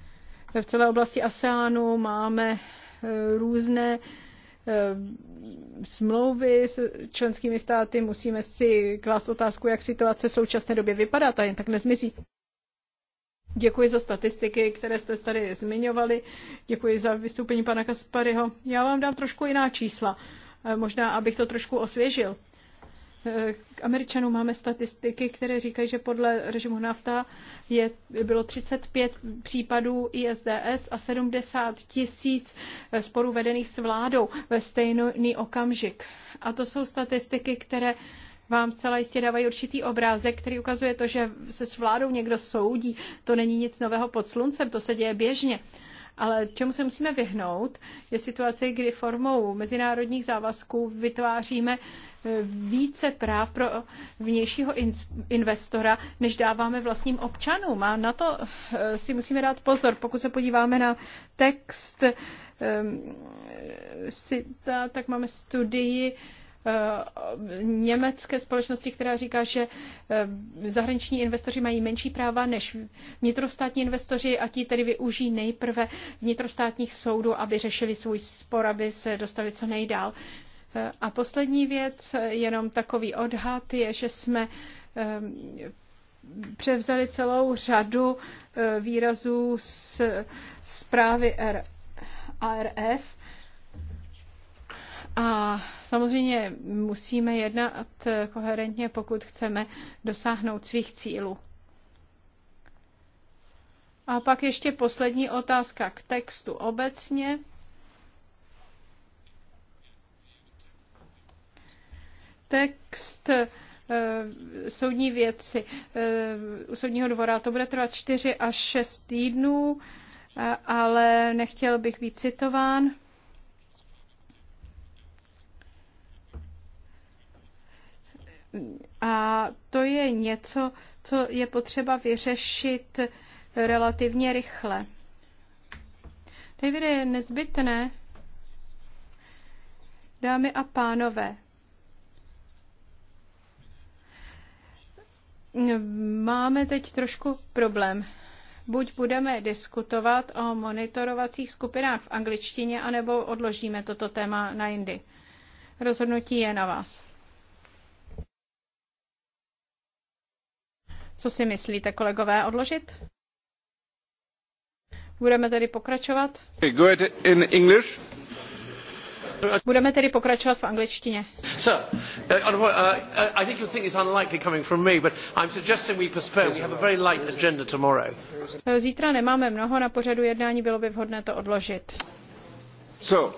v celé oblasti ASEANu máme eh, různé eh, smlouvy s členskými státy, musíme si klást otázku, jak situace v současné době vypadá, ta jen tak nezmizí. Děkuji za statistiky, které jste tady zmiňovali. Děkuji za vystoupení pana Kasparyho. Já vám dám trošku jiná čísla, eh, možná abych to trošku osvěžil. K eh, Američanům máme statistiky, které říkají, že podle režimu nafta je, bylo 35 případů ISDS a 70 tisíc eh, sporů vedených s vládou ve stejný okamžik. A to jsou statistiky, které vám celá jistě dávají určitý obrázek, který ukazuje to, že se s vládou někdo soudí. To není nic nového pod sluncem, to se děje běžně. Ale čemu se musíme vyhnout, je situace, kdy formou mezinárodních závazků vytváříme více práv pro vnějšího investora, než dáváme vlastním občanům. A na to eh, si musíme dát pozor. Pokud se podíváme na text, ehm, tak máme studii eh, německé společnosti, která říká, že eh, zahraniční investoři mají menší práva než vnitrostátní investoři a ti tedy využijí nejprve vnitrostátních soudů, aby řešili svůj spor, aby se dostali co nejdál. A poslední věc, jenom takový odhad, je, že jsme ehm, převzali celou řadu eh, výrazů z zprávy ARF a samozřejmě musíme jednat eh, koherentně, pokud chceme dosáhnout svých cílů. A pak ještě poslední otázka k textu obecně. text eh, soudní věci eh, u soudního dvora. To bude trvat 4 až 6 týdnů, eh, ale nechtěl bych být citován. A to je něco, co je potřeba vyřešit relativně rychle. Davide, je nezbytné, dámy a pánové, máme teď trošku problém. Buď budeme diskutovat o monitorovacích skupinách v angličtině, anebo odložíme toto téma na jindy. Rozhodnutí je na vás. Co si myslíte, kolegové, odložit? Budeme tedy pokračovat. Okay, go ahead in English. Budeme tedy pokračovat v angličtině. Uh, uh, uh, I think think it's unlikely coming from me, but I'm suggesting we postpone. We have a very light agenda tomorrow. Eh, zítra nemáme mnoho na pořadu jednání, bylo by vhodné to odložit. So,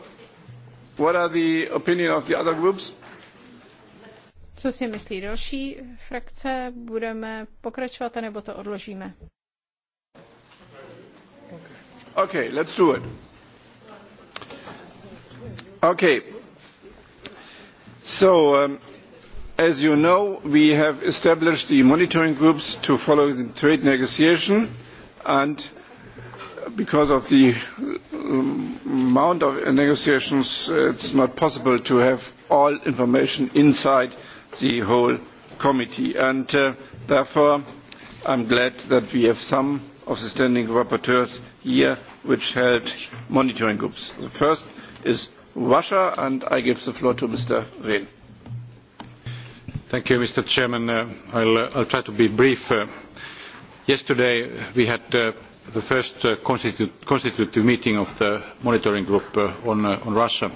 what are the opinion of the other groups? Co si myslí další frakce? Budeme pokračovat, anebo to odložíme? Okay, let's do it. Um, as you know, we have established the monitoring groups to follow the trade negotiations and because of the um, amount of negotiations, it is not possible to have all information inside the whole committee. And uh, therefore, I'm glad that we have some of the standing rapporteurs here who held monitoring groups. The first is Russia, and I give the floor to Mr. Rehn. Mr. Chairman. Uh, uh, I'll, try to be brief. Uh, yesterday uh, we had the first constitutive meeting of the monitoring group on, Russia,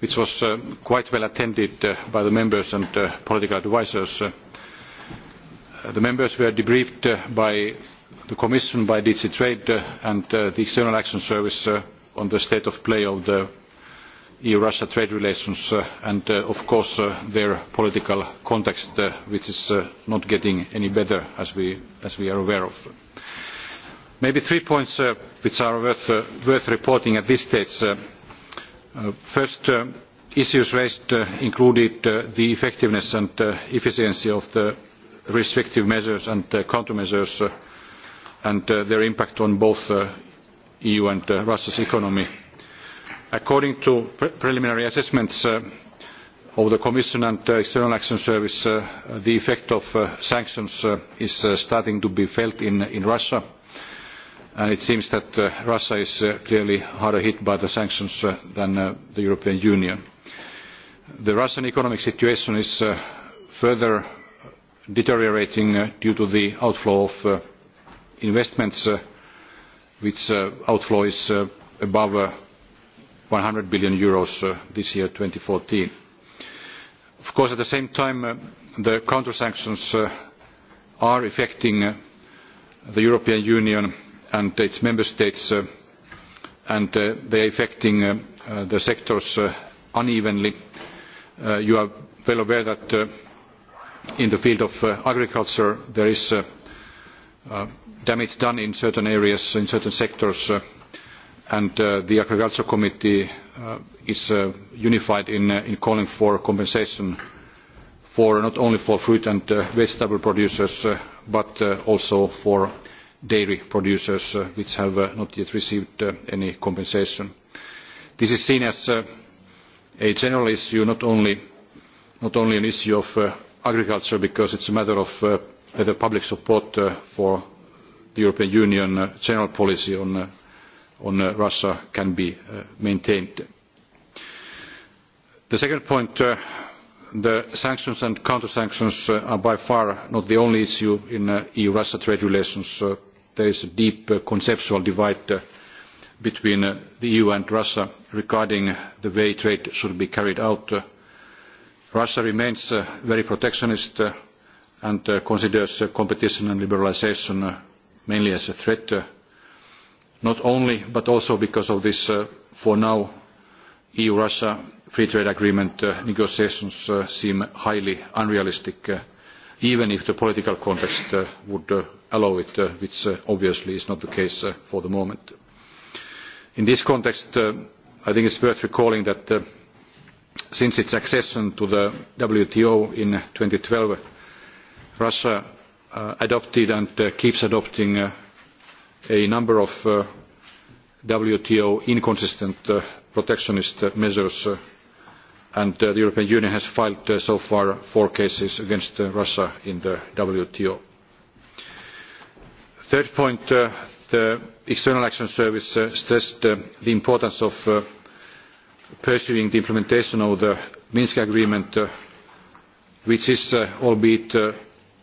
which was quite well attended by the members and political advisers. the members were debriefed by the Commission, by DG Trade and the External Action Service on the state of play of the EU-Russia trade relations uh, and uh, of course uh, their political context which is not getting any better as we, are aware of. Maybe three points which are worth, reporting at this stage. First, issues raised included the effectiveness and efficiency of the restrictive measures and countermeasures and their impact on both EU and Russia's economy according to pre preliminary assessments uh, of the commission and the uh, external action service uh, the effect of uh, sanctions uh, is uh, starting to be felt in, in russia and it seems that russia is clearly harder hit by the sanctions than the european union. the russian economic situation is further deteriorating due to the outflow of investments which outflow is above 100 billion euros uh, this year, 2014. Of course, at the same time, uh, the counter-sanctions uh, are affecting uh, the European Union and its member states, and uh, they are affecting the sectors unevenly. you are well aware that in the field of agriculture there is damage done in certain areas, in certain sectors, and uh, the agriculture committee uh, is uh, unified in, uh, in calling for compensation for not only for fruit and uh, vegetable producers uh, but also for dairy producers which have not yet received any compensation. This is seen as a general issue, not only, not only an issue of agriculture because it's a matter of whether public support for the European Union general policy on on uh, Russia can be uh, maintained. The second point, uh, the sanctions and counter-sanctions are by far not the only issue in EU-Russia trade relations. there is a deep conceptual divide between the EU and Russia regarding the way trade should be carried out. Russia remains very protectionist and considers competition and liberalisation mainly as a threat not only but also because of this uh, for now eu russia free trade agreement uh, negotiations uh, seem highly unrealistic uh, even if the political context uh, would uh, allow it which obviously is not the case for the moment. in this context i think it is worth recalling that since its accession to the wto in two thousand and twelve russia adopted and keeps adopting a number of uh, WTO inconsistent uh, protectionist measures uh, and uh, the European Union has filed uh, so far four cases against Russia in the WTO. Third point, the External Action Service stressed the importance of pursuing the implementation of the Minsk Agreement, which is, albeit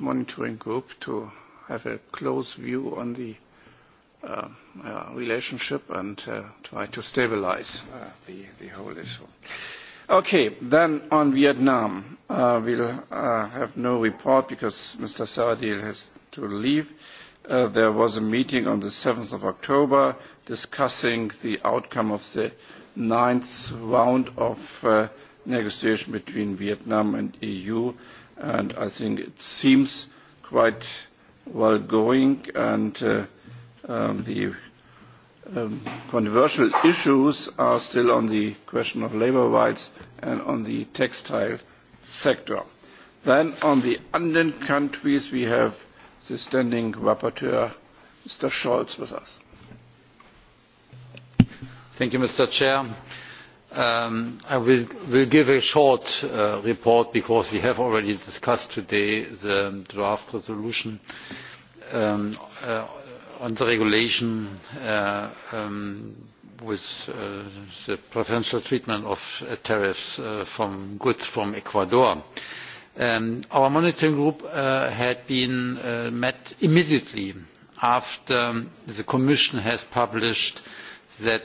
monitoring group to have a close view on the uh, uh, relationship and uh, try to stabilize uh, the, the whole issue. Okay, then on Vietnam, uh, we'll uh, have no report because Mr. Saradil has to leave. Uh, there was a meeting on the 7th of October discussing the outcome of the ninth round of uh, negotiation between Vietnam and EU and I think it seems quite well going and uh, um, the um, controversial issues are still on the question of labor rights and on the textile sector. Then on the Anden countries, we have the standing rapporteur, Mr. Scholz, with us. Thank you, Mr. Chair Um, i will, give a short uh, report because we have already discussed today the draft resolution um, uh, on the regulation uh, um, with the preferential treatment of tariffs for goods from ecuador. our monitoring group had been met immediately after the commission had published that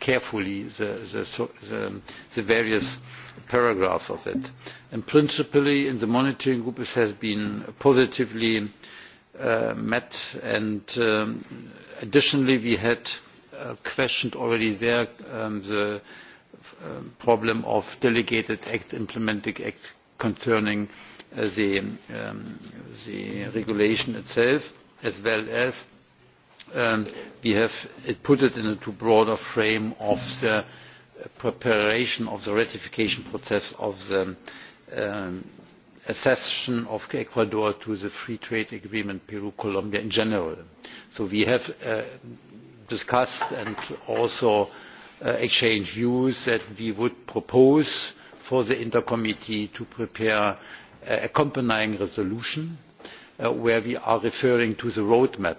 carefully the, the, the, the various paragraphs of it. And principally, in the monitoring group, it has been positively uh, met. And um, additionally, we had uh, questioned already there um, the uh, problem of delegated act, implementing act concerning uh, the, um, the regulation itself, as well as Um, we have put it in a too broad a frame of the preparation of the ratification process of the um, accession of Ecuador to the free trade agreement Peru-Colombia in general. So we have uh, discussed and also uh, exchanged views that we would propose for the committee to prepare an accompanying resolution uh, where we are referring to the roadmap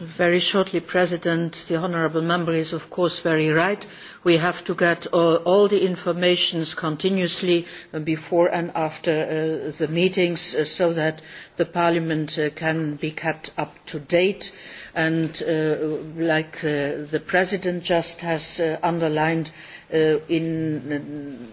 very shortly president the honourable member is of course very right we have to get all, all the information continuously before and after uh, the meetings uh, so that parliament uh, can be kept up to date and uh, like uh, the president just has underlined in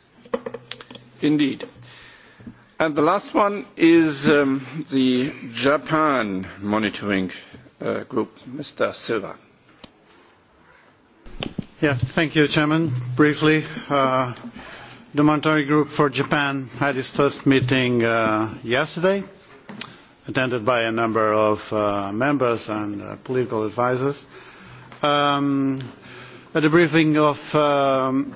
Indeed. And the last one is um, the Japan monitoring uh, group, Mr. Silva. Yeah, thank you, Chairman. Briefly, uh, the monitoring group for Japan had its first meeting uh, yesterday, attended by a number of uh, members and uh, political advisers. Um, at the briefing of um,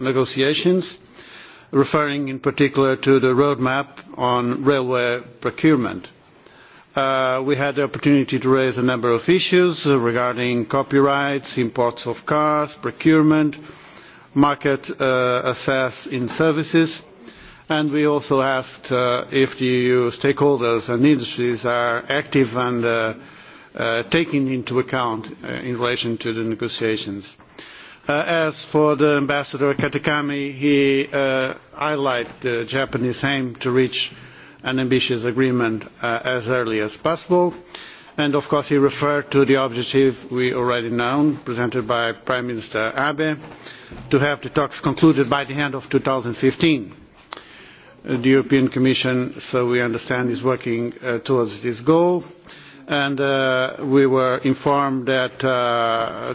negotiations, referring in particular to the roadmap on railway procurement. Uh, we had the opportunity to raise a number of issues regarding copyrights, imports of cars, procurement, market uh, access in services, and we also asked uh, if the EU stakeholders and industries are active and taking into account in relation to the negotiations. Uh, as for the ambassador katakami he highlighted uh, the uh, japanese aim to reach an ambitious agreement as early as possible and of course he referred to the objective we already know presented by prime minister abe to have the talks concluded by the end of. two thousand and fifteen the european commission so we understand is working uh, towards this goal and uh, we were informed that uh,